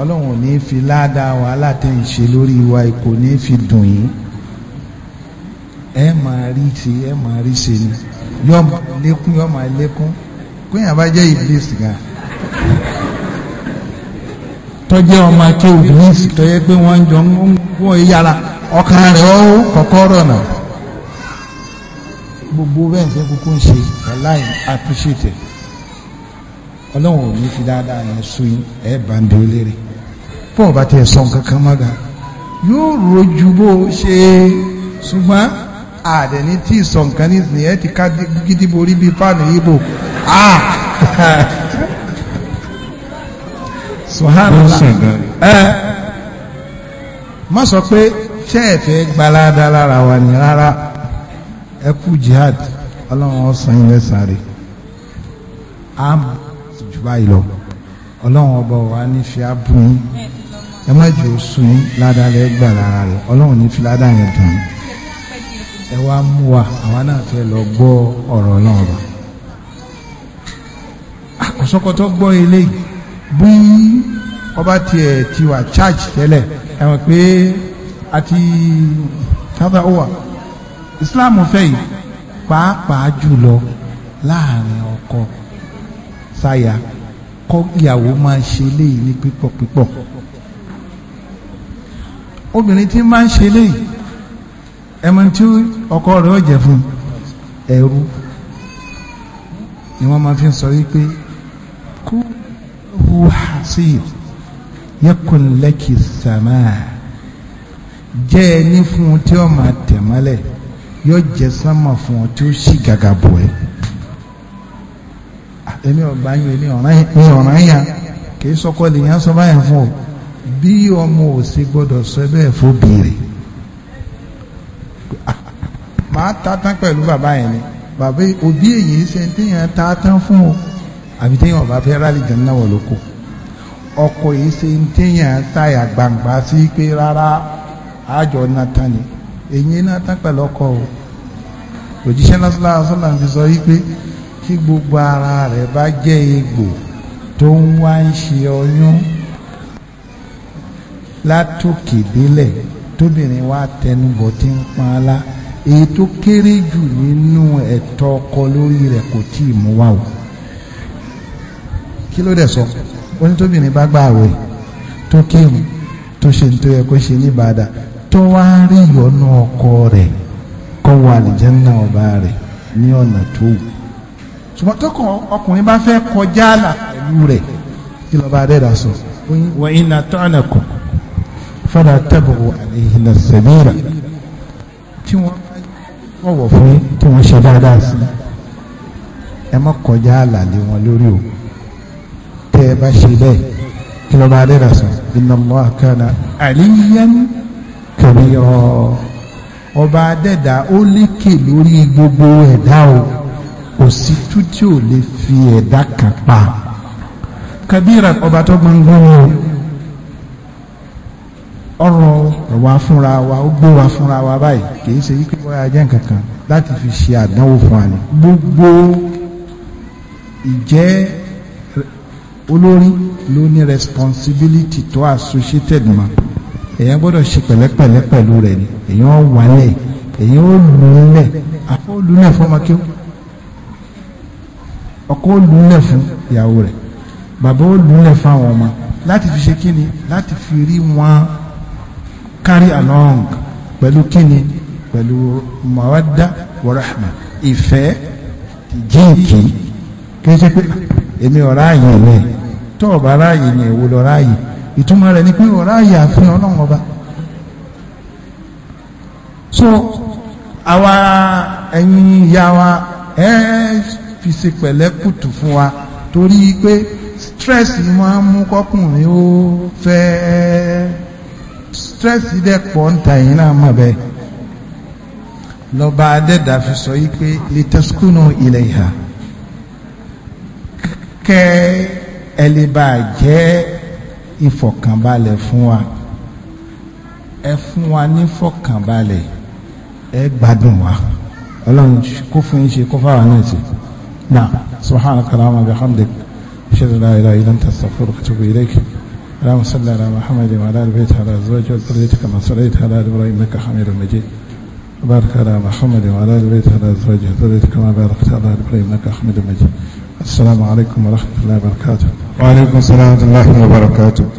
ọlọ́run ò ní fi ládàá wàhálà tẹ̀ ń ṣe lórí wa kò ní fi dùn yín ẹ máa rí ṣe ẹ máa rí ṣe ni yọ máa lékún yọ máa lékún kéèyàn bá jẹ́ iblis gan tọ́jẹ́ ọmọ akẹ́ iblis tọ́jẹ́ pé wọ́n jọ ń wọ́n e yára ọkàn rẹ̀ ó kọ́kọ́rọ̀ náà gbogbo bẹ́ẹ̀ ń fẹ́ kúkú ń ṣe aláì appreciate it ọlọ́run ò ní fi dáadáa yẹn sún yín ẹ bá ń bèrè léèrè bó o bá tẹ sọ nǹkan kan má ga yóò rojú bó o ṣe ṣùgbọ́n àdẹ̀ni tí sọ nǹkan nísìnyí ẹ ti ká gidi borí bíi fáànù ibo ah subhanallah ẹ má sọ pé ṣé ẹ fẹ́ gbalada lára wa ni rárá ẹ kú jihad ọlọ́run ọ̀sán ilẹ̀ sáré báyìí lọ ọlọ́run ọba wa ní fi ábùn yín ẹ má jù ó sùn yín ládàá lẹ gbà lára rẹ ọlọ́run ní fi ládàá yẹn dùn yín ẹ wá mú wa àwa náà fẹ́ lọ gbọ́ ọ̀rọ̀ ọlọ́run ọba àkọsọ́kọtọ́ ah, gbọ́ eléyìí bí ọba tiẹ̀ ti wà charge tẹ́lẹ̀ ẹ mọ̀ pé àti tábà ó wà Islam fẹ́ yìí pàápàá jùlọ láàrin ọkọ sáyà kọ́yàwó máa ṣe léyìí ní pípọ̀ pípọ̀ obìnrin tí máa ń ṣe léyìí ẹmọ tí ọkọ rẹ̀ ó jẹ́ fún ẹrú ni wọ́n máa fi sọ wípé kú hu hasir yakun laki sama jẹ́ ẹni fún tí ó máa tẹ̀mọ́lẹ̀ yóò jẹ́ sánmà fún ọ tí ó sì gàgà bọ̀ ẹ́ èmi ọ̀gbá yín ní ọ̀ràn yàn kì í sọ́kọ́ lèyàn sọ báyẹn fún ọ bí ọmọ ò sí gbọ́dọ̀ sọ bẹ́ẹ̀ fóbìnrin máa tátán pẹ̀lú bàbá yẹn ni bàbá òbí èyí ṣe téèyàn tátán fún ọ àbí téèyàn ọba fẹ́ rálì gan náà wọ̀ lóko ọkọ yìí ṣe téèyàn táyà gbangba sí pé rárá àjọ nàtàn ni èyí nàtàn pẹ̀lú ọkọ o òjíṣẹ́ lásìlá sọ́là ń fi sọ yí pé tí gbogbo ara rẹ̀ bá jẹ́ egbò tó ń wá ń ṣe ọyún látòkè délẹ̀ tóbìnrin wa tẹnubọ̀ tí ń pọn alá èyí tó kéré jù nínú ẹ̀tọ́ ọkọ lórí rẹ̀ kò tí ì mú wa o kí ló dẹ̀ sọ onítóbìnrin bá gbààwẹ̀ tó kírun tó ṣe tó yẹ kó ṣe níbàdà tó wá rí ìyọnu ọkọ rẹ̀ kó wà àlìjẹ́ ńnà ọba rẹ̀ ní ọ̀nà tó wù ṣùgbọ́n tó kàn ọkùnrin bá fẹ́ kọjá àlà pẹ̀lú rẹ̀ kí lọ́ba adẹ́dà sọ. wa inna ta'anakum fala tabghu alayhinna sabila tí wọ́n wọ̀wọ̀ fún yín tí wọ́n ṣe dáadáa sí ẹ má kọjá àlà lé wọn lórí o tẹ́ ẹ bá ṣe bẹ́ẹ̀ kí lọ́ba adẹ́dà sọ. inna Allaha kana aliyyan kabira ọba adẹ́dà ó lékè lórí gbogbo ẹ̀dá o kò sí tú tí ò lè fi ẹ̀dá kan pa kabira ọba tó gbọngbọn ni ọ̀rọ̀ wa fúnra wa ó gbé wa fúnra wa báyìí kì í ṣe wípé wọ́n ajẹ́ nǹkankan láti fi ṣe àdánwò fún wa ni gbogbo ìjẹ́ olórí ló ní responsibility tó associated mọ́ èyàn gbọ́dọ̀ ṣe pẹ̀lẹ́pẹ̀lẹ́ pẹ̀lú rẹ̀ ni èyàn wà lẹ̀ èyàn ó lù ú lẹ̀ àfọ́ lù ú lẹ̀ fọ́mọkéwò ọkọ ó lulẹ̀ fún ìyàwó rẹ̀ bàbá ó lulẹ̀ fún àwọn ọmọ láti fi ṣe kíni láti fi rí wọn carry along pẹ̀lú kíni pẹ̀lú mawadda wa rahma ìfẹ́ jíǹkì kí n ṣe pé ah, èmi ọ̀rá ààyè mi tó ọ̀bá ráàyè ni èwo lọ ráàyè ìtumọ̀ rẹ̀ ni pé ọ̀rá ààyè àfihàn ọlọ́run ọba so àwa ẹ̀yin ìyá wa ẹ̀ fi ṣe pẹ̀lẹ́kùtù fún wa torí pé stress máa ń mú kọkùnrin ó fẹ́ stress dẹ̀ pọ̀ ń ta yìí náà mọ̀ bẹ́ẹ̀ lọ́ba adẹ́dà fi sọ yìí pé litaskunu ilayha kẹ́ ẹ lè bá jẹ́ ìfọ̀kànbalẹ̀ fún wa ẹ fún wa ní fọ̀kànbalẹ̀ ẹ gbádùn wa ọlọ́run kó fún yín ṣe kó fáwọn náà ṣe. نعم سبحانك اللهم وبحمدك أشهد أن لا إله إلا أنت أستغفرك وأتوب إليك اللهم صل على محمد وعلى آل بيته وعلى أزواجه وذريته كما صليت على آل إبراهيم إنك حميد مجيد بارك على محمد وعلى آل بيته وعلى أزواجه وذريته كما باركت على آل إبراهيم إنك حميد مجيد السلام عليكم ورحمة الله وبركاته وعليكم السلام ورحمة الله وبركاته